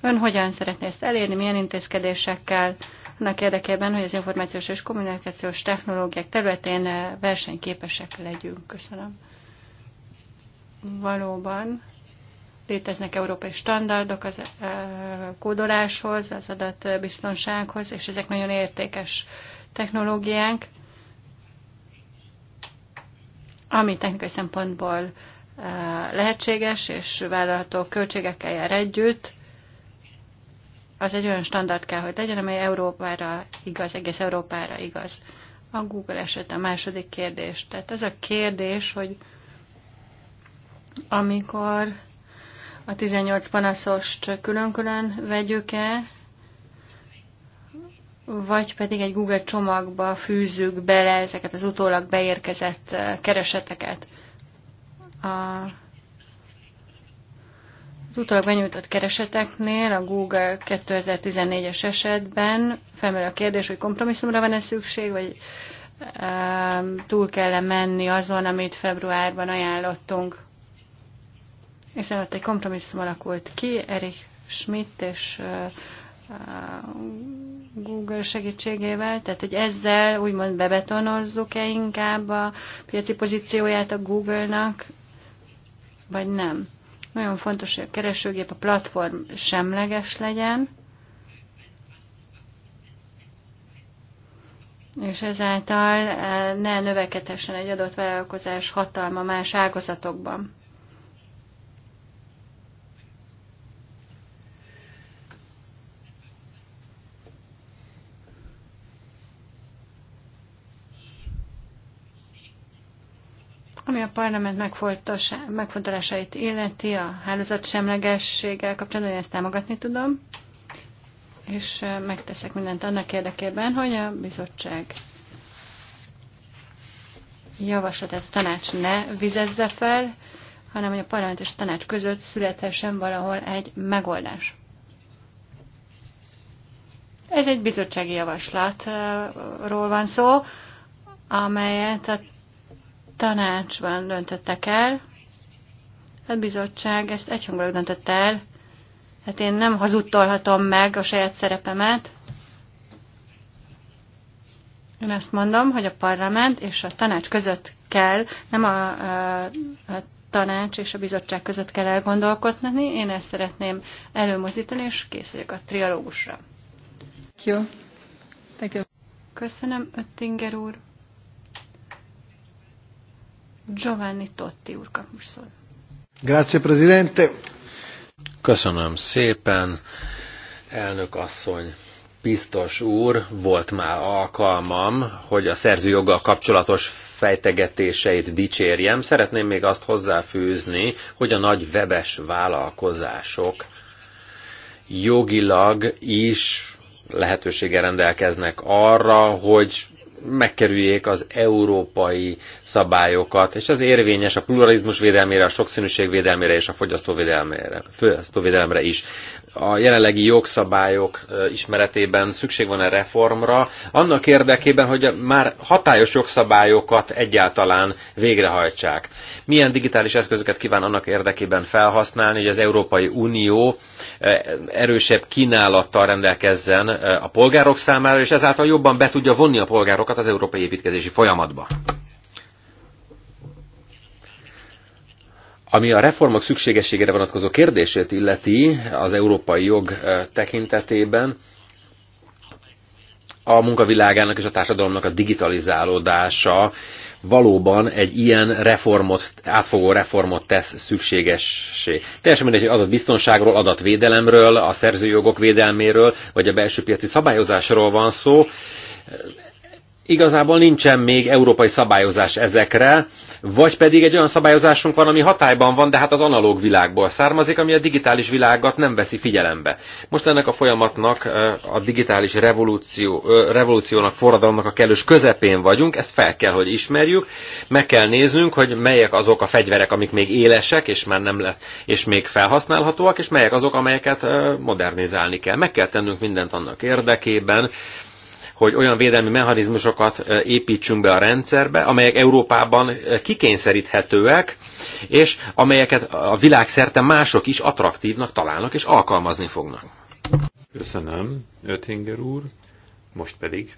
Speaker 2: Ön hogyan szeretné ezt elérni, milyen intézkedésekkel, annak érdekében, hogy az információs és kommunikációs technológiák területén versenyképesek legyünk. Köszönöm. Valóban Léteznek európai standardok az kódoláshoz, az adatbiztonsághoz, és ezek nagyon értékes technológiánk, ami technikai szempontból lehetséges, és vállalható költségekkel jár együtt, az egy olyan standard kell, hogy legyen, amely Európára igaz, egész Európára igaz. A Google eset a második kérdés. Tehát ez a kérdés, hogy amikor a 18 panaszost külön-külön vegyük-e, vagy pedig egy Google csomagba fűzzük bele ezeket az utólag beérkezett eh, kereseteket. A, az utólag benyújtott kereseteknél a Google 2014-es esetben felmerül a kérdés, hogy kompromisszumra van-e szükség, vagy eh, túl kell -e menni azon, amit februárban ajánlottunk és ott egy kompromisszum alakult ki, Erik Schmidt és Google segítségével, tehát hogy ezzel úgymond bebetonozzuk-e inkább a piaci pozícióját a Google-nak, vagy nem. Nagyon fontos, hogy a keresőgép, a platform semleges legyen, és ezáltal ne növekedhessen egy adott vállalkozás hatalma más ágazatokban. Ami a parlament megfontolásait illeti, a hálózat semlegességgel kapcsolatban, ezt támogatni tudom, és megteszek mindent annak érdekében, hogy a bizottság javaslatát a tanács ne vizezze fel, hanem hogy a parlament és a tanács között születhessen valahol egy megoldás. Ez egy bizottsági javaslatról van szó, amelyet a tanácsban döntöttek el, a bizottság ezt egyhangulag döntött el, hát én nem hazudtolhatom meg a saját szerepemet. Én azt mondom, hogy a parlament és a tanács között kell, nem a, a, a tanács és a bizottság között kell elgondolkodni. Én ezt szeretném előmozdítani, és kész vagyok a trialógusra. Jó. Köszönöm, Öttinger úr. Giovanni Totti úr kap most szót.
Speaker 1: Grazie, Presidente.
Speaker 3: Köszönöm szépen, elnök asszony. Biztos úr, volt már alkalmam, hogy a szerzőjoggal kapcsolatos fejtegetéseit dicsérjem. Szeretném még azt hozzáfűzni, hogy a nagy webes vállalkozások jogilag is lehetősége rendelkeznek arra, hogy megkerüljék az európai szabályokat, és ez érvényes a pluralizmus védelmére, a sokszínűség védelmére és a fogyasztóvédelmére, fogyasztóvédelemre is a jelenlegi jogszabályok ismeretében szükség van-e reformra, annak érdekében, hogy már hatályos jogszabályokat egyáltalán végrehajtsák. Milyen digitális eszközöket kíván annak érdekében felhasználni, hogy az Európai Unió erősebb kínálattal rendelkezzen a polgárok számára, és ezáltal jobban be tudja vonni a polgárokat az európai építkezési folyamatba. Ami a reformok szükségességére vonatkozó kérdését illeti az európai jog tekintetében, a munkavilágának és a társadalomnak a digitalizálódása valóban egy ilyen reformot, átfogó reformot tesz szükségessé. Teljesen mindegy, hogy adatbiztonságról, adatvédelemről, a szerzőjogok védelméről, vagy a belső piaci szabályozásról van szó, igazából nincsen még európai szabályozás ezekre, vagy pedig egy olyan szabályozásunk van, ami hatályban van, de hát az analóg világból származik, ami a digitális világot nem veszi figyelembe. Most ennek a folyamatnak, a digitális revolúció, revolúciónak, forradalomnak a kellős közepén vagyunk, ezt fel kell, hogy ismerjük, meg kell néznünk, hogy melyek azok a fegyverek, amik még élesek, és már nem lett, és még felhasználhatóak, és melyek azok, amelyeket modernizálni kell. Meg kell tennünk mindent annak érdekében, hogy olyan védelmi mechanizmusokat építsünk be a rendszerbe, amelyek Európában kikényszeríthetőek, és amelyeket a világszerte mások is attraktívnak
Speaker 1: találnak és alkalmazni fognak. Köszönöm, Öttinger úr. Most pedig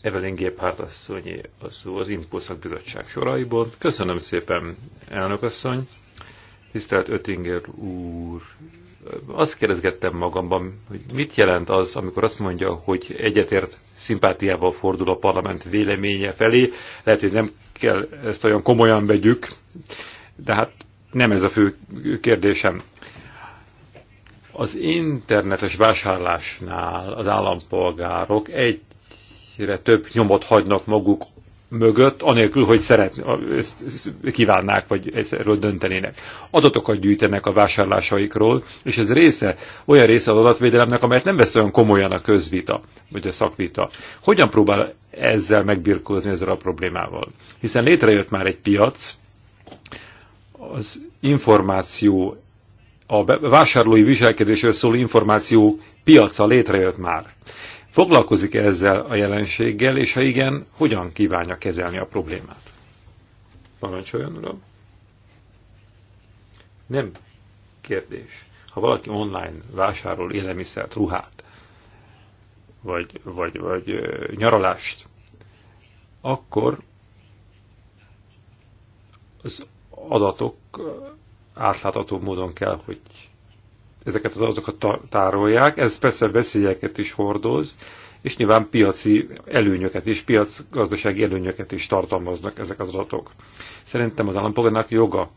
Speaker 1: Evelyn Gephardt asszonyi a szó az Impulszak Bizottság soraiból. Köszönöm szépen, elnök asszony. Tisztelt Öttinger úr, azt kérdezgettem magamban, hogy mit jelent az, amikor azt mondja, hogy egyetért szimpátiával fordul a parlament véleménye felé. Lehet, hogy nem kell ezt olyan komolyan vegyük, de hát nem ez a fő kérdésem. Az internetes vásárlásnál az állampolgárok egyre több nyomot hagynak maguk mögött, anélkül, hogy szeret, ezt kívánnák, vagy erről döntenének. Adatokat gyűjtenek a vásárlásaikról, és ez része, olyan része az adatvédelemnek, amelyet nem vesz olyan komolyan a közvita, vagy a szakvita. Hogyan próbál ezzel megbirkózni ezzel a problémával? Hiszen létrejött már egy piac, az információ, a vásárlói viselkedésről szóló információ piaca létrejött már. Foglalkozik -e ezzel a jelenséggel, és ha igen, hogyan kívánja kezelni a problémát? Parancsoljon, uram! Nem kérdés. Ha valaki online vásárol élelmiszert, ruhát, vagy, vagy, vagy nyaralást, akkor az adatok átlátható módon kell, hogy ezeket az adatokat tárolják, ez persze veszélyeket is hordoz, és nyilván piaci előnyöket és piacgazdasági előnyöket is tartalmaznak ezek az adatok. Szerintem az állampolgárnak joga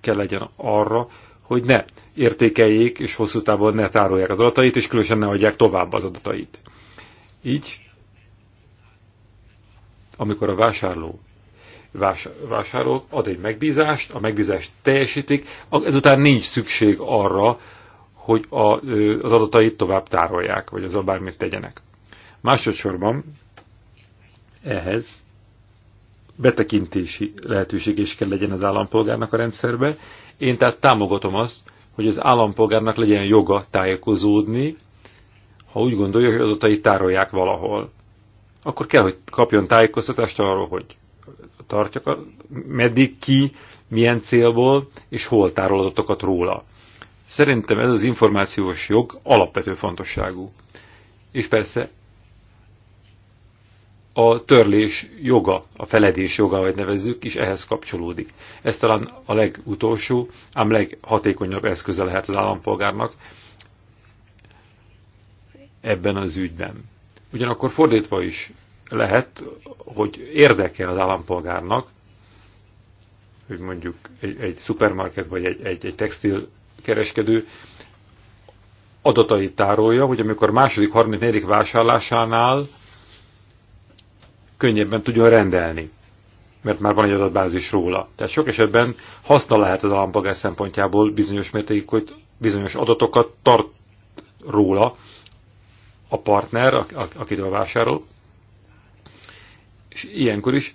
Speaker 1: kell legyen arra, hogy ne értékeljék és hosszú távon ne tárolják az adatait, és különösen ne adják tovább az adatait. Így, amikor a vásárló vásárol, ad egy megbízást, a megbízást teljesítik, ezután nincs szükség arra, hogy a, az adatait tovább tárolják, vagy az bármit tegyenek. Másodszorban ehhez betekintési lehetőség is kell legyen az állampolgárnak a rendszerbe. Én tehát támogatom azt, hogy az állampolgárnak legyen joga tájékozódni, ha úgy gondolja, hogy adatait tárolják valahol. Akkor kell, hogy kapjon tájékoztatást arról, hogy tartjak, meddig ki, milyen célból, és hol tárol adatokat róla. Szerintem ez az információs jog alapvető fontosságú. És persze a törlés joga, a feledés joga, vagy nevezzük, is ehhez kapcsolódik. Ez talán a legutolsó, ám leghatékonyabb eszköze lehet az állampolgárnak ebben az ügyben. Ugyanakkor fordítva is lehet, hogy érdeke az állampolgárnak, hogy mondjuk egy, egy szupermarket vagy egy, egy, egy textil kereskedő adatait tárolja, hogy amikor második, harmadik, negyedik vásárlásánál könnyebben tudjon rendelni, mert már van egy adatbázis róla. Tehát sok esetben haszna lehet az állampolgár szempontjából bizonyos mértékig, hogy bizonyos adatokat tart róla a partner, akitől vásárol, és ilyenkor is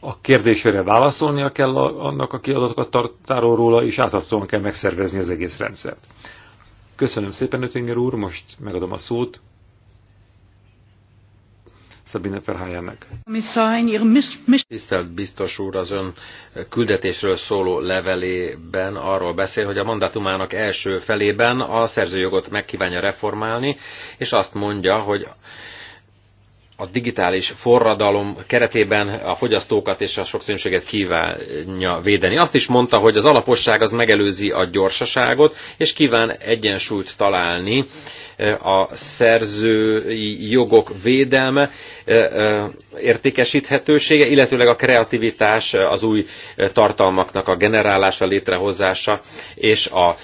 Speaker 1: a kérdésére válaszolnia kell annak, aki adatokat tartáról róla, és átadhatóan kell megszervezni az egész rendszert. Köszönöm szépen, Ötinger úr, most megadom a szót Szabine Ferhájának.
Speaker 3: Tisztelt biztos úr, az ön küldetésről szóló levelében arról beszél, hogy a mandátumának első felében a szerzőjogot megkívánja reformálni, és azt mondja, hogy a digitális forradalom keretében a fogyasztókat és a sokszínűséget kívánja védeni. Azt is mondta, hogy az alaposság az megelőzi a gyorsaságot, és kíván egyensúlyt találni e, a szerzői jogok védelme, e, e, értékesíthetősége, illetőleg a kreativitás, az új tartalmaknak a generálása, létrehozása és a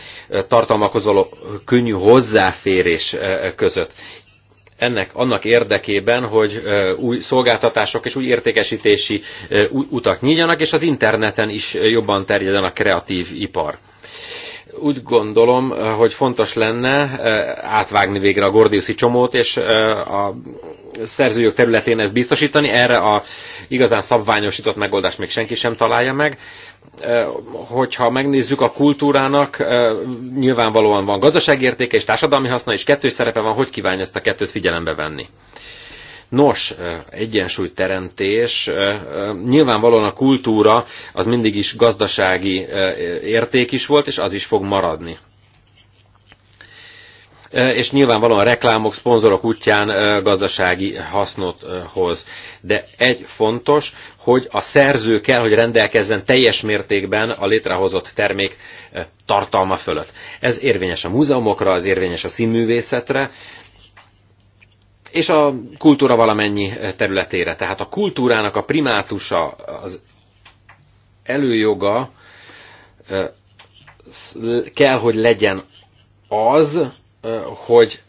Speaker 3: tartalmakhoz való könnyű hozzáférés között ennek annak érdekében, hogy új szolgáltatások és új értékesítési utak nyíljanak, és az interneten is jobban terjedjen a kreatív ipar úgy gondolom, hogy fontos lenne átvágni végre a Gordiuszi csomót, és a szerzőjog területén ezt biztosítani. Erre a igazán szabványosított megoldást még senki sem találja meg hogyha megnézzük a kultúrának, nyilvánvalóan van gazdasági értéke és társadalmi haszna, és kettős szerepe van, hogy kívánja ezt a kettőt figyelembe venni. Nos, egyensúlyteremtés, nyilvánvalóan a kultúra az mindig is gazdasági érték is volt, és az is fog maradni és nyilvánvalóan reklámok, szponzorok útján gazdasági hasznot hoz. De egy fontos, hogy a szerző kell, hogy rendelkezzen teljes mértékben a létrehozott termék tartalma fölött. Ez érvényes a múzeumokra, az érvényes a színművészetre, és a kultúra valamennyi területére. Tehát a kultúrának a primátusa, az előjoga kell, hogy legyen az, hogy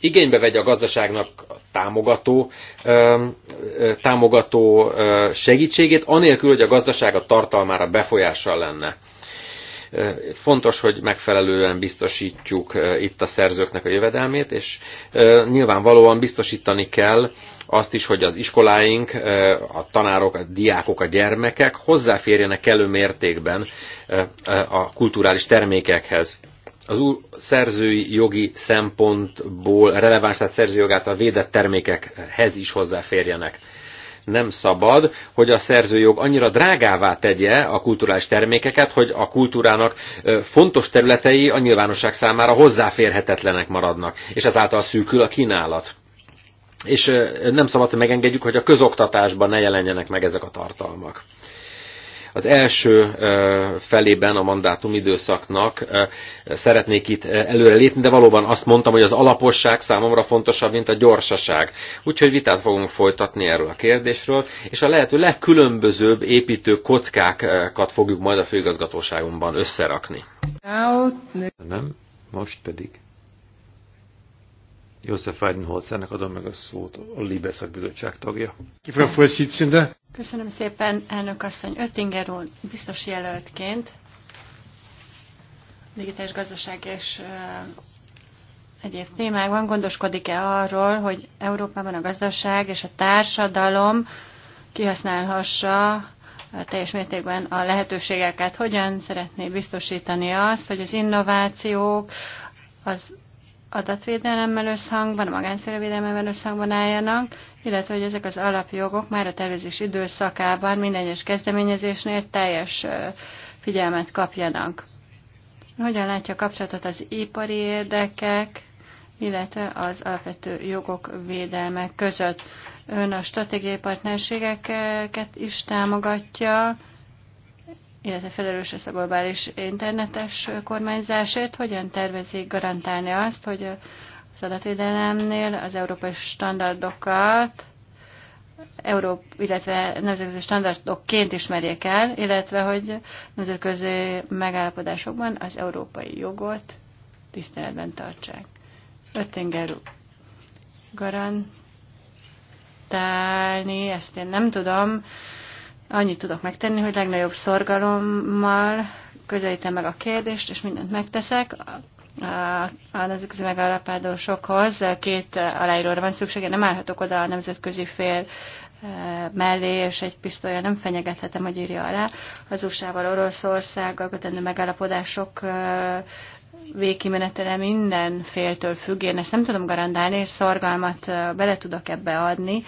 Speaker 3: igénybe vegye a gazdaságnak a támogató, támogató segítségét, anélkül, hogy a gazdaság a tartalmára befolyással lenne. Fontos, hogy megfelelően biztosítjuk itt a szerzőknek a jövedelmét, és nyilvánvalóan biztosítani kell azt is, hogy az iskoláink, a tanárok, a diákok, a gyermekek hozzáférjenek elő mértékben a kulturális termékekhez az új szerzői jogi szempontból releváns, tehát szerzői jogát a védett termékekhez is hozzáférjenek. Nem szabad, hogy a szerzőjog annyira drágává tegye a kulturális termékeket, hogy a kultúrának fontos területei a nyilvánosság számára hozzáférhetetlenek maradnak, és ezáltal szűkül a kínálat. És nem szabad, hogy megengedjük, hogy a közoktatásban ne jelenjenek meg ezek a tartalmak. Az első felében a mandátum időszaknak szeretnék itt előre lépni, de valóban azt mondtam, hogy az alaposság számomra fontosabb, mint a gyorsaság. Úgyhogy vitát fogunk folytatni erről a kérdésről, és a lehető legkülönbözőbb építő kockákat fogjuk majd a főigazgatóságunkban összerakni.
Speaker 1: Nem, most pedig József Weidenholzernek adom meg a szót, a Libeszak bizottság tagja.
Speaker 2: Köszönöm szépen, elnök asszony Öttinger úr, biztos jelöltként, digitális gazdaság és egyéb témákban gondoskodik-e arról, hogy Európában a gazdaság és a társadalom kihasználhassa teljes mértékben a lehetőségeket. Hogyan szeretné biztosítani azt, hogy az innovációk, az adatvédelemmel összhangban, a magánszféravédelemmel összhangban álljanak, illetve hogy ezek az alapjogok már a tervezés időszakában minden egyes kezdeményezésnél teljes figyelmet kapjanak. Hogyan látja a kapcsolatot az ipari érdekek, illetve az alapvető jogok védelme között? Ön a stratégiai partnerségeket is támogatja, illetve felelős a globális internetes kormányzásért, hogyan tervezik garantálni azt, hogy az adatvédelemnél az európai standardokat, Európ, illetve nemzetközi standardokként ismerjék el, illetve hogy nemzetközi megállapodásokban az európai jogot tiszteletben tartsák. Öttinger garantálni, ezt én nem tudom, Annyit tudok megtenni, hogy legnagyobb szorgalommal közelítem meg a kérdést, és mindent megteszek. A nemzetközi megállapodásokhoz két aláíróra van szüksége, nem állhatok oda a nemzetközi fél e, mellé, és egy pisztolya nem fenyegethetem, hogy írja alá. Az USA-val, Oroszországgal kötendő megállapodások e, végkimenetele minden féltől függ. Én ezt nem tudom garantálni, és szorgalmat e, bele tudok ebbe adni,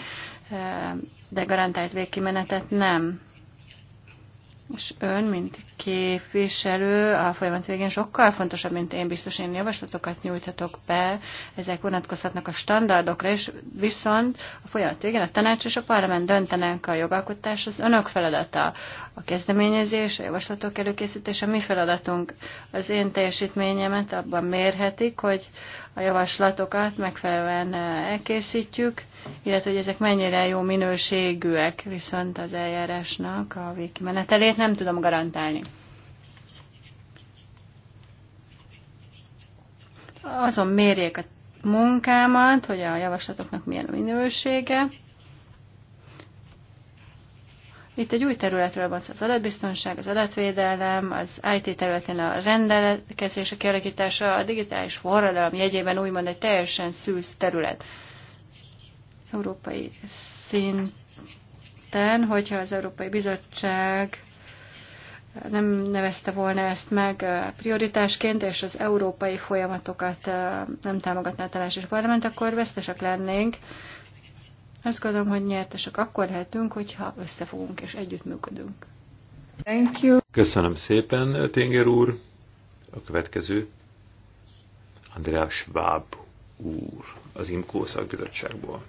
Speaker 2: de garantált végkimenetet nem. És ön, mint képviselő a folyamat végén sokkal fontosabb, mint én biztos én javaslatokat nyújthatok be, ezek vonatkozhatnak a standardokra, és viszont a folyamat végén a tanács és a parlament döntenek a jogalkotás, az önök feladata. A kezdeményezés, a javaslatok előkészítése mi feladatunk. Az én teljesítményemet abban mérhetik, hogy a javaslatokat megfelelően elkészítjük, illetve hogy ezek mennyire jó minőségűek, viszont az eljárásnak a végkimenetelét nem tudom garantálni. azon mérjék a munkámat, hogy a javaslatoknak milyen a minősége. Itt egy új területről van szó, az adatbiztonság, az adatvédelem, az IT területén a rendelkezés, a kialakítása, a digitális forradalom jegyében úgymond egy teljesen szűz terület. Európai szinten, hogyha az Európai Bizottság nem nevezte volna ezt meg prioritásként, és az európai folyamatokat nem támogatná a tanács és a parlament, akkor vesztesek lennénk. Azt gondolom, hogy nyertesek akkor lehetünk, hogyha összefogunk és együttműködünk. Thank you.
Speaker 1: Köszönöm szépen, Tinger úr. A következő, András Schwab úr, az IMCO szakbizottságból.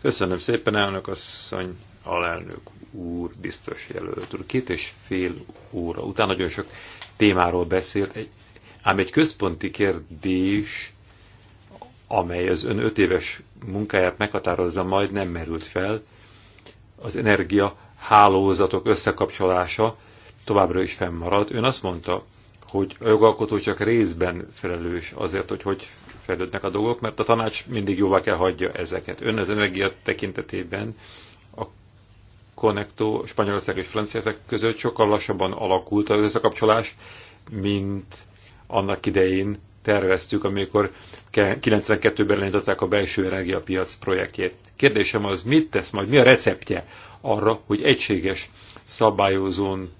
Speaker 1: Köszönöm szépen, elnök asszony alelnök úr, biztos jelölt úr. Két és fél óra után nagyon sok témáról beszélt, egy, ám egy központi kérdés, amely az ön öt éves munkáját meghatározza, majd nem merült fel, az energia hálózatok összekapcsolása továbbra is fennmarad. Ön azt mondta, hogy a jogalkotó csak részben felelős azért, hogy hogy fejlődnek a dolgok, mert a tanács mindig jóvá kell hagyja ezeket. Ön az energia tekintetében Connecto, Spanyolország és Franciaország között sokkal lassabban alakult az összekapcsolás, mint annak idején terveztük, amikor 92-ben indították a belső energiapiac projektjét. Kérdésem az, mit tesz majd, mi a receptje arra, hogy egységes szabályozón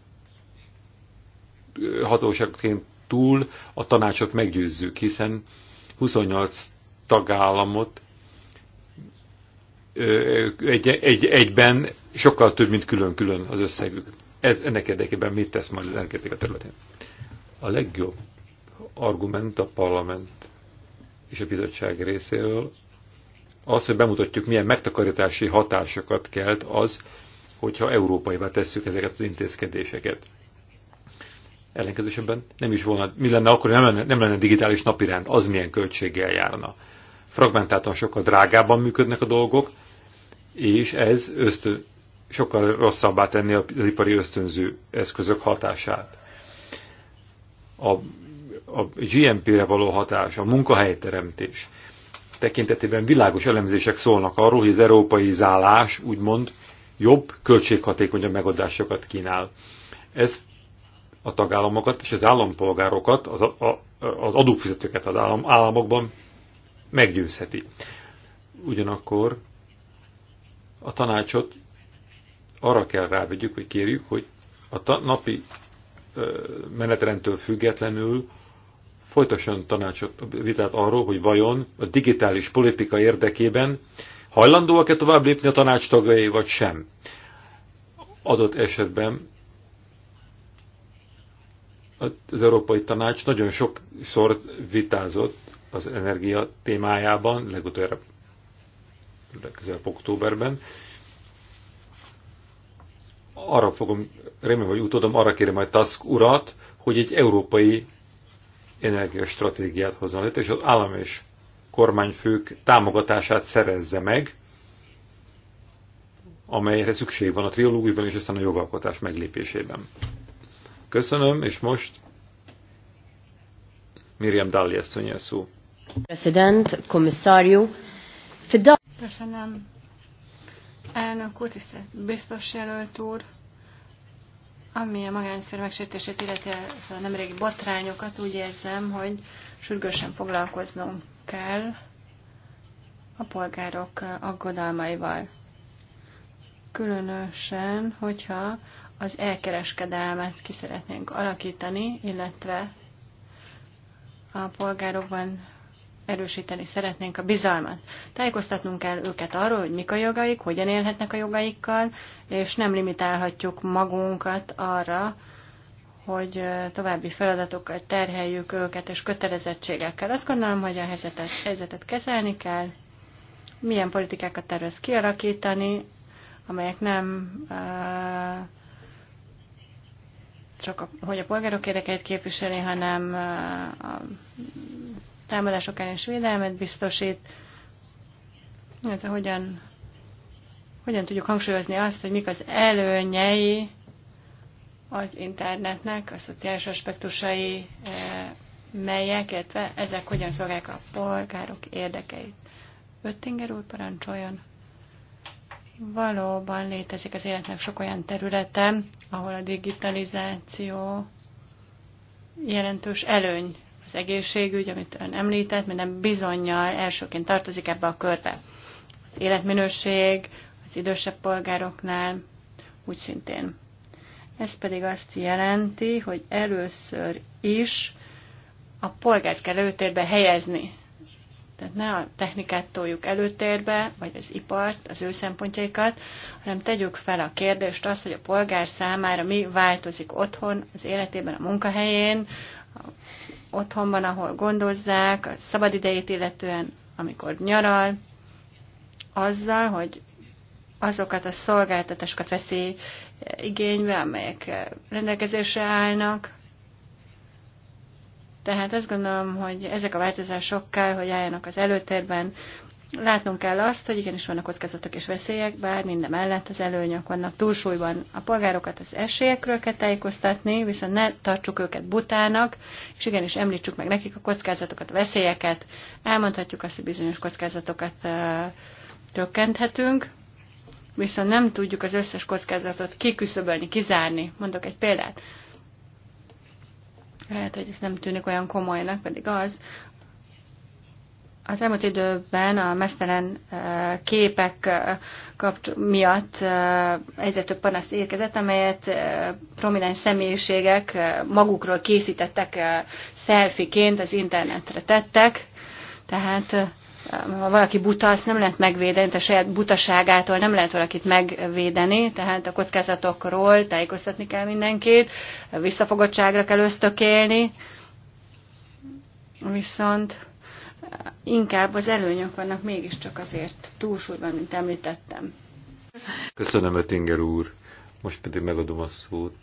Speaker 1: hatóságként túl a tanácsot meggyőzzük, hiszen 28 tagállamot egy, egy, egyben sokkal több, mint külön-külön az összegük. Ez, ennek érdekében mit tesz majd az energetika területén? A legjobb argument a parlament és a bizottság részéről az, hogy bemutatjuk, milyen megtakarítási hatásokat kelt az, hogyha európaivá tesszük ezeket az intézkedéseket. Ellenkezősebben nem is volna, mi lenne akkor, nem lenne, nem lenne digitális napirend, az milyen költséggel járna. Fragmentáltan sokkal drágábban működnek a dolgok, és ez ösztön, sokkal rosszabbá tenni az ipari ösztönző eszközök hatását. A, a GMP-re való hatás, a munkahelyteremtés tekintetében világos elemzések szólnak arról, hogy az európai zálás úgymond jobb, költséghatékonyabb megoldásokat kínál. Ez a tagállamokat és az állampolgárokat, az, a, az adófizetőket az állam, államokban meggyőzheti. Ugyanakkor a tanácsot arra kell rávegyük, hogy kérjük, hogy a napi menetrendtől függetlenül folytasson tanácsot, vitát arról, hogy vajon a digitális politika érdekében hajlandóak-e tovább lépni a tanács tagjai, vagy sem. Adott esetben az Európai Tanács nagyon sokszor vitázott az energia témájában, legutóbb legközelebb októberben, arra fogom, remélem, hogy utódom, arra kérem majd Tusk urat, hogy egy európai energiastratégiát hozzon létre, és az állam és kormányfők támogatását szerezze meg, amelyre szükség van a triológusban és aztán a jogalkotás meglépésében. Köszönöm, és most Miriam Dalli asszony szó.
Speaker 2: President, komisszárió, Köszönöm. Elnök úr, tisztelt biztos jelölt úr, ami a magánszfér megsértését illeti a nemrégi botrányokat, úgy érzem, hogy sürgősen foglalkoznunk kell a polgárok aggodalmaival. Különösen, hogyha az elkereskedelmet ki szeretnénk alakítani, illetve a polgárokban erősíteni szeretnénk a bizalmat. Tájékoztatnunk kell őket arról, hogy mik a jogaik, hogyan élhetnek a jogaikkal, és nem limitálhatjuk magunkat arra, hogy további feladatokkal terheljük őket, és kötelezettségekkel. Azt gondolom, hogy a helyzetet, helyzetet kezelni kell, milyen politikákat tervez kialakítani, amelyek nem csak a, hogy a polgárok érdekeit képviseli, hanem a támadások ellen is védelmet biztosít, illetve hát, hogyan, hogyan tudjuk hangsúlyozni azt, hogy mik az előnyei az internetnek, a szociális aspektusai, eh, melyek, illetve ezek hogyan szolgálják a polgárok érdekeit. Öttinger úr parancsoljon. Valóban létezik az életnek sok olyan területe, ahol a digitalizáció jelentős előny az egészségügy, amit ön említett, minden bizonyal elsőként tartozik ebbe a körbe. Az életminőség az idősebb polgároknál úgy szintén. Ez pedig azt jelenti, hogy először is a polgárt kell előtérbe helyezni. Tehát ne a technikát toljuk előtérbe, vagy az ipart, az ő szempontjaikat, hanem tegyük fel a kérdést azt, hogy a polgár számára mi változik otthon, az életében, a munkahelyén, otthonban, ahol gondozzák, a szabadidejét illetően, amikor nyaral, azzal, hogy azokat a szolgáltatásokat veszi igénybe, amelyek rendelkezésre állnak. Tehát azt gondolom, hogy ezek a változások kell, hogy álljanak az előtérben, Látnunk kell azt, hogy igenis vannak kockázatok és veszélyek, bár minden mellett az előnyök vannak túlsúlyban. A polgárokat az esélyekről kell tájékoztatni, viszont ne tartsuk őket butának, és igenis említsük meg nekik a kockázatokat, a veszélyeket. Elmondhatjuk azt, hogy bizonyos kockázatokat uh, viszont nem tudjuk az összes kockázatot kiküszöbölni, kizárni. Mondok egy példát. Lehet, hogy ez nem tűnik olyan komolynak, pedig az, az elmúlt időben a mesztelen képek kapcs- miatt egyre több panaszt érkezett, amelyet prominens személyiségek magukról készítettek szelfiként, az internetre tettek. Tehát ha valaki buta, azt nem lehet megvédeni, a saját butaságától nem lehet valakit megvédeni, tehát a kockázatokról tájékoztatni kell mindenkit, visszafogottságra kell ösztökélni, viszont inkább az előnyök vannak mégiscsak azért túlsúlyban, mint említettem.
Speaker 1: Köszönöm, Ötinger úr. Most pedig megadom a szót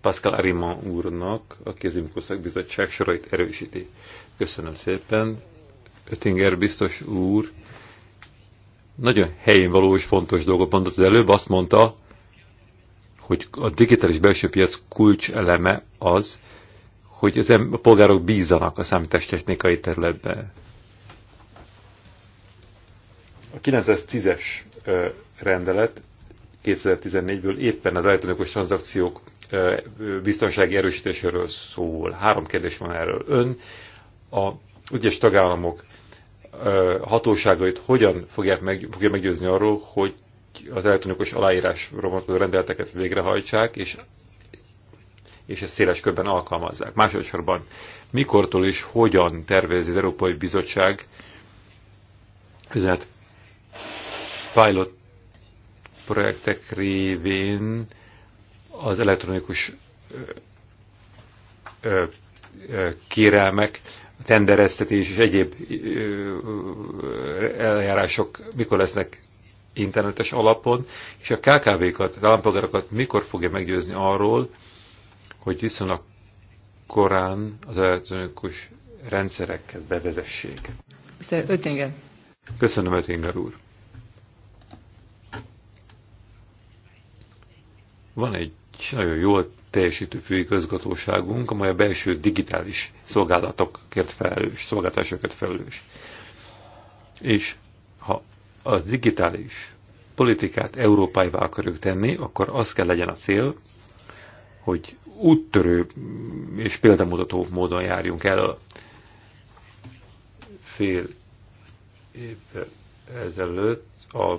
Speaker 1: Pascal Ariman úrnak, aki az Imkó Szakbizottság sorait erősíti. Köszönöm szépen. Ötinger biztos úr nagyon helyén való és fontos dolgot mondott az előbb. Azt mondta, hogy a digitális belső piac kulcseleme az, hogy az a polgárok bízzanak a számítástechnikai területben. A 910-es rendelet 2014-ből éppen az elektronikus tranzakciók biztonsági erősítéséről szól. Három kérdés van erről. Ön a ügyes tagállamok hatóságait hogyan fogják meg, fogja meggyőzni arról, hogy az elektronikus aláírás rendeleteket végrehajtsák, és és ezt széles körben alkalmazzák. Másodszorban mikortól és hogyan tervezi az Európai Bizottság üzenet pilot projektek révén az elektronikus ö, ö, kérelmek, tendereztetés és egyéb eljárások mikor lesznek internetes alapon, és a KKV-kat, az állampolgárokat mikor fogja meggyőzni arról, hogy viszonylag korán az elektronikus rendszereket bevezessék.
Speaker 2: Mr. Oettinger.
Speaker 1: Köszönöm, Oettinger úr. Van egy nagyon jó teljesítő főigazgatóságunk, amely a belső digitális szolgálatokért felelős, szolgáltásokat felelős. És ha a digitális politikát európáivá akarjuk tenni, akkor az kell legyen a cél, hogy úttörő és példamutató módon járjunk el a fél évvel ezelőtt a,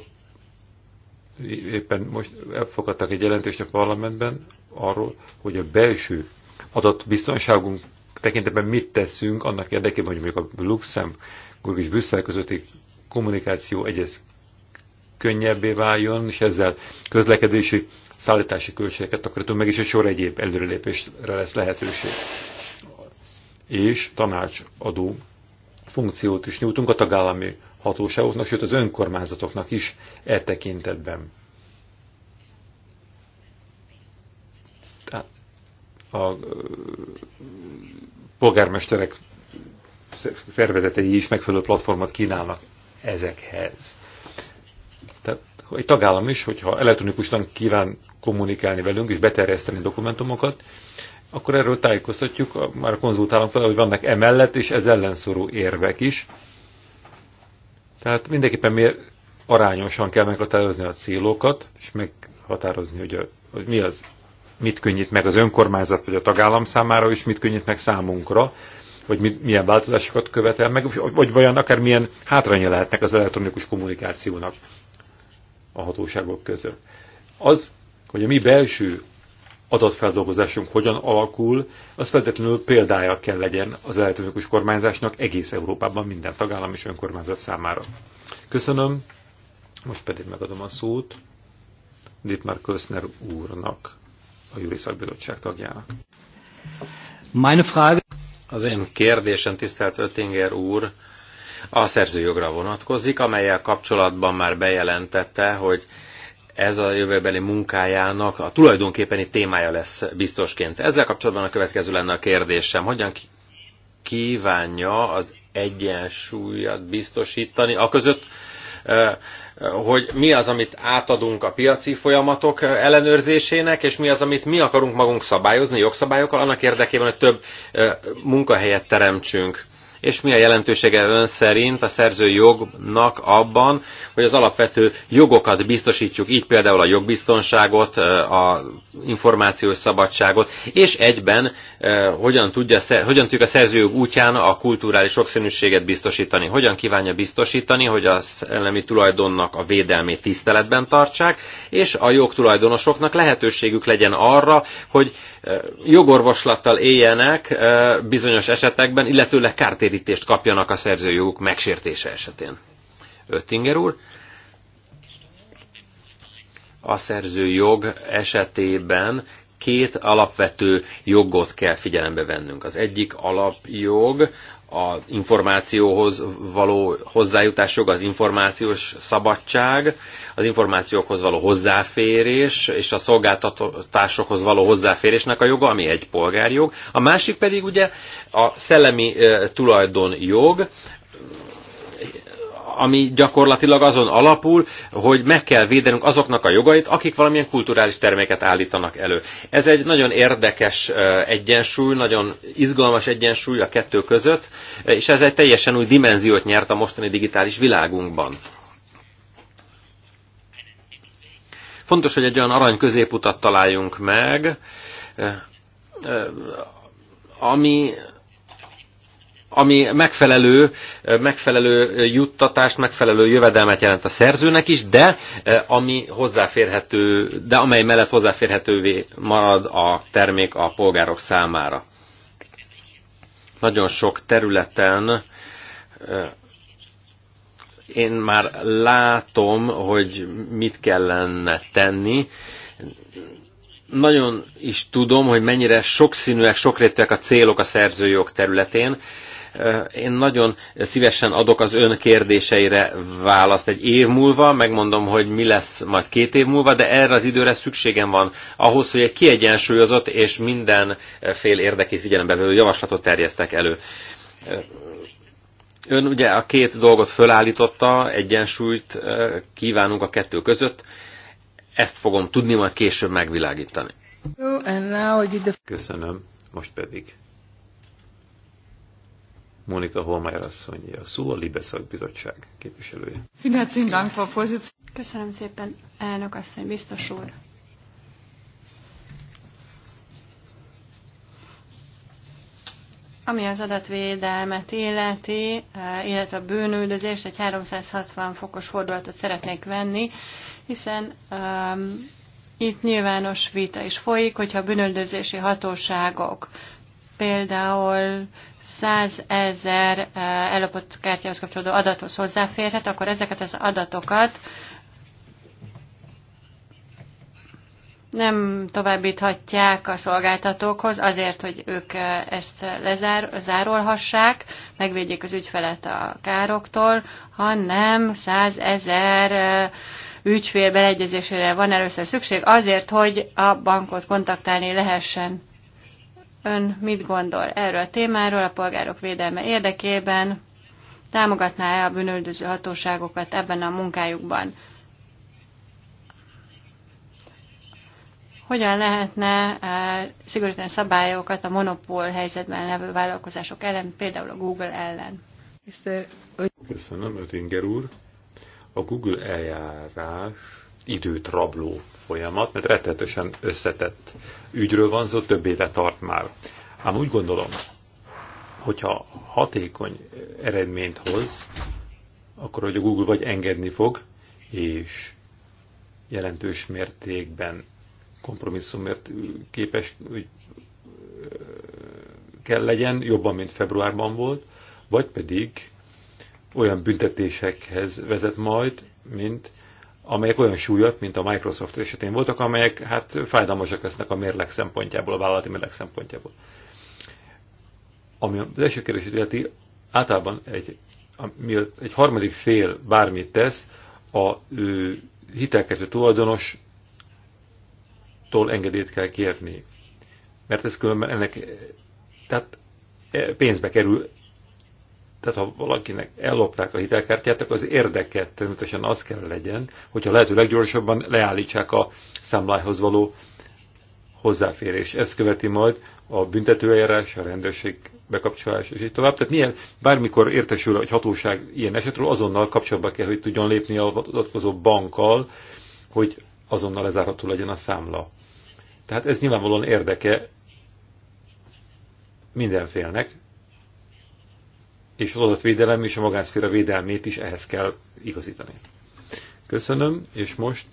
Speaker 1: éppen most elfogadtak egy jelentést a parlamentben arról, hogy a belső adatbiztonságunk tekintetben mit teszünk annak érdekében, hogy mondjuk a Luxemburg és Brüsszel közötti kommunikáció egyes könnyebbé váljon, és ezzel közlekedési szállítási költségeket takarítunk meg, és egy sor egyéb előrelépésre lesz lehetőség. És tanácsadó funkciót is nyújtunk a tagállami hatóságoknak, sőt az önkormányzatoknak is e tekintetben. A polgármesterek szervezetei is megfelelő platformot kínálnak ezekhez. Tehát egy tagállam is, hogyha elektronikusan kíván kommunikálni velünk és beterjeszteni dokumentumokat, akkor erről tájékoztatjuk, már konzultálunk fel, hogy vannak emellett és ez ellenszorú érvek is. Tehát mindenképpen miért arányosan kell meghatározni a célokat, és meghatározni, hogy, a, hogy mi az, mit könnyít meg az önkormányzat vagy a tagállam számára, és mit könnyít meg számunkra, hogy mit, milyen változásokat követel meg, vagy vajon akár milyen hátránya lehetnek az elektronikus kommunikációnak a hatóságok között. Az, hogy a mi belső adatfeldolgozásunk hogyan alakul, az feltétlenül példája kell legyen az elektronikus kormányzásnak egész Európában minden tagállam és önkormányzat számára. Köszönöm, most pedig megadom a szót Dietmar Köszner úrnak, a Júri Szakbizottság tagjának.
Speaker 2: Meine Frage. Az
Speaker 3: én kérdésem, tisztelt Öttinger úr, a szerzőjogra vonatkozik, amelyel kapcsolatban már bejelentette, hogy ez a jövőbeli munkájának a tulajdonképpeni témája lesz biztosként. Ezzel kapcsolatban a következő lenne a kérdésem, hogyan kívánja az egyensúlyat biztosítani, aközött, hogy mi az, amit átadunk a piaci folyamatok ellenőrzésének, és mi az, amit mi akarunk magunk szabályozni jogszabályokkal, annak érdekében, hogy több munkahelyet teremtsünk és mi a jelentősége ön szerint a szerző jognak abban, hogy az alapvető jogokat biztosítjuk, így például a jogbiztonságot, a információs szabadságot, és egyben hogyan, tudja, hogyan tudjuk a jog útján a kulturális sokszínűséget biztosítani, hogyan kívánja biztosítani, hogy a szellemi tulajdonnak a védelmét tiszteletben tartsák, és a jogtulajdonosoknak lehetőségük legyen arra, hogy jogorvoslattal éljenek bizonyos esetekben, illetőleg kártér kártérítést kapjanak a szerzőjoguk megsértése esetén. Öttinger úr, a szerzőjog esetében két alapvető jogot kell figyelembe vennünk. Az egyik alapjog az információhoz való hozzájutás joga, az információs szabadság, az információkhoz való hozzáférés és a szolgáltatásokhoz való hozzáférésnek a joga, ami egy polgárjog. A másik pedig ugye a szellemi eh, tulajdonjog, ami gyakorlatilag azon alapul, hogy meg kell védenünk azoknak a jogait, akik valamilyen kulturális terméket állítanak elő. Ez egy nagyon érdekes egyensúly, nagyon izgalmas egyensúly a kettő között, és ez egy teljesen új dimenziót nyert a mostani digitális világunkban. Fontos, hogy egy olyan arany középutat találjunk meg, ami ami megfelelő, megfelelő juttatást, megfelelő jövedelmet jelent a szerzőnek is, de ami hozzáférhető, de amely mellett hozzáférhetővé marad a termék a polgárok számára. Nagyon sok területen én már látom, hogy mit kellene tenni. Nagyon is tudom, hogy mennyire sokszínűek, sokrétűek a célok a szerzőjog területén, én nagyon szívesen adok az ön kérdéseire választ egy év múlva, megmondom, hogy mi lesz majd két év múlva, de erre az időre szükségem van ahhoz, hogy egy kiegyensúlyozott és minden fél érdekét figyelembe vevő javaslatot terjesztek elő. Ön ugye a két dolgot fölállította, egyensúlyt kívánunk a kettő között, ezt fogom tudni majd később megvilágítani.
Speaker 1: Köszönöm, most pedig Monika Holmájer asszony, a szó, a Libeszak bizottság képviselője.
Speaker 2: Köszönöm szépen, elnök asszony, biztos úr. Ami az adatvédelmet illeti, eh, illetve a bűnüldözést, egy 360 fokos fordulatot szeretnék venni, hiszen um, itt nyilvános vita is folyik, hogyha a bűnöldözési hatóságok például 100 ezer eh, ellopott kártyához kapcsolódó adathoz hozzáférhet, akkor ezeket az adatokat nem továbbíthatják a szolgáltatókhoz azért, hogy ők eh, ezt lezárolhassák, megvédjék az ügyfelet a károktól, hanem 100 ezer eh, ügyfél beleegyezésére van először szükség azért, hogy a bankot kontaktálni lehessen. Ön mit gondol erről a témáról a polgárok védelme érdekében? Támogatná-e a bűnöldöző hatóságokat ebben a munkájukban? Hogyan lehetne eh, szigorítani szabályokat a monopól helyzetben levő vállalkozások ellen, például a Google ellen?
Speaker 1: Köszönöm, Ötinger úr. A Google eljárás időt rabló folyamat, mert rettetesen összetett ügyről van szó, több éve tart már. Ám úgy gondolom, hogyha hatékony eredményt hoz, akkor hogy a Google vagy engedni fog, és jelentős mértékben kompromisszumért képes hogy kell legyen, jobban, mint februárban volt, vagy pedig olyan büntetésekhez vezet majd, mint amelyek olyan súlyok, mint a Microsoft esetén voltak, amelyek hát fájdalmasak lesznek a mérleg szempontjából, a vállalati mérleg szempontjából. Ami az első kérdését illeti, általában egy, egy harmadik fél bármit tesz, a ő, hitelkező tulajdonostól engedélyt kell kérni. Mert ez különben ennek, tehát e, pénzbe kerül tehát ha valakinek ellopták a hitelkártyát, akkor az érdeket természetesen az kell legyen, hogyha lehető leggyorsabban leállítsák a számlájhoz való hozzáférés. ez követi majd a büntetőeljárás, a rendőrség bekapcsolás, és így tovább. Tehát milyen, bármikor értesül egy hatóság ilyen esetről, azonnal kapcsolatba kell, hogy tudjon lépni a adatkozó bankkal, hogy azonnal lezárható legyen a számla. Tehát ez nyilvánvalóan érdeke mindenfélnek, és az adatvédelem és a magánszféra védelmét is ehhez kell igazítani. Köszönöm, és most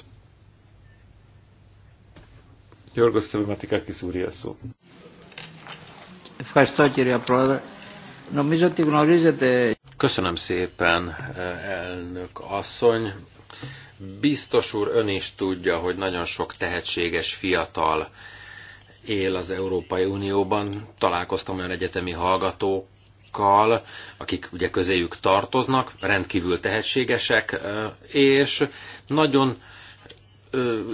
Speaker 1: Γιώργος Szövömetik Ουρίας a szó.
Speaker 3: Köszönöm szépen, elnök asszony. Biztos úr, ön is tudja, hogy nagyon sok tehetséges fiatal él az Európai Unióban. Találkoztam olyan egyetemi hallgatók, azokkal, akik ugye közéjük tartoznak, rendkívül tehetségesek, és nagyon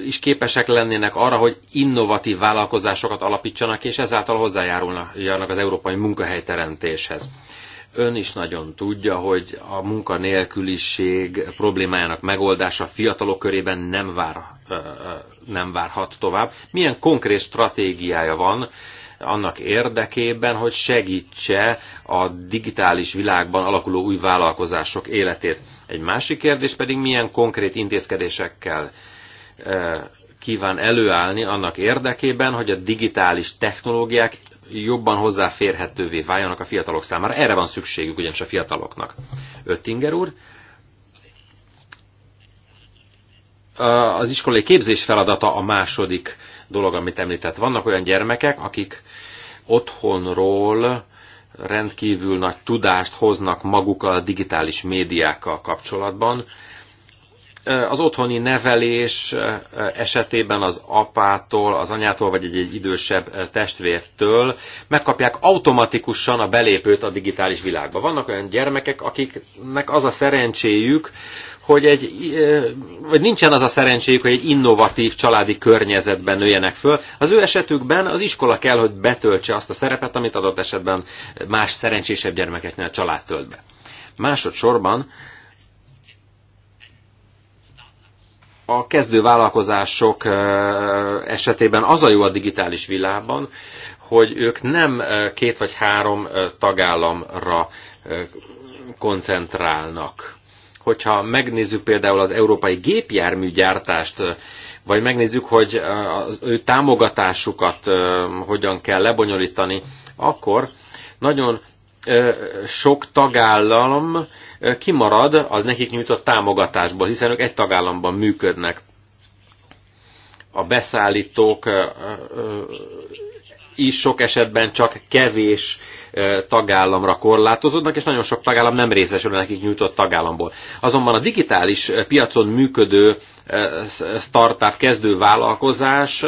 Speaker 3: is képesek lennének arra, hogy innovatív vállalkozásokat alapítsanak, és ezáltal hozzájárulnak az európai munkahelyteremtéshez. Ön is nagyon tudja, hogy a munkanélküliség problémájának megoldása fiatalok körében nem, vár, nem várhat tovább. Milyen konkrét stratégiája van annak érdekében, hogy segítse a digitális világban alakuló új vállalkozások életét. Egy másik kérdés pedig, milyen konkrét intézkedésekkel e, kíván előállni annak érdekében, hogy a digitális technológiák jobban hozzáférhetővé váljanak a fiatalok számára. Erre van szükségük ugyanis a fiataloknak. Öttinger úr, az iskolai képzés feladata a második dolog, amit említett. Vannak olyan gyermekek, akik otthonról rendkívül nagy tudást hoznak magukkal a digitális médiákkal kapcsolatban. Az otthoni nevelés esetében az apától, az anyától, vagy egy, egy idősebb testvértől megkapják automatikusan a belépőt a digitális világba. Vannak olyan gyermekek, akiknek az a szerencséjük, hogy egy, vagy nincsen az a szerencséjük, hogy egy innovatív családi környezetben nőjenek föl. Az ő esetükben az iskola kell, hogy betöltse azt a szerepet, amit adott esetben más szerencsésebb gyermekeknél a család tölt be. Másodszorban a kezdő vállalkozások esetében az a jó a digitális világban, hogy ők nem két vagy három tagállamra koncentrálnak hogyha megnézzük például az európai gépjárműgyártást, vagy megnézzük, hogy az ő támogatásukat hogyan kell lebonyolítani, akkor nagyon sok tagállam kimarad az nekik nyújtott támogatásból, hiszen ők egy tagállamban működnek. A beszállítók is sok esetben csak kevés tagállamra korlátozódnak, és nagyon sok tagállam nem részesül nekik nyújtott tagállamból. Azonban a digitális piacon működő startup kezdő vállalkozás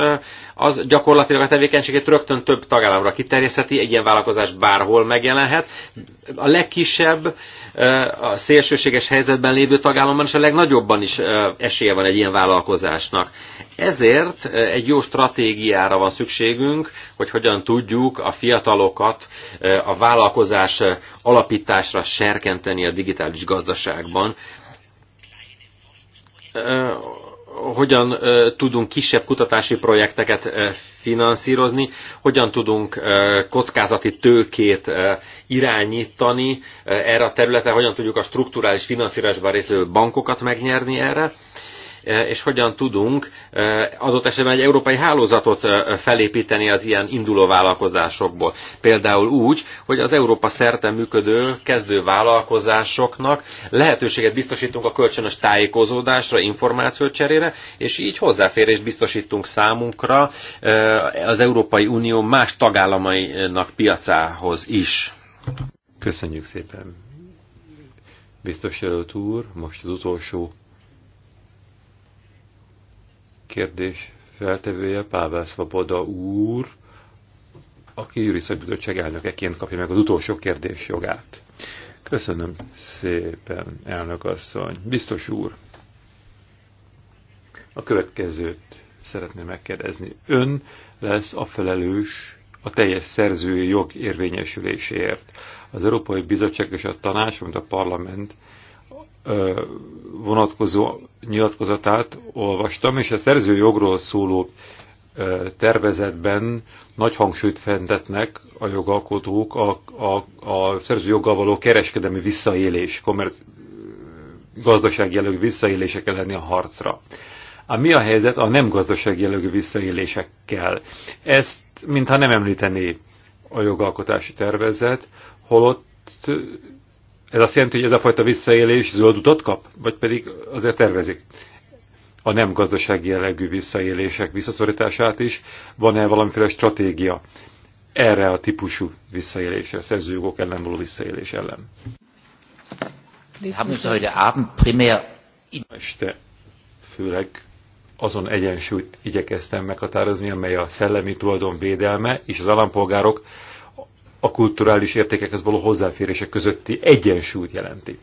Speaker 3: az gyakorlatilag a tevékenységét rögtön több tagállamra kiterjesztheti, egy ilyen vállalkozás bárhol megjelenhet. A legkisebb a szélsőséges helyzetben lévő tagállamban is a legnagyobban is esélye van egy ilyen vállalkozásnak. Ezért egy jó stratégiára van szükségünk, hogy hogyan tudjuk a fiatalokat a vállalkozás alapításra serkenteni a digitális gazdaságban hogyan tudunk kisebb kutatási projekteket finanszírozni, hogyan tudunk kockázati tőkét irányítani erre a területre, hogyan tudjuk a strukturális finanszírozásban részlő bankokat megnyerni erre. E, és hogyan tudunk e, adott esetben egy európai hálózatot e, felépíteni az ilyen induló vállalkozásokból. Például úgy, hogy az Európa szerte működő kezdő vállalkozásoknak lehetőséget biztosítunk a kölcsönös tájékozódásra, információcserére, és így hozzáférést biztosítunk számunkra az Európai Unió más tagállamainak piacához is.
Speaker 1: Köszönjük szépen! Biztos jelölt úr, most az utolsó kérdés feltevője Pável Szvoboda úr, aki Jüri Szakbizottság elnökeként kapja meg az utolsó kérdés jogát. Köszönöm szépen, elnök asszony. Biztos úr, a következőt szeretném megkérdezni. Ön lesz a felelős a teljes szerzői jog érvényesüléséért. Az Európai Bizottság és a Tanács, mint a Parlament vonatkozó nyilatkozatát olvastam, és a szerzőjogról szóló tervezetben nagy hangsúlyt fentetnek a jogalkotók a, a, a szerzőjoggal való kereskedelmi visszaélés, kommerc, gazdasági jellegű visszaélések elleni a harcra. A mi a helyzet a nem gazdasági jellegű visszaélésekkel? Ezt mintha nem említené a jogalkotási tervezet, holott ez azt jelenti, hogy ez a fajta visszaélés zöld utat kap? Vagy pedig azért tervezik a nem gazdasági jellegű visszaélések visszaszorítását is? Van-e valamiféle stratégia erre a típusú visszaélésre, szerzőjogok ellen való visszaélés ellen? Este főleg azon egyensúlyt igyekeztem meghatározni, amely a szellemi tulajdon védelme és az állampolgárok a kulturális értékekhez való hozzáférések közötti egyensúlyt jelenti.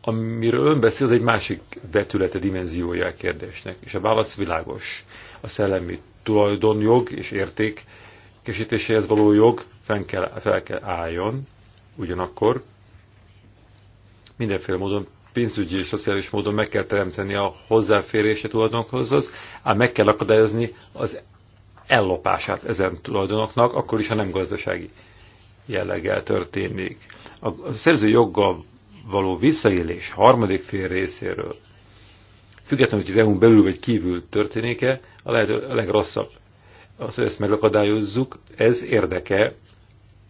Speaker 1: Amiről ön beszél, egy másik vetülete, dimenziója a kérdésnek, és a válasz világos. A szellemi tulajdonjog és érték kesítéséhez való jog fel kell, fel kell álljon, ugyanakkor mindenféle módon pénzügyi és szociális módon meg kell teremteni a hozzáférést tulajdonokhoz, ám meg kell akadályozni az ellopását ezen tulajdonoknak, akkor is, ha nem gazdasági jelleggel történik. A szerző joggal való visszaélés harmadik fél részéről, függetlenül, hogy az EU-n belül vagy kívül történik-e, a lehető a legrosszabb. Az, hogy ezt megakadályozzuk, ez érdeke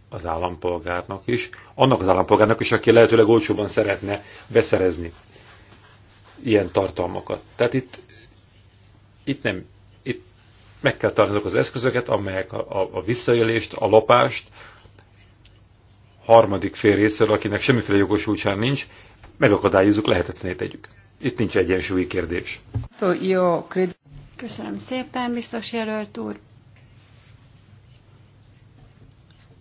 Speaker 1: az állampolgárnak is, annak az állampolgárnak is, aki lehetőleg olcsóban szeretne beszerezni ilyen tartalmakat. Tehát itt, itt nem, itt meg kell tartanunk az eszközöket, amelyek a, a, a visszaélést, a lopást harmadik fél részről, akinek semmiféle jogosultság nincs, megakadályozunk, lehetetlené tegyük. Itt nincs egyensúlyi kérdés.
Speaker 2: Jó, Köszönöm szépen, biztos jelölt úr.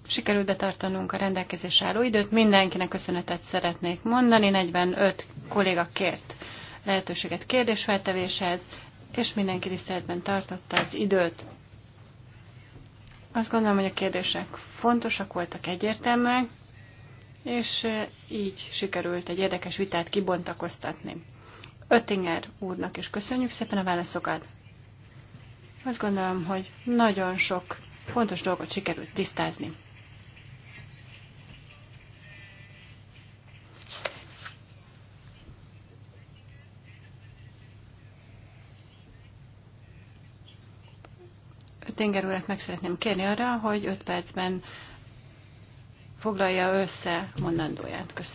Speaker 2: Sikerült betartanunk a rendelkezés álló időt. Mindenkinek köszönetet szeretnék mondani. 45 kolléga kért lehetőséget kérdésfeltevéshez és mindenki tiszteletben tartotta az időt. Azt gondolom, hogy a kérdések fontosak voltak, egyértelműek, és így sikerült egy érdekes vitát kibontakoztatni. Öttinger úrnak is köszönjük szépen a válaszokat. Azt gondolom, hogy nagyon sok fontos dolgot sikerült tisztázni. Tenger urat meg szeretném kérni arra, hogy 5 percben foglalja össze mondandóját. Köszönöm.